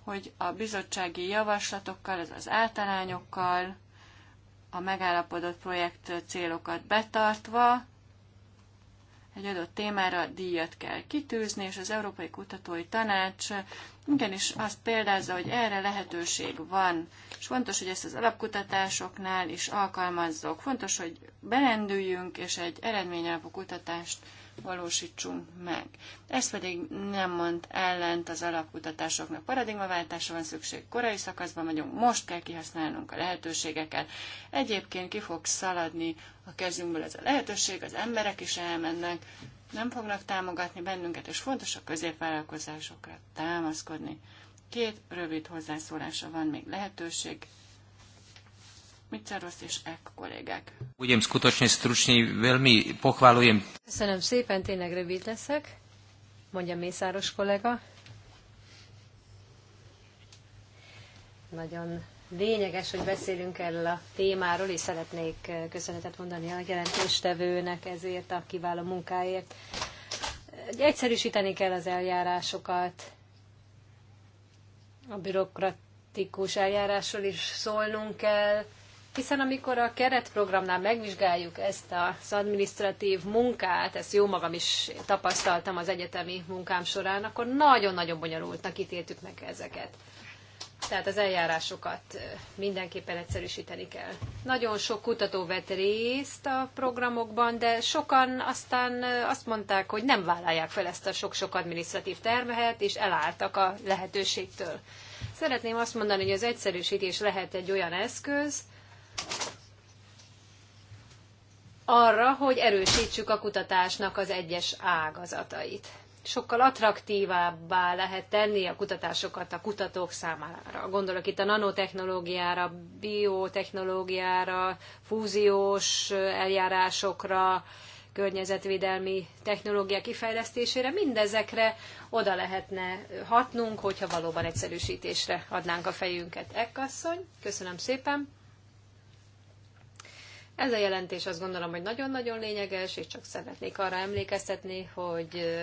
hogy a bizottsági javaslatokkal, az általányokkal, a megállapodott projekt célokat betartva egy adott témára díjat kell kitűzni, és az Európai Kutatói Tanács igenis azt példázza, hogy erre lehetőség van, és fontos, hogy ezt az alapkutatásoknál is alkalmazzuk. Fontos, hogy belendüljünk, és egy eredményalapú kutatást valósítsunk meg. Ez pedig nem mond ellent az alapkutatásoknak. Paradigmaváltásra van szükség. Korai szakaszban vagyunk, most kell kihasználnunk a lehetőségeket. Egyébként ki fog szaladni a kezünkből ez a lehetőség, az emberek is elmennek, nem fognak támogatni bennünket, és fontos a középvállalkozásokra támaszkodni. Két rövid hozzászólása van még lehetőség. Micerosz és Ek kollégák. Budem skutočne stručný, veľmi pochválujem. Köszönöm szépen, tényleg rövid leszek, mondja Mészáros kollega. Nagyon lényeges, hogy beszélünk erről a témáról, és szeretnék eh, köszönetet mondani a jelentéstevőnek ezért a kiváló munkáért. Egyszerűsíteni kell az eljárásokat, a bürokratikus eljárásról is szólnunk kell, hiszen amikor a keretprogramnál megvizsgáljuk ezt az administratív munkát, ezt jó magam is tapasztaltam az egyetemi munkám során, akkor nagyon-nagyon bonyolultnak ítéltük meg ezeket. Tehát az eljárásokat mindenképpen egyszerűsíteni kell. Nagyon sok kutató vett részt a programokban, de sokan aztán azt mondták, hogy nem vállalják fel ezt a sok-sok administratív terhet, és elálltak a lehetőségtől. Szeretném azt mondani, hogy az egyszerűsítés lehet egy olyan eszköz, arra, hogy erősítsük a kutatásnak az egyes ágazatait. Sokkal attraktívabbá lehet tenni a kutatásokat a kutatók számára. Gondolok itt a nanotechnológiára, biotechnológiára, fúziós eljárásokra, környezetvédelmi technológia kifejlesztésére, mindezekre oda lehetne hatnunk, hogyha valóban egyszerűsítésre adnánk a fejünket. Ekkasszony, köszönöm szépen! Ez a jelentés azt gondolom, hogy nagyon-nagyon lényeges, és csak szeretnék arra emlékeztetni, hogy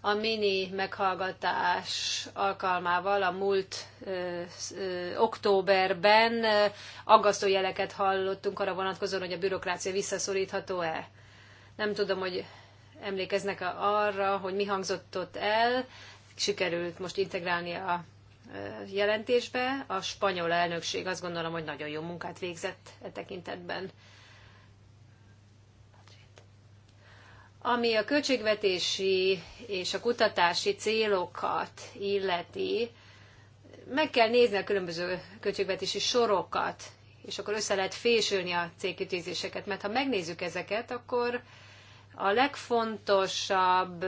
a mini meghallgatás alkalmával a múlt ö, ö, októberben aggasztó jeleket hallottunk arra vonatkozóan, hogy a bürokrácia visszaszorítható-e. Nem tudom, hogy emlékeznek -e arra, hogy mi hangzott ott el, sikerült most integrálni a jelentésbe. A spanyol elnökség azt gondolom, hogy nagyon jó munkát végzett e tekintetben. Ami a költségvetési és a kutatási célokat illeti, meg kell nézni a különböző költségvetési sorokat, és akkor össze lehet fésülni a célkitűzéseket, mert ha megnézzük ezeket, akkor a legfontosabb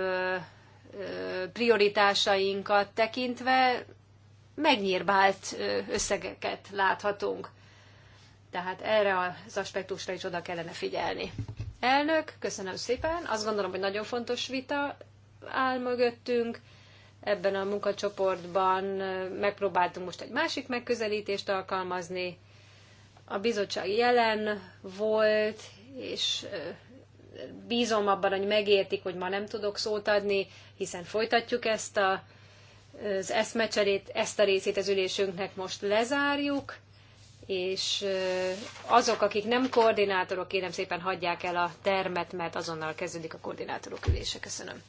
prioritásainkat tekintve megnyírbált összegeket láthatunk. Tehát erre az aspektusra is oda kellene figyelni. Elnök, köszönöm szépen. Azt gondolom, hogy nagyon fontos vita áll mögöttünk. Ebben a munkacsoportban megpróbáltunk most egy másik megközelítést alkalmazni. A bizottság jelen volt, és bízom abban, hogy megértik, hogy ma nem tudok szót adni, hiszen folytatjuk ezt a az eszmecserét, ezt a részét az ülésünknek most lezárjuk, és azok, akik nem koordinátorok, kérem szépen hagyják el a termet, mert azonnal kezdődik a koordinátorok ülése. Köszönöm.